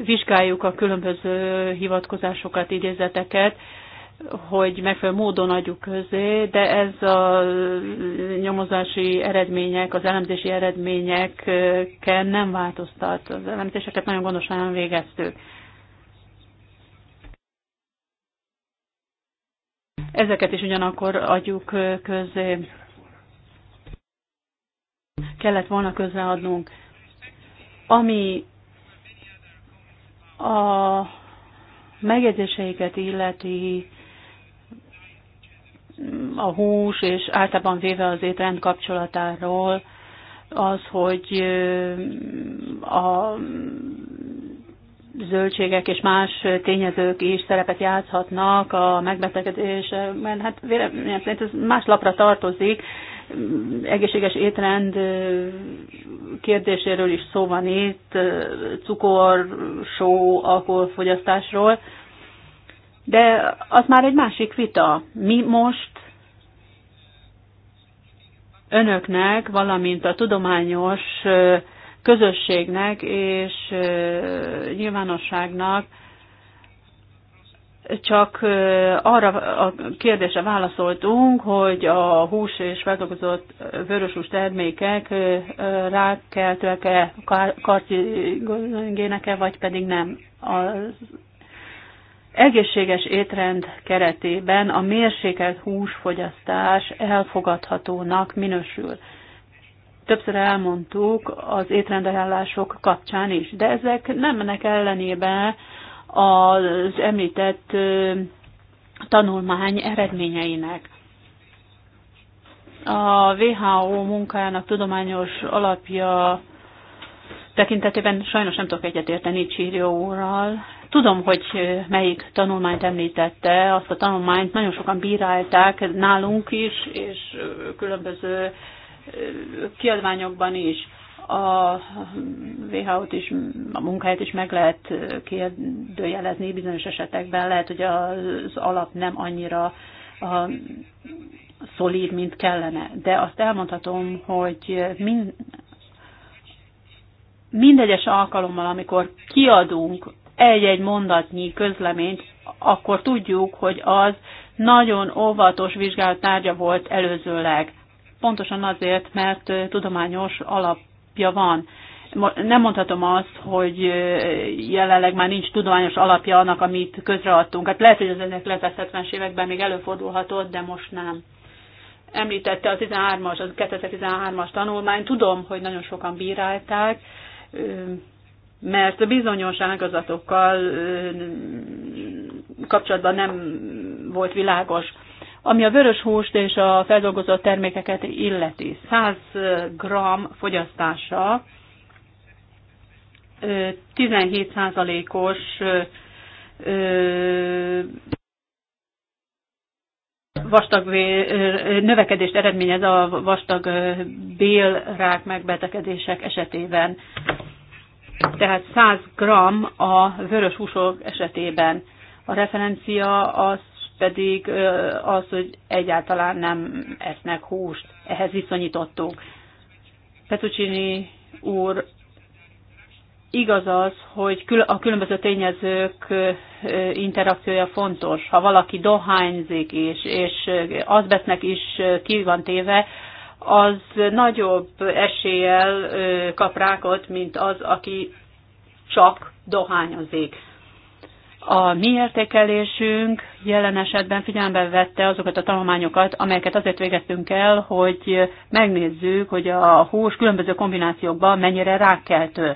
vizsgáljuk a különböző hivatkozásokat, idézeteket, hogy megfelelő módon adjuk közé, de ez a nyomozási eredmények, az elemzési eredményekkel nem változtat. Az elemzéseket nagyon gondosan végeztük. Ezeket is ugyanakkor adjuk közé. Kellett volna közreadnunk. Ami a megjegyzéseiket illeti a hús és általában véve az étrend kapcsolatáról az, hogy a zöldségek és más tényezők is szerepet játszhatnak a megbetegedésben. Hát véleményem szerint ez más lapra tartozik, egészséges étrend kérdéséről is szó van itt, cukor, só, alkoholfogyasztásról, de az már egy másik vita. Mi most önöknek, valamint a tudományos közösségnek és nyilvánosságnak csak arra a kérdésre válaszoltunk, hogy a hús és feldolgozott vöröshús termékek rákeltőek e karcigének e vagy pedig nem. Az egészséges étrend keretében a mérsékelt húsfogyasztás elfogadhatónak minősül. Többször elmondtuk az étrendajánlások kapcsán is, de ezek nem mennek ellenébe az említett tanulmány eredményeinek. A WHO munkájának tudományos alapja tekintetében sajnos nem tudok egyetérteni Csírió úrral. Tudom, hogy melyik tanulmányt említette, azt a tanulmányt nagyon sokan bírálták nálunk is, és különböző kiadványokban is a WHO-t is, a munkáját is meg lehet kérdőjelezni bizonyos esetekben. Lehet, hogy az alap nem annyira a, szolíd, mint kellene. De azt elmondhatom, hogy mind, mindegyes alkalommal, amikor kiadunk egy-egy mondatnyi közleményt, akkor tudjuk, hogy az nagyon óvatos vizsgált tárgya volt előzőleg. Pontosan azért, mert tudományos alap alapja van. Nem mondhatom azt, hogy jelenleg már nincs tudományos alapja annak, amit közreadtunk. Hát lehet, hogy az ennek a 70-es években még előfordulhatott, de most nem. Említette a 13-as, az 2013-as tanulmány. Tudom, hogy nagyon sokan bírálták, mert bizonyos ágazatokkal kapcsolatban nem volt világos ami a vörös húst és a feldolgozott termékeket illeti, 100 g fogyasztása 17%-os vastag növekedést eredményez a vastag bélrák megbetegedések esetében. Tehát 100 g a vörös húsok esetében. A referencia az pedig az, hogy egyáltalán nem esznek húst. Ehhez viszonyítottuk. Petucsini úr igaz az, hogy a különböző tényezők interakciója fontos. Ha valaki dohányzik és és azbesznek is ki van téve, az nagyobb eséllyel kap rákot, mint az, aki csak dohányozik. A mi értékelésünk jelen esetben figyelembe vette azokat a tanulmányokat, amelyeket azért végeztünk el, hogy megnézzük, hogy a hús különböző kombinációkban mennyire rákkeltő.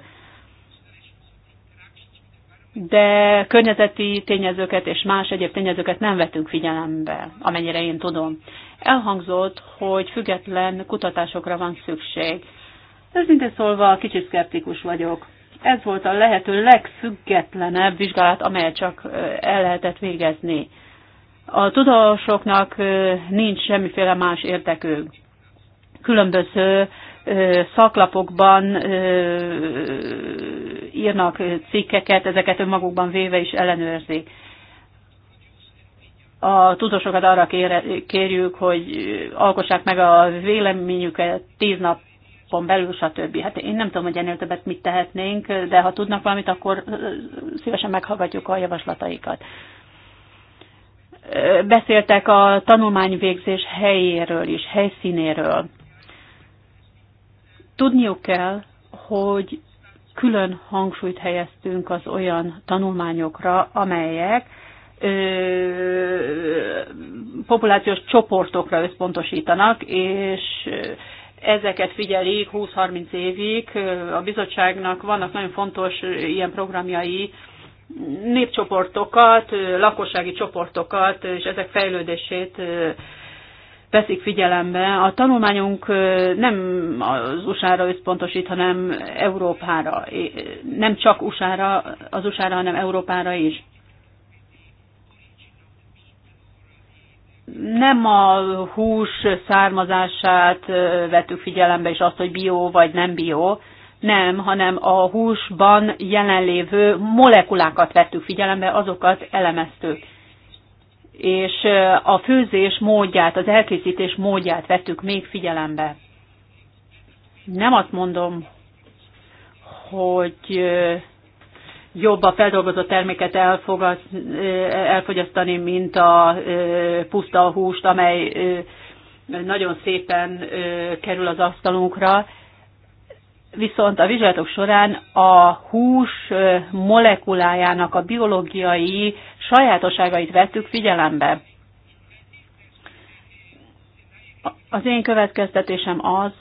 De környezeti tényezőket és más egyéb tényezőket nem vettünk figyelembe, amennyire én tudom. Elhangzott, hogy független kutatásokra van szükség. Őszintén szólva kicsit szkeptikus vagyok. Ez volt a lehető legfüggetlenebb vizsgálat, amelyet csak el lehetett végezni. A tudósoknak nincs semmiféle más értekük. Különböző szaklapokban írnak cikkeket, ezeket önmagukban véve is ellenőrzik. A tudósokat arra kérjük, hogy alkossák meg a véleményüket tíz nap napon belül, stb. Hát én nem tudom, hogy ennél többet mit tehetnénk, de ha tudnak valamit, akkor szívesen meghallgatjuk a javaslataikat. Beszéltek a tanulmányvégzés helyéről is, helyszínéről. Tudniuk kell, hogy külön hangsúlyt helyeztünk az olyan tanulmányokra, amelyek populációs csoportokra összpontosítanak, és ezeket figyelik 20-30 évig. A bizottságnak vannak nagyon fontos ilyen programjai, népcsoportokat, lakossági csoportokat, és ezek fejlődését veszik figyelembe. A tanulmányunk nem az USA-ra összpontosít, hanem Európára. Nem csak USA-ra, az USA-ra, hanem Európára is. nem a hús származását vettük figyelembe, és azt, hogy bió vagy nem bió, nem, hanem a húsban jelenlévő molekulákat vettük figyelembe, azokat elemeztük. És a főzés módját, az elkészítés módját vettük még figyelembe. Nem azt mondom, hogy jobb a feldolgozott terméket eh, elfogyasztani, mint a eh, puszta húst, amely eh, nagyon szépen kerül az asztalunkra. Viszont a vizsgálatok során a hús molekulájának a biológiai sajátosságait vettük figyelembe. Az én következtetésem az,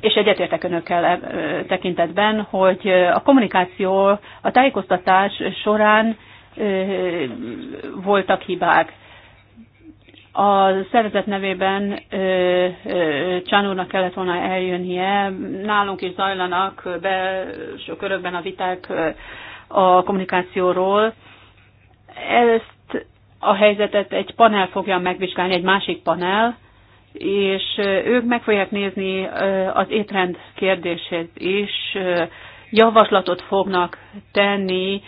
és egyetértek önökkel e, e, tekintetben, hogy e, a kommunikáció, a tájékoztatás során voltak hibák. A szervezet nevében Csánónak kellett volna eljönnie, nálunk is zajlanak belső körökben a viták a kommunikációról. Ezt a helyzetet egy panel fogja megvizsgálni, egy másik panel, és ők meg fogják nézni az étrend kérdését is, javaslatot fognak tenni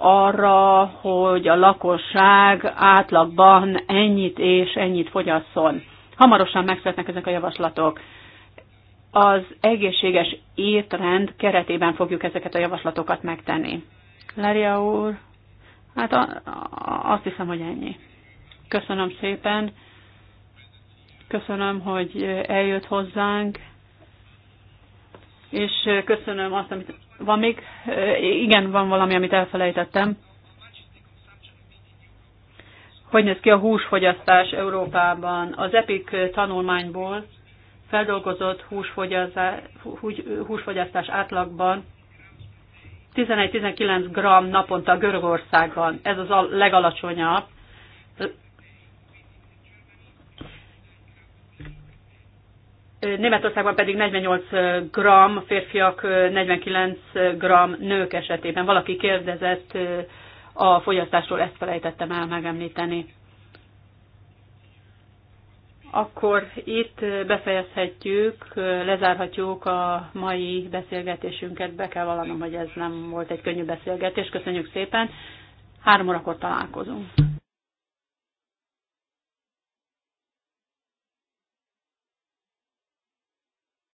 arra, hogy a lakosság átlagban ennyit és ennyit fogyasszon. Hamarosan megszületnek ezek a javaslatok. Az egészséges étrend keretében fogjuk ezeket a javaslatokat megtenni. Leria úr, hát a, a, azt hiszem, hogy ennyi. Köszönöm szépen. Köszönöm, hogy eljött hozzánk, és köszönöm azt, amit van még, igen, van valami, amit elfelejtettem. Hogy néz ki a húsfogyasztás Európában? Az EPIC tanulmányból feldolgozott húsfogyasztás átlagban 11-19 g naponta Görögországban. Ez az a legalacsonyabb. Németországban pedig 48 g férfiak, 49 g nők esetében. Valaki kérdezett a fogyasztásról, ezt felejtettem el megemlíteni. Akkor itt befejezhetjük, lezárhatjuk a mai beszélgetésünket. Be kell vallanom, hogy ez nem volt egy könnyű beszélgetés. Köszönjük szépen. Három órakor találkozunk.